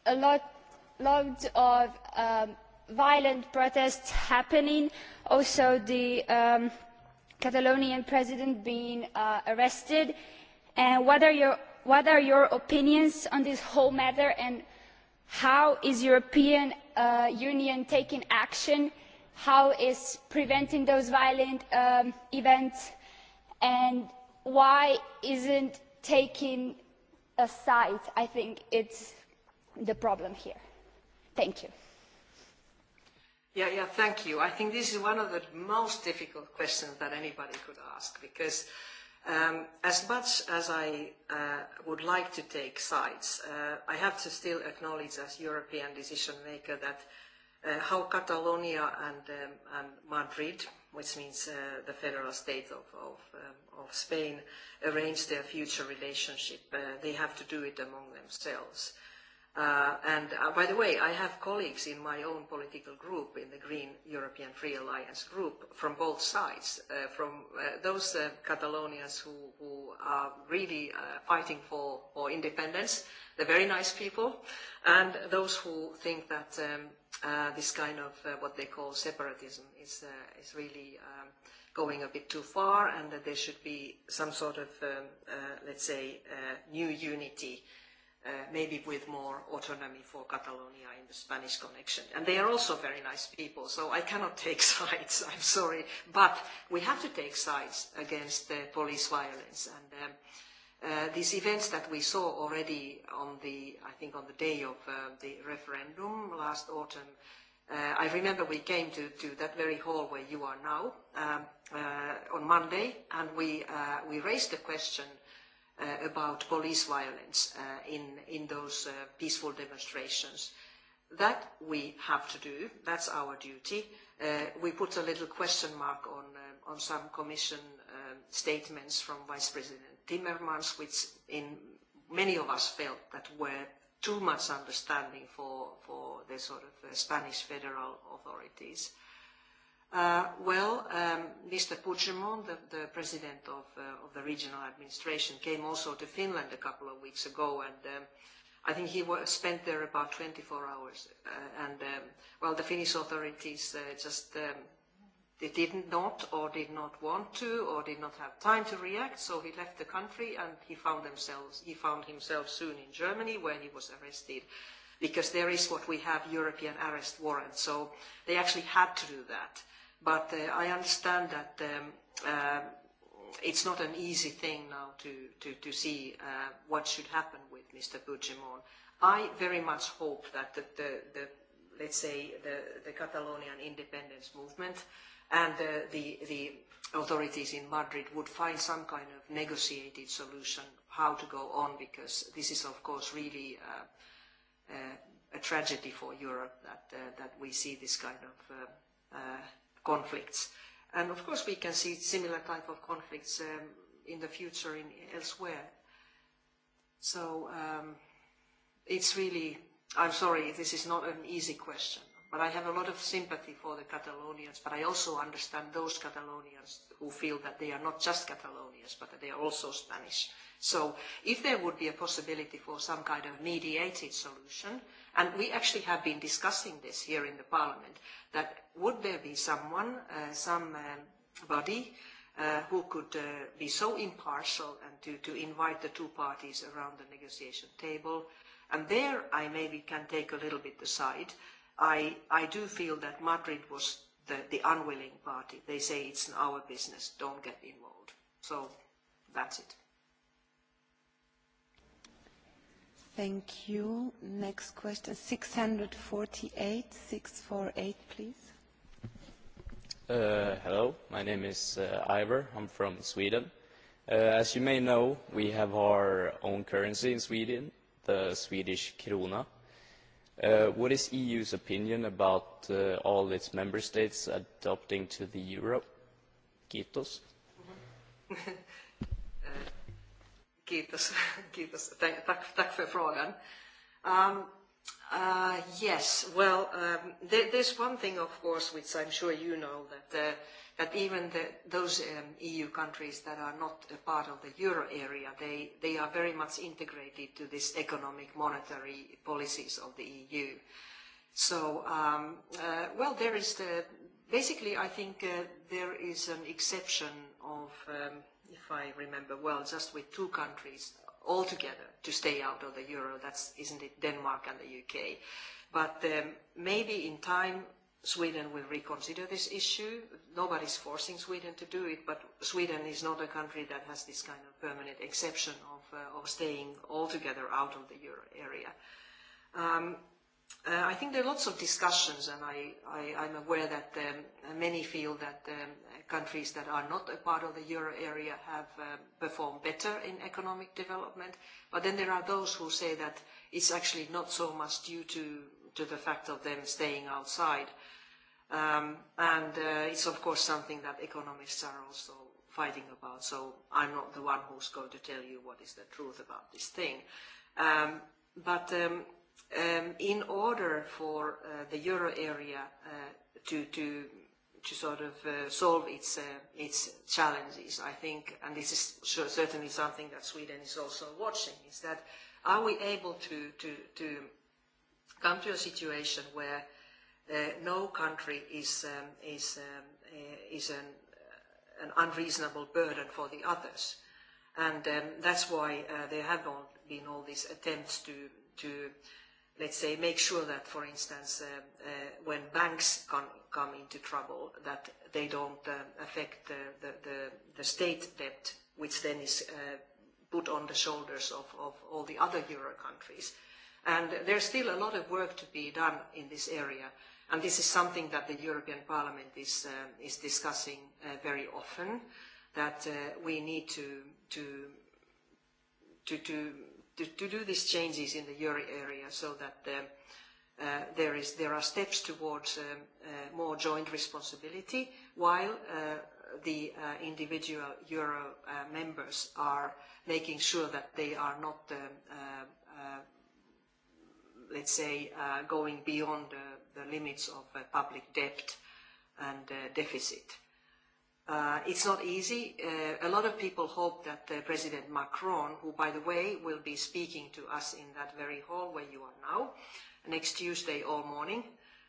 a lot, of um, violent protests happening. Also, the um, Catalonian president being uh, arrested. And what are, your, what are your opinions on this whole matter and how is European uh, Union taking action? How is preventing those violent um, events? And why isn't taking a side, I think it's the problem here. Thank you. Yeah, yeah, thank you. I think this is one of the most difficult questions that anybody could ask because um, as much as I uh, would like to take sides, uh, I have to still acknowledge as European decision maker that uh, how Catalonia and, um, and Madrid, which means uh, the federal state of, of, um, of Spain, arrange their future relationship. Uh, they have to do it among themselves. Uh, and uh, by the way, I have colleagues in my own political group, in the Green European Free Alliance group, from both sides, uh, from uh, those uh, Catalonians who, who are really uh, fighting for, for independence, the very nice people, and those who think that um, uh, this kind of uh, what they call separatism is, uh, is really um, going a bit too far and that there should be some sort of, um, uh, let's say, uh, new unity, uh, maybe with more autonomy for Catalonia in the Spanish connection. And they are also very nice people, so I cannot take [laughs] sides, I'm sorry. But we have to take sides against the police violence. And um, Uh, these events that we saw already on the, I think on the day of uh, the referendum last autumn, uh, I remember we came to, to that very hall where you are now um, uh, on Monday and we, uh, we raised the question uh, about police violence uh, in, in those uh, peaceful demonstrations. That we have to do. That's our duty. Uh, we put a little question mark on, um, on some commission um, statements from Vice President Timmermans, which in many of us felt that were too much understanding for, for the sort of uh, Spanish federal authorities. Uh, well, um, Mr. Puigdemont, the, the president of, uh, of the regional administration, came also to Finland a couple of weeks ago, and um, I think he was, spent there about 24 hours. Uh, and, um, well, the Finnish authorities uh, just um, they did not or did not want to or did not have time to react, so he left the country and he found, themselves, he found himself soon in Germany where he was arrested because there is what we have European arrest warrant, so they actually had to do that. But uh, I understand that um, uh, it's not an easy thing now to, to, to see uh, what should happen with Mr. Puigdemont. I very much hope that the, the, the let's say, the, the Catalonian independence movement and the the, the authorities in Madrid would find some kind of negotiated solution how to go on because this is of course really uh, uh, a tragedy for Europe that, uh, that we see this kind of uh, uh, conflicts. And of course we can see similar type of conflicts um, in the future in elsewhere. So um, it's really, I'm sorry, this is not an easy question But I have a lot of sympathy for the Catalonians, but I also understand those Catalonians who feel that they are not just Catalonians, but that they are also Spanish. So if there would be a possibility for some kind of mediated solution, and we actually have been discussing this here in the Parliament, that would there be someone, uh, some um, body uh, who could uh, be so impartial and to, to invite the two parties around the negotiation table. And there I maybe can take a little bit aside. side i, I do feel that Madrid was the, the unwilling party. They say it's our business, don't get involved. So that's it. Thank you. Next question, 648, 648, please. Uh, hello, my name is uh, Ivor. I'm from Sweden. Uh, as you may know, we have our own currency in Sweden, the Swedish krona Uh, what is the EU's opinion about uh, all its member states adopting to the euro? [laughs] [laughs] för frågan. Um, uh, yes, well, um, there, there's one thing, of course, which I'm sure you know, that uh, that even the, those um, EU countries that are not a part of the euro area, they, they are very much integrated to this economic monetary policies of the EU. So, um, uh, well, there is the, basically, I think uh, there is an exception of, um, if I remember well, just with two countries altogether to stay out of the euro. That's, isn't it, Denmark and the UK? But um, maybe in time, Sweden will reconsider this issue. Nobody's forcing Sweden to do it, but Sweden is not a country that has this kind of permanent exception of, uh, of staying altogether out of the euro area. Um, uh, I think there are lots of discussions, and I, I, I'm aware that um, many feel that um, countries that are not a part of the euro area have uh, performed better in economic development. But then there are those who say that it's actually not so much due to to the fact of them staying outside. Um, and uh, it's of course something that economists are also fighting about, so I'm not the one who's going to tell you what is the truth about this thing. Um, but um, um, in order for uh, the euro area uh, to, to, to sort of uh, solve its, uh, its challenges, I think, and this is certainly something that Sweden is also watching, is that are we able to, to, to come to a situation where uh, no country is, um, is, um, uh, is an, uh, an unreasonable burden for the others. And um, that's why uh, there have all been all these attempts to, to let's say, make sure that, for instance, uh, uh, when banks come, come into trouble, that they don't uh, affect the, the, the, the state debt, which then is uh, put on the shoulders of, of all the other euro countries. And there's still a lot of work to be done in this area. And this is something that the European Parliament is, um, is discussing uh, very often, that uh, we need to, to, to, to, to, to do these changes in the euro area so that um, uh, there, is, there are steps towards um, more joint responsibility while the uh, individual euro uh, members are making sure that they are not uh, uh, let's say, uh, going beyond the, the limits of uh, public debt and uh, deficit. Uh, it's not easy. Uh, a lot of people hope that uh, President Macron, who, by the way, will be speaking to us in that very hall where you are now, next Tuesday all morning,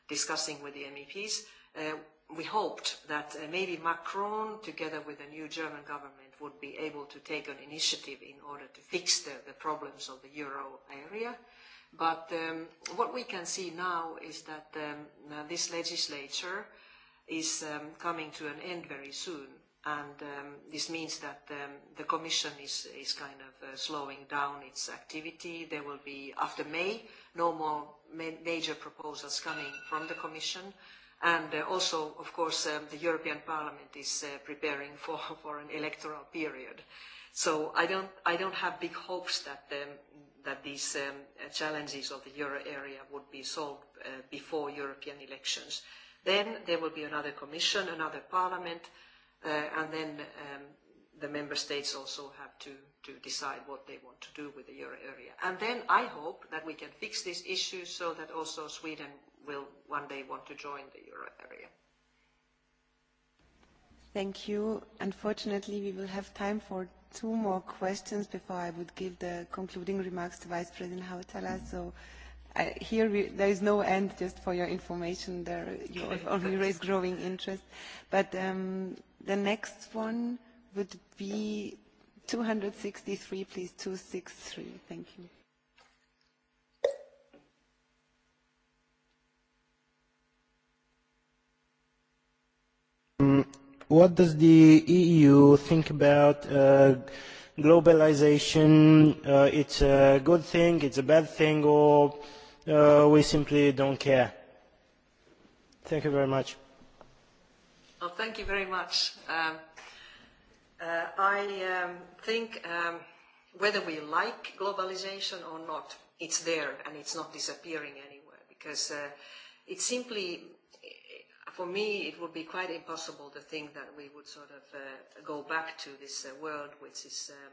discussing with the MEPs, uh, we hoped that uh, maybe Macron, together with the new German government, would be able to take an initiative in order to fix the, problems of the euro area. But um, what we can see now is that um, uh, this legislature is um, coming to an end very soon. And this means that the Commission is, is kind of uh, slowing down its activity. There will be, after May, no more major proposals coming from the Commission. And uh, also, of course, the European Parliament is preparing for, [laughs] for an electoral period. So I don't, I have big hopes that, um, these um, challenges of the euro area would be solved uh, before European elections. Then there will be another commission, another parliament, uh, and then um, the member states also have to, to decide what they want to do with the euro area. And then I hope that we can fix this issue so that also Sweden will one day want to join the euro area. Thank you. Unfortunately, we will have time for two more questions before I would give the concluding remarks to Vice President Hautala. So I uh, here we, there is no end just for your information. There you [laughs] only raise growing interest. But um, the next one would be 263, please, 263. Thank you. What does the EU think about uh, globalization? Uh, it's a good thing, it's a bad thing, or uh, we simply don't care? Thank you very much. thank you very much. Um, uh, I um, think um, whether we like globalization or not, it's there and it's not disappearing anywhere because uh, it simply for me, it would be quite impossible to think that we would sort of uh, go back to this uh, world which is um,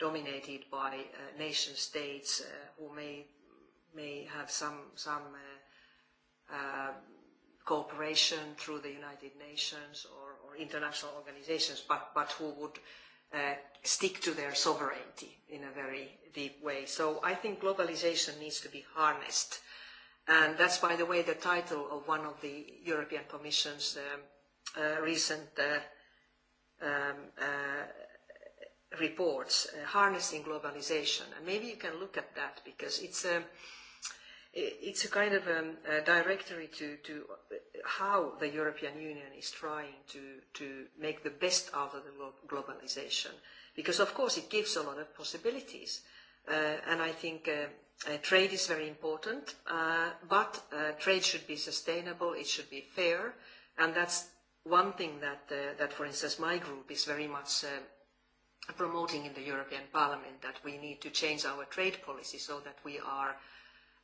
dominated by uh, nation states uh, who may may have some some uh, uh, cooperation through the United Nations or, or international organizations, but but who would uh, stick to their sovereignty in a very deep way. So I think globalization needs to be harnessed And that's, by the way, the title of one of the European Commission's um, uh, recent uh, um, uh, reports, uh, Harnessing Globalization. And maybe you can look at that because it's a, um, it's a kind of um, a directory to, to how the European Union is trying to, to make the best out of the globalization. Because, of course, it gives a lot of possibilities Uh, and I think uh, uh, trade is very important, uh, but uh, trade should be sustainable, it should be fair, and that's one thing that, uh, that for instance, my group is very much uh, promoting in the European Parliament, that we need to change our trade policy so that we are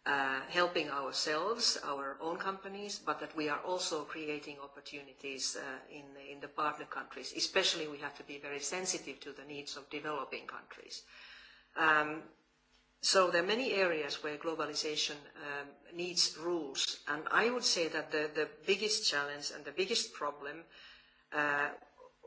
uh, helping ourselves, our own companies, but that we are also creating opportunities uh, in, in the partner countries. Especially we have to be very sensitive to the needs of developing countries. Um, so there are many areas where globalization um, needs rules. And I would say that the, the biggest challenge and the biggest problem uh,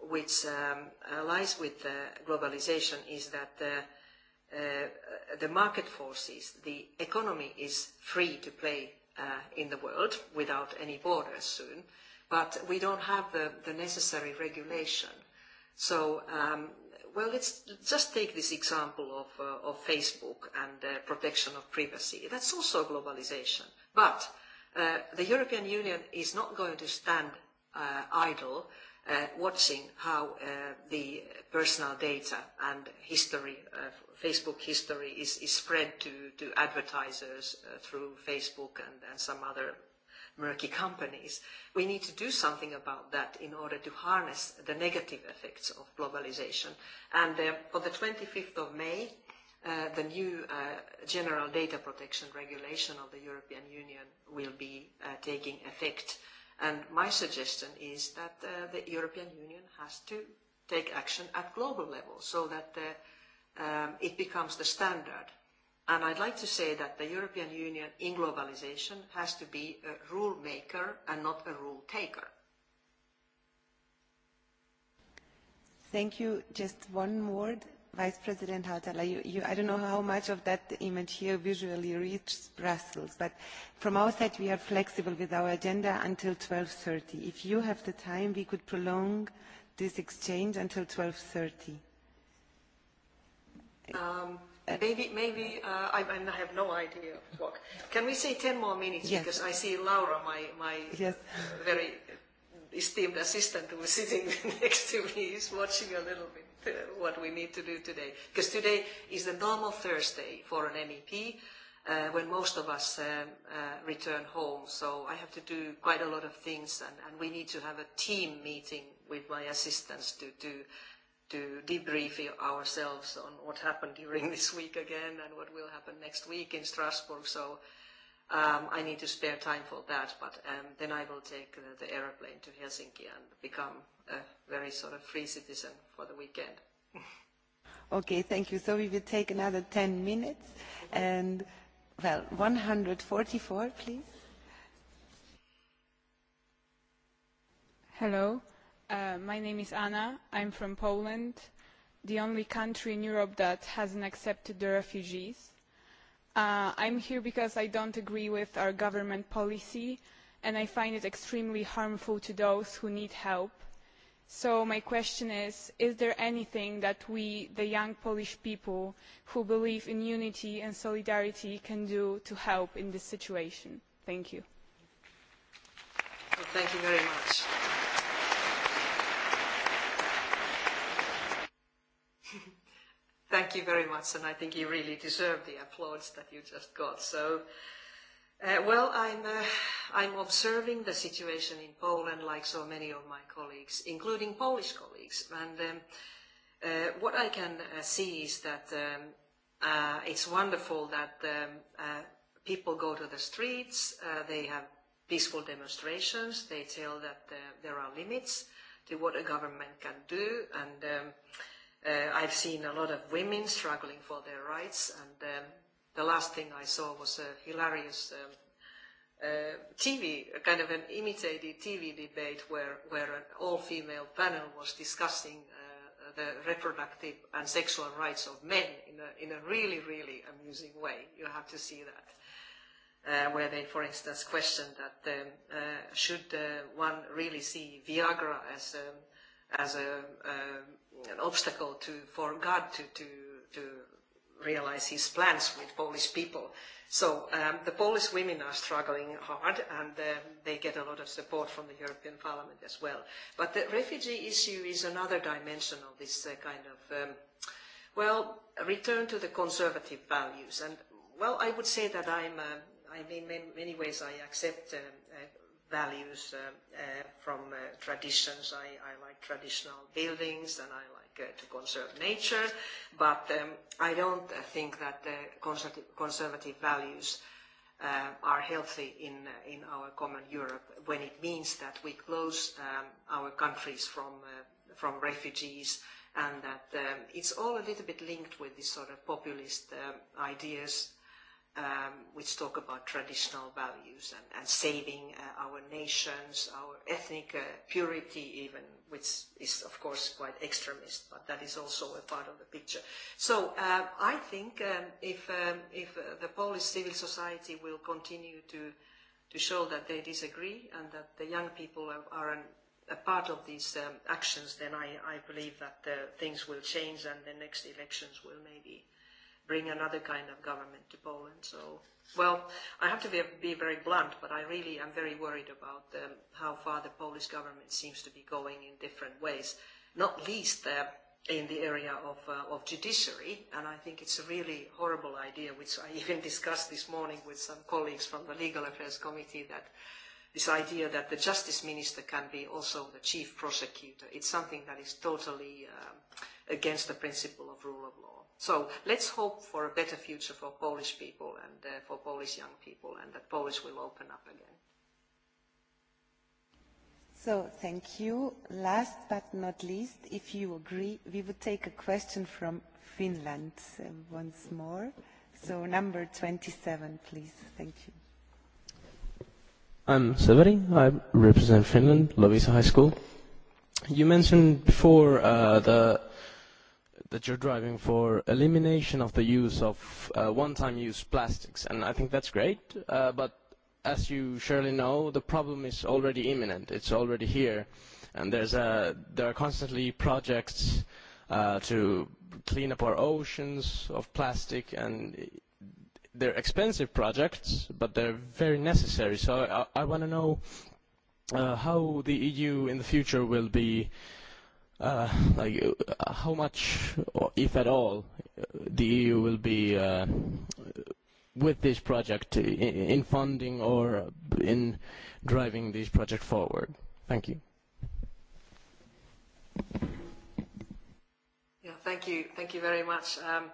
which um, lies with uh, globalization is that uh, uh, the market forces, the economy is free to play uh, in the world without any borders soon, but we don't have the, the necessary regulation. So um, well, let's just take this example of, uh, of Facebook and uh, protection of privacy. That's also globalization. But uh, the European Union is not going to stand uh, idle uh, watching how uh, the personal data and history, uh, Facebook history, is, is spread to, to advertisers uh, through Facebook and, and some other murky companies. We need to do something about that in order to harness the negative effects of globalization. And uh, on the 25th of May, uh, the new uh, General Data Protection Regulation of the European Union will be uh, taking effect. And my suggestion is that uh, the European Union has to take action at global level so that uh, um, it becomes the standard And I'd like to say that the European Union in globalization has to be a rule maker and not a rule taker. Thank you. Just one word. Vice President Hautala, I don't know how much of that image here visually reaches Brussels, but from our side we are flexible with our agenda until 12.30. If you have the time, we could prolong this exchange until 12.30. Um, Maybe, maybe uh, I, I have no idea what. Can we say 10 more minutes? Yes. Because I see Laura, my, my yes. Uh, very esteemed assistant who is sitting [laughs] next to me, is watching a little bit uh, what we need to do today. Because today is the normal Thursday for an MEP uh, when most of us um, uh, return home. So I have to do quite a lot of things, and, and we need to have a team meeting with my assistants to do to debrief ourselves on what happened during [laughs] this week again and what will happen next week in Strasbourg. So um, I need to spare time for that, but um, then I will take the, the aeroplane to Helsinki and become a very sort of free citizen for the weekend. [laughs] okay, thank you. So we will take another 10 minutes and, well, 144, please. Hello. Uh, my name is Anna. I'm from Poland, the only country in Europe that not accepted the refugees. I uh, I'm here because I don't agree with our government policy and I find it extremely harmful to those who need help. So my question is, is there anything that we, the young Polish people who believe in unity and solidarity, can do to help in this situation? Thank you. thank you very much. Thank you very much, and I think you really deserve the applause that you just got. So, uh, well, I'm, uh, I'm observing the situation in Poland like so many of my colleagues, including Polish colleagues. And um, uh, what I can uh, see is that um, uh, it's wonderful that um, uh, people go to the streets, uh, they have peaceful demonstrations, they tell that uh, there are limits to what a government can do, and um, Uh, I've seen a lot of women struggling for their rights, and um, the last thing I saw was a hilarious um, uh, TV, kind of an imitated TV debate where, where an all-female panel was discussing uh, the reproductive and sexual rights of men in a, in a really, really amusing way. You have to see that. Uh, where they, for instance, questioned that um, uh, should uh, one really see Viagra as a, um, as a um, an obstacle to, for God to, to, to realize his plans with Polish people. So um, the Polish women are struggling hard and uh, they get a lot of support from the European Parliament as well. But the refugee issue is another dimension of this uh, kind of, um, well, return to the conservative values. And, well, I would say that I'm, uh, I mean, in many ways I accept um, uh, values uh, uh, from uh, traditions. I, I like traditional buildings and I like uh, to conserve nature, but um, I don't think that the conservative, values uh, are healthy in, uh, in our common Europe when it means that we close um, our countries from, uh, from refugees and that um, it's all a little bit linked with this sort of populist um, ideas um, which talk about traditional values and, and saving uh, our nations, our ethnic uh, purity even, which is of course quite extremist, but that is also a part of the picture. So uh, I think um, if, um, if uh, the Polish civil society will continue to, to show that they disagree and that the young people are, are an, a part of these um, actions, then I, I believe that uh, things will change and the next elections will maybe bring another kind of government to Poland. So, well, I have to be, be very blunt, but I really am very worried about how far the Polish government seems to be going in different ways, not least uh, in the area of, uh, of judiciary. And I think it's a really horrible idea, which I [laughs] even discussed this morning with some colleagues from the Legal Affairs Committee, that this idea that the justice minister can be also the chief prosecutor. It's something that is totally uh, against the principle of rule of law. So let's hope for a better future for Polish people and uh, for Polish young people and that Polish will open up again. So thank you. Last but not least, if you agree, we would take a question from Finland uh, once more. So number 27, please. Thank you. I'm Severi. I represent Finland, Lovisa High School. You mentioned before uh, the that you're driving for elimination of the use of uh, one-time use plastics, and I think that's great, uh, but as you surely know, the problem is already imminent. It's already here, and there's a, there are constantly projects uh, to clean up our oceans of plastic, and they're expensive projects, but they're very necessary. So I, I want to know uh, how the EU in the future will be uh, like uh, how much, or if at all, uh, the EU will be uh, with this project in, funding or uh, in driving this project forward? Thank you. Yeah, thank you. Thank you very much. Um,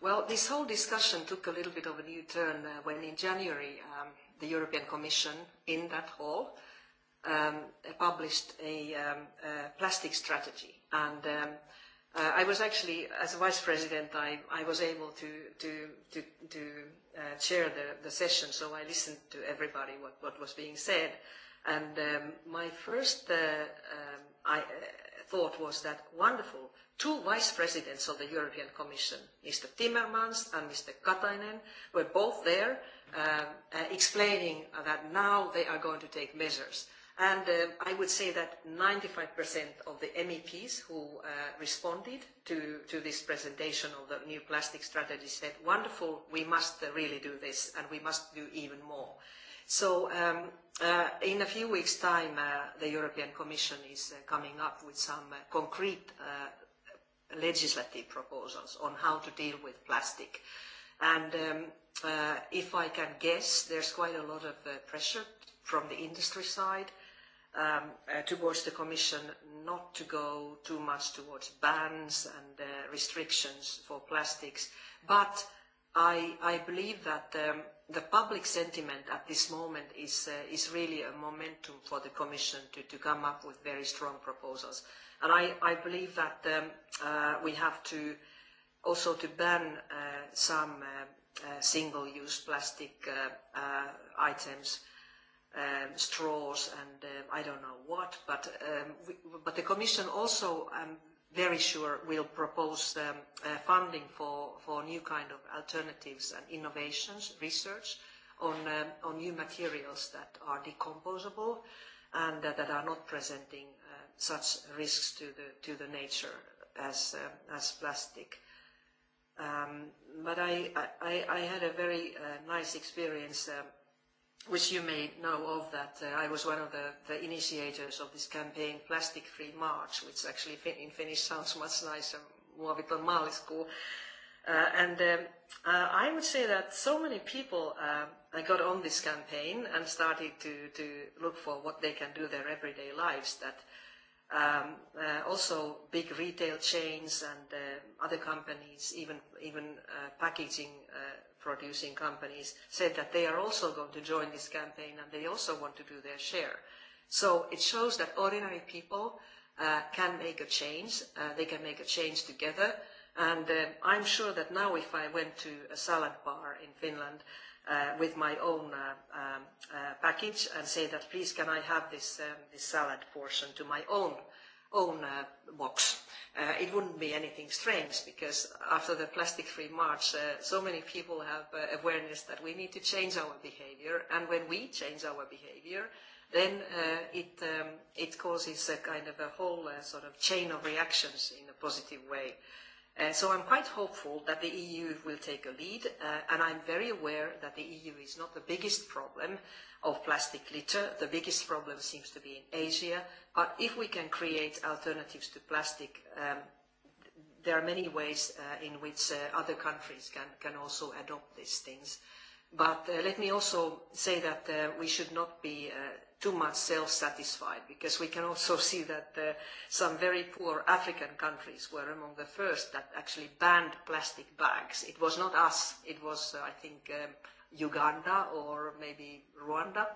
well, this whole discussion took a little bit of a new turn uh, when in January um, the European Commission in that hall um, published um, a, plastic strategy. And um, uh, I was actually, as vice president, I, I was able to, to, to, to uh, chair the, the session, so I listened to everybody what, what was being said. And um, my first uh, um, I, uh, thought was that wonderful, two vice presidents of the European Commission, Mr. Timmermans and Mr. Katainen, were both there uh, uh, explaining that now they are going to take measures. And uh, I would say that 95% of the MEPs who uh, responded to, to this presentation of the new plastic strategy said, wonderful, we must uh, really do this and we must do even more. So um, uh, in a few weeks' time, uh, the European Commission is uh, coming up with some uh, concrete uh, legislative proposals on how to deal with plastic. And um, uh, if I can guess, there's quite a lot of uh, pressure from the industry side um, uh, towards the Commission not to go too much towards bans and uh, restrictions for plastics. But I, I believe that um, the public sentiment at this moment is, uh, is really a momentum for the Commission to, to come up with very strong proposals. And I, I believe that um, we have to also to ban some single-use plastic items um, straws and uh, I don't know what, but, um, but the Commission also, I'm very sure, will propose um, uh, funding for, for new kind of alternatives and innovations, research on, um, on new materials that are decomposable and that are not presenting uh, such risks to the, to the nature as, uh, as plastic. Um, but I, I, I had a very uh, nice experience which you may know of that uh, I was one of the, the initiators of this campaign Plastic Free March, which actually in Finnish sounds much nicer, Uh, and um, uh, I would say that so many people uh, got on this campaign and started to, to look for what they can do their everyday lives that Um, uh, also big retail chains and uh, other companies, even, even uh, packaging producing companies, said that they are also going to join this campaign and they also want to do their share. So it shows that ordinary people can make a change. they can make a change together. And um, I'm sure that now if I went to a salad bar in Finland, uh, with my own uh, um, uh, package and say that please can I have this, um, this salad portion to my own own uh, box. Uh, it wouldn't be anything strange because after the plastic free march uh, so many people have uh, awareness that we need to change our behavior and when we change our behavior then uh, it, um, it causes a kind of a whole uh, sort of chain of reactions in a positive way. Uh, Uh, so I'm quite hopeful that the EU will take a lead, uh, and I'm very aware that the EU is not the biggest problem of plastic litter. The biggest problem seems to be in Asia, but if we can create alternatives to plastic, um, there are many ways uh, in which uh, other countries can, can also adopt these things. But uh, let me also say that uh, we should not be uh, too much self-satisfied because we can also see that uh, some very poor African countries were among the first that actually banned plastic bags. It was not us, it was, uh, I think, um, Uganda or maybe Rwanda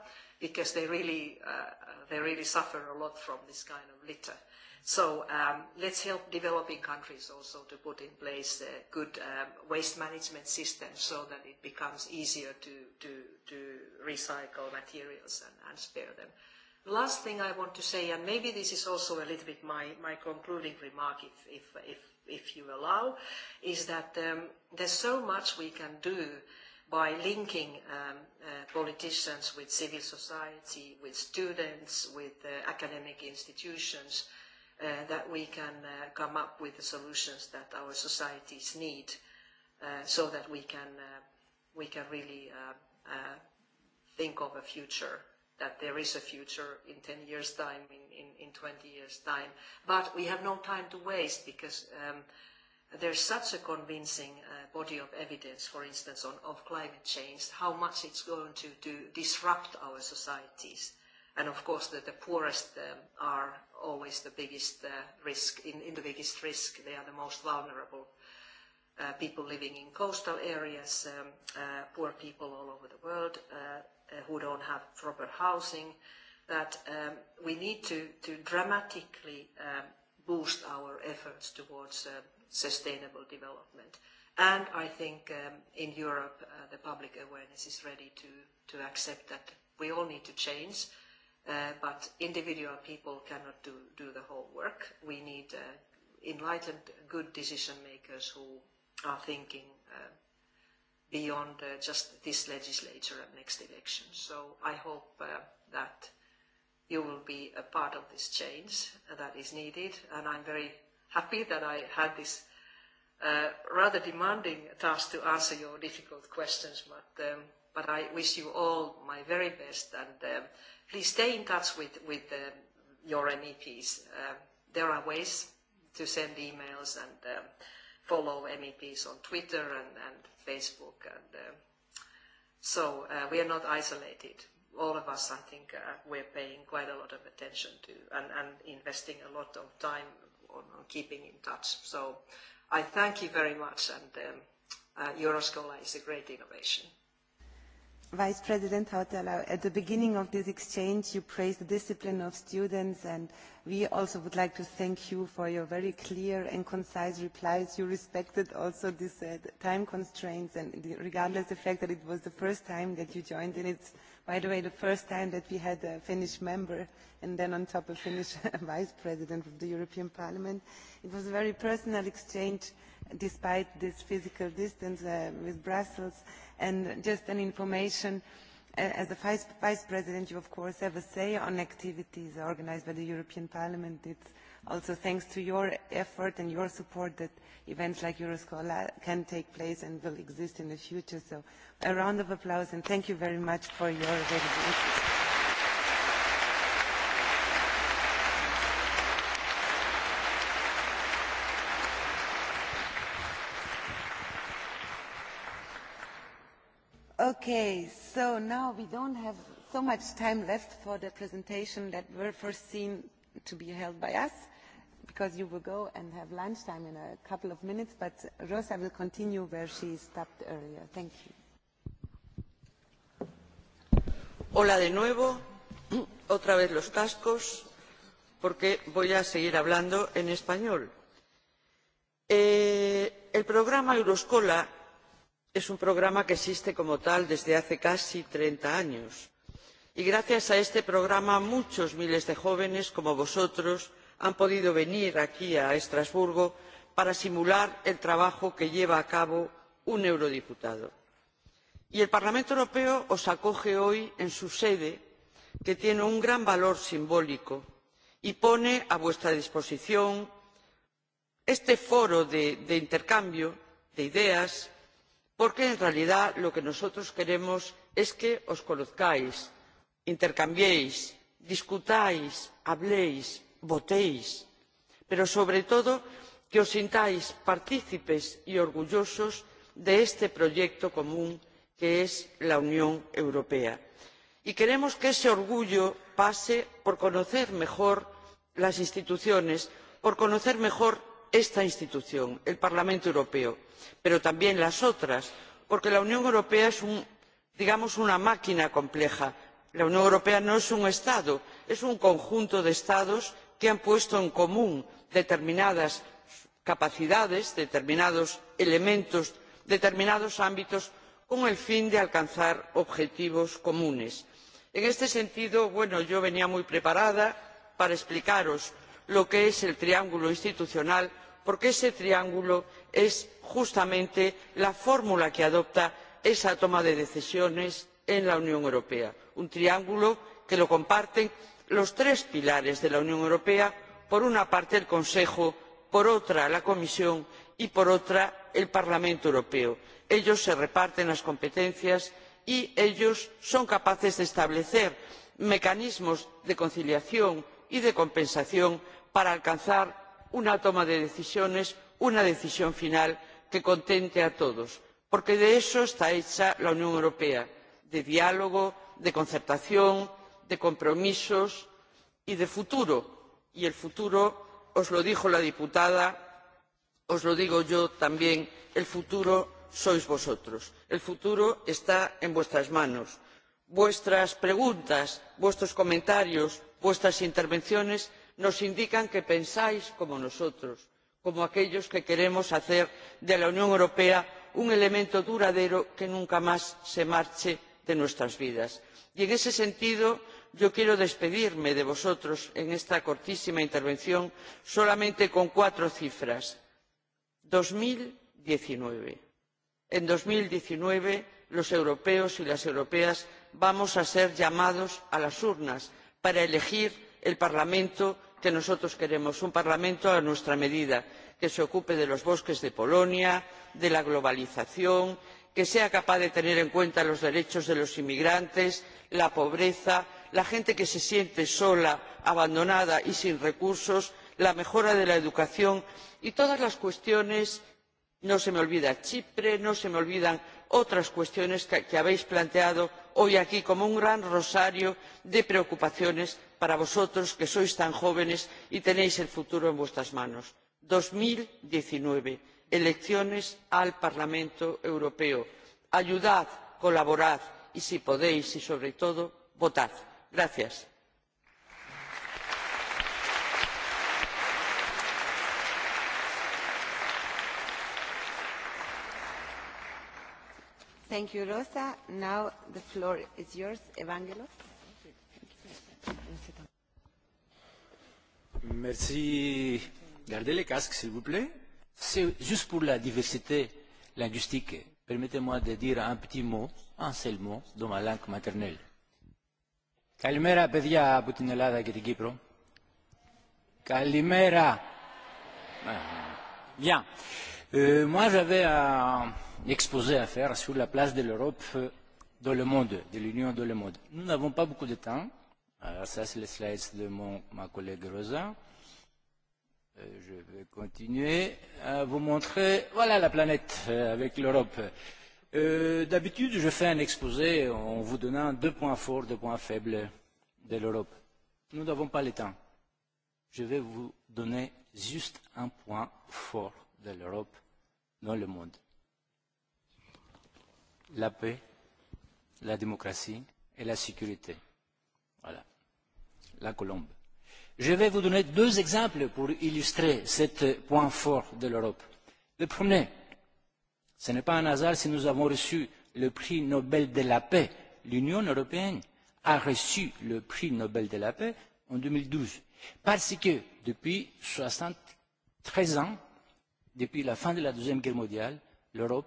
because they really, uh, uh they really suffer a lot from this kind of litter. So um, let's help developing countries also to put in place a good um, waste management systems so that it becomes easier to, to, to recycle materials and, and spare them. Last thing I want to say, and maybe this is also a little bit my, my concluding remark if, if, if, if you allow, is that um, there's so much we can do by linking um, uh, politicians with civil society, with students, with uh, academic institutions, Uh, that we can uh, come up with the solutions that our societies need uh, so that we can, we can really think of a future that there is a future in 10 years' time, in, in, in 20 years' time. But we have no time to waste because um, there's such a convincing body of evidence, for instance, on, of climate change, how much it's going to do, disrupt our societies and of course the, the poorest um, are always the biggest uh, risk, in, in the biggest risk. They are the most vulnerable uh, people living in coastal areas, um, uh, poor people all over the world uh, uh who don't have proper housing, that um, we need to, to dramatically um, boost our efforts towards uh, sustainable development. And I think um, in Europe uh, the public awareness is ready to, to accept that we all need to change Uh, but individual people cannot do, do the whole work. We need uh, enlightened, good decision makers who are thinking uh, beyond uh, just this legislature and next election. So I hope uh, that you will be a part of this change that is needed. And I'm very happy that I had this uh, rather demanding task to answer your difficult questions, but um, but I wish you all my very best and um, please stay in touch with, with um, your MEPs. Um, there are ways to send emails and follow MEPs on Twitter and, and Facebook. And so uh, we are not isolated. All of us, I think, uh, we're paying quite a lot of attention to and, and investing a lot of time on, on keeping in touch. So I thank you very much and um, Euroscola uh, is a great innovation. Vice President Hautala, uh, at the beginning of this exchange, you praised the discipline of students, and we also would like to thank you for your very clear and concise replies. You respected also uh, these time constraints, and regardless the fact that it was the first time that you joined, and it's, by the way, the first time that we had a Finnish member, and then on top a Finnish [laughs] Vice President of the European Parliament. It was a very personal exchange, despite this physical distance uh, with Brussels and just an information as the vice, president you of course have a say on activities organised by the european parliament it's also thanks to your effort and your support that events like euroscola can take place and will exist in the future so a round of applause and thank you very much for your availability. Okay, so now we don't have so much time left for the presentation that were foreseen to be held by us, because you will go and have lunch time in a couple of minutes, but Rosa will continue where she stopped earlier. Thank you. Hola de nuevo, otra vez los cascos, porque voy a seguir hablando en español. Eh, el programa Euroscola es un programa que existe como tal desde hace casi treinta años y gracias a este programa muchos miles de jóvenes como vosotros han podido venir aquí a estrasburgo para simular el trabajo que lleva a cabo un eurodiputado. y el parlamento europeo os acoge hoy en su sede que tiene un gran valor simbólico y pone a vuestra disposición este foro de, intercambio de ideas porque en realidad lo que nosotros queremos es que os conozcáis intercambiéis discutáis habléis votéis pero sobre todo que os sintáis partícipes y orgullosos de este proyecto común que es la unión europea y queremos que ese orgullo pase por conocer mejor las instituciones por conocer mejor esta institución el parlamento europeo pero también las otras porque la unión europea es digamos una máquina compleja. la unión europea no es un estado es un conjunto de estados que han puesto en común determinadas capacidades determinados elementos determinados ámbitos con el fin de alcanzar objetivos comunes. en este sentido yo venía muy preparada para explicaros lo que es el triángulo institucional porque ese triángulo es justamente la fórmula que adopta esa toma de decisiones en la unión europea un triángulo que lo comparten los tres pilares de la unión europea por una parte el consejo por otra la comisión y por otra el parlamento europeo. ellos se reparten las competencias y ellos son capaces de establecer mecanismos de conciliación y de compensación para alcanzar una toma de decisiones una decisión final que contente a todos porque de eso está hecha la unión europea de diálogo de concertación de compromisos y de futuro y el futuro os lo dijo la diputada os lo digo yo también el futuro sois vosotros el futuro está en vuestras manos. vuestras preguntas vuestros comentarios vuestras intervenciones nos indican que pensáis como nosotros como aquellos que queremos hacer de la unión europea un elemento duradero que nunca más se marche de nuestras vidas. y en ese sentido yo quiero despedirme de vosotros en esta cortísima intervención solamente con cuatro cifras dos mil diecinueve en dos mil diecinueve los europeos y las europeas vamos a ser llamados a las urnas para elegir el parlamento que nosotros queremos un parlamento a nuestra medida que se ocupe de los bosques de polonia de la globalización que sea capaz de tener en cuenta los derechos de los inmigrantes la pobreza la gente que se siente sola abandonada y sin recursos la mejora de la educación y todas las cuestiones no se me olvida chipre no se me olvidan otras cuestiones que, habéis planteado hoy aquí como un gran rosario de preocupaciones para vosotros que sois tan jóvenes y tenéis el futuro en vuestras manos. dos mil diecinueve elecciones al parlamento europeo. ayudad colaborad y si podéis y sobre todo votad. gracias. Thank you, Rosa. Now the floor is yours, Evangelos. Merci. Gardez les casques, s'il vous plaît. C'est juste pour la diversité linguistique. Permettez-moi de dire un petit mot, un seul mot, dans ma langue maternelle. Καλημέρα, παιδιά από την Ελλάδα και την Κύπρο. Καλημέρα. Bien. Euh, moi, j'avais un, exposé à faire sur la place de l'Europe euh, dans le monde, de l'Union dans le monde. Nous n'avons pas beaucoup de temps. Alors euh, ça, c'est le slide de mon, ma collègue Rosa. Euh, je vais continuer à vous montrer, voilà la planète avec l'Europe. Euh, D'habitude, je fais un exposé en vous donnant deux points forts, deux points faibles de l'Europe. Nous n'avons pas le temps. Je vais vous donner juste un point fort de l'Europe dans le monde la paix, la démocratie et la sécurité. Voilà. La Colombe. Je vais vous donner deux exemples pour illustrer ce point fort de l'Europe. Le premier, ce n'est pas un hasard si nous avons reçu le prix Nobel de la paix. L'Union européenne a reçu le prix Nobel de la paix en 2012. Parce que depuis 73 ans, depuis la fin de la Deuxième Guerre mondiale, l'Europe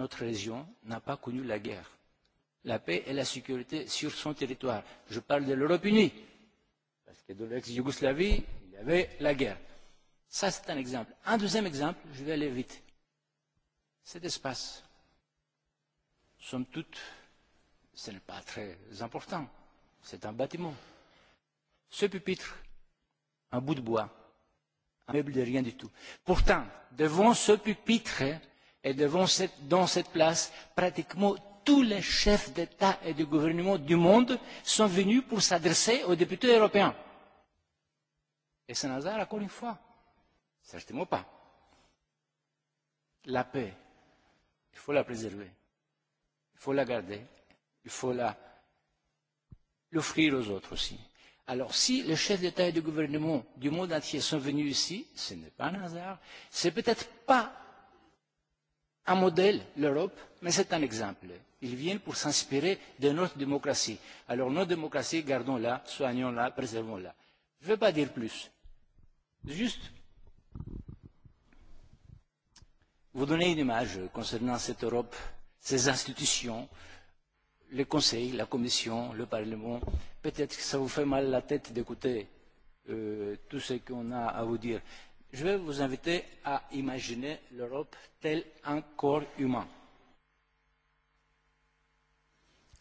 notre région n'a pas connu la guerre. La paix et la sécurité sur son territoire. Je parle de l'Europe unie, parce que dans l'ex-Yougoslavie, il y avait la guerre. Ça, c'est un exemple. Un deuxième exemple, je vais aller vite. Cet espace, somme toute, ce n'est pas très important. C'est un bâtiment. Ce pupitre, un bout de bois, un meuble de rien du tout. Pourtant, devant ce pupitre, et devant cette, dans cette place, pratiquement tous les chefs d'État et de gouvernement du monde sont venus pour s'adresser aux députés européens. Et c'est un hasard encore une fois Certainement pas. La paix, il faut la préserver, il faut la garder, il faut l'offrir aux autres aussi. Alors si les chefs d'État et de gouvernement du monde entier sont venus ici, ce n'est pas un hasard, n'est peut-être pas un modèle, l'Europe, mais c'est un exemple. Ils viennent pour s'inspirer de notre démocratie. Alors, notre démocratie, gardons-la, soignons-la, préservons-la. Je ne veux pas dire plus. Juste vous donner une image concernant cette Europe, ces institutions, le Conseil, la Commission, le Parlement. Peut-être que ça vous fait mal la tête d'écouter euh, tout ce qu'on a à vous dire je vais vous inviter à imaginer l'Europe tel un corps humain.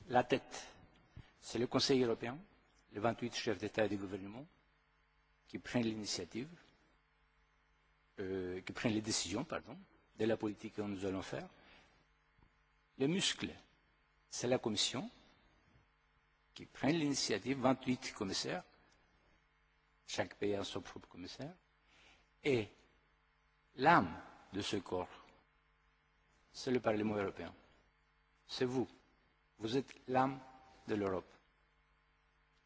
La tête, c'est le Conseil européen, les 28 chefs d'État et de gouvernement qui prennent l'initiative, euh, qui prennent les décisions, pardon, de la politique que nous allons faire. Le muscle, c'est la Commission qui prend l'initiative, 28 commissaires, chaque pays a son propre commissaire, est l'âme de ce corps. C'est le Parlement européen. C'est vous. Vous êtes l'âme de l'Europe.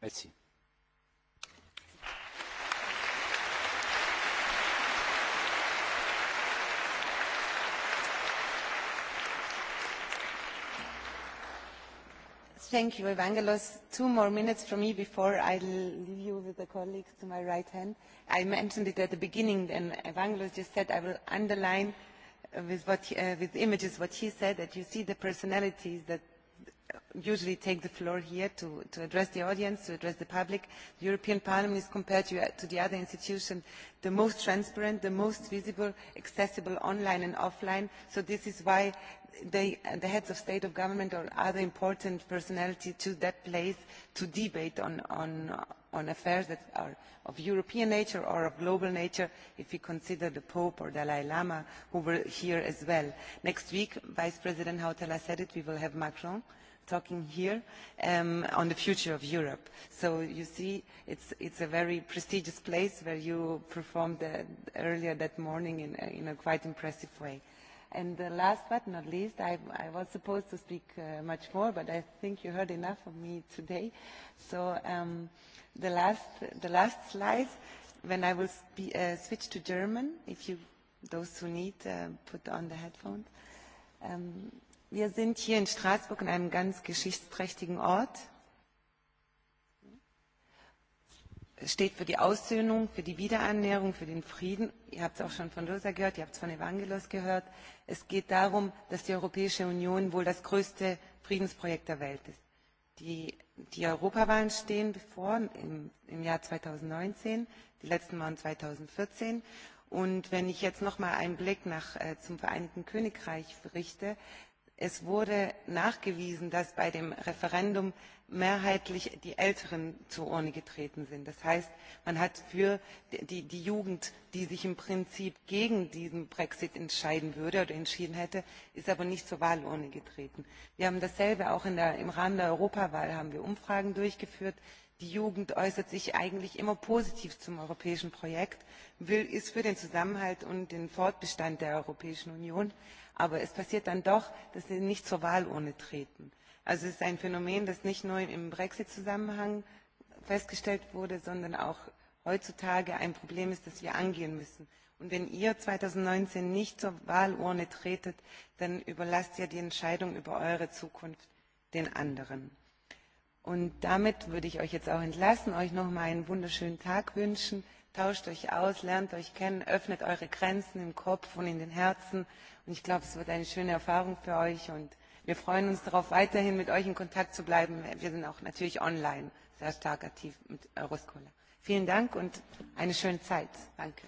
Merci. Thank you, Evangelos. Two more minutes from me before I leave you with the colleagues to my right hand. I mentioned it at the beginning, and Evangelos just said I will underline uh, with, what, uh, with images what he said, that you see the personalities that usually take the floor here to, to address the audience, to address the public. The European Parliament is compared to, uh, the other institutions the most transparent, the most visible, accessible online and offline. So this is why they, uh, the heads of state of government or other important personalities to that place to debate on, on, on affairs that are of European nature or of global nature, if we consider the Pope or Dalai Lama, who were here as well. Next week, Vice President Hautala said it, we will have Macron talking here um, on the future of Europe. So you see, it's, it's a very prestigious place where you performed the, earlier that morning in, uh, in a quite impressive way. And the last but not least, I, I was supposed to speak uh, much more, but I think you heard enough of me today. So um, the, last, the last slide, when I will sp uh, switch to German, if you, those who need, uh, put on the headphones. Um, Wir sind hier in Straßburg in einem ganz geschichtsträchtigen Ort. Es Steht für die Aussöhnung, für die Wiederannäherung, für den Frieden. Ihr habt es auch schon von Rosa gehört, ihr habt es von Evangelos gehört. Es geht darum, dass die Europäische Union wohl das größte Friedensprojekt der Welt ist. Die, die Europawahlen stehen bevor im, im Jahr 2019, die letzten waren 2014. Und wenn ich jetzt noch mal einen Blick nach, äh, zum Vereinigten Königreich richte, es wurde nachgewiesen dass bei dem referendum mehrheitlich die älteren zur urne getreten sind das heißt man hat für die, jugend die sich im prinzip gegen diesen brexit entscheiden würde oder entschieden hätte ist aber nicht zur wahlurne getreten. wir haben dasselbe auch in der, im rahmen der europawahl haben wir umfragen durchgeführt die jugend äußert sich eigentlich immer positiv zum europäischen projekt will, ist für den zusammenhalt und den fortbestand der europäischen union aber es passiert dann doch dass sie nicht zur wahlurne treten. also es ist ein phänomen das nicht nur im brexit zusammenhang festgestellt wurde sondern auch heutzutage ein problem ist das wir angehen müssen. und wenn ihr 2019 nicht zur wahlurne tretet dann überlasst ihr die entscheidung über eure zukunft den anderen. und damit würde ich euch jetzt auch entlassen euch noch mal einen wunderschönen tag wünschen tauscht euch aus, lernt euch kennen, öffnet eure Grenzen im Kopf und in den Herzen. Und ich glaube, es wird eine schöne Erfahrung für euch. Und wir freuen uns darauf, weiterhin mit euch in Kontakt zu bleiben. Wir sind auch natürlich online sehr stark aktiv mit Euroskola. Vielen Dank und eine schöne Zeit. Danke.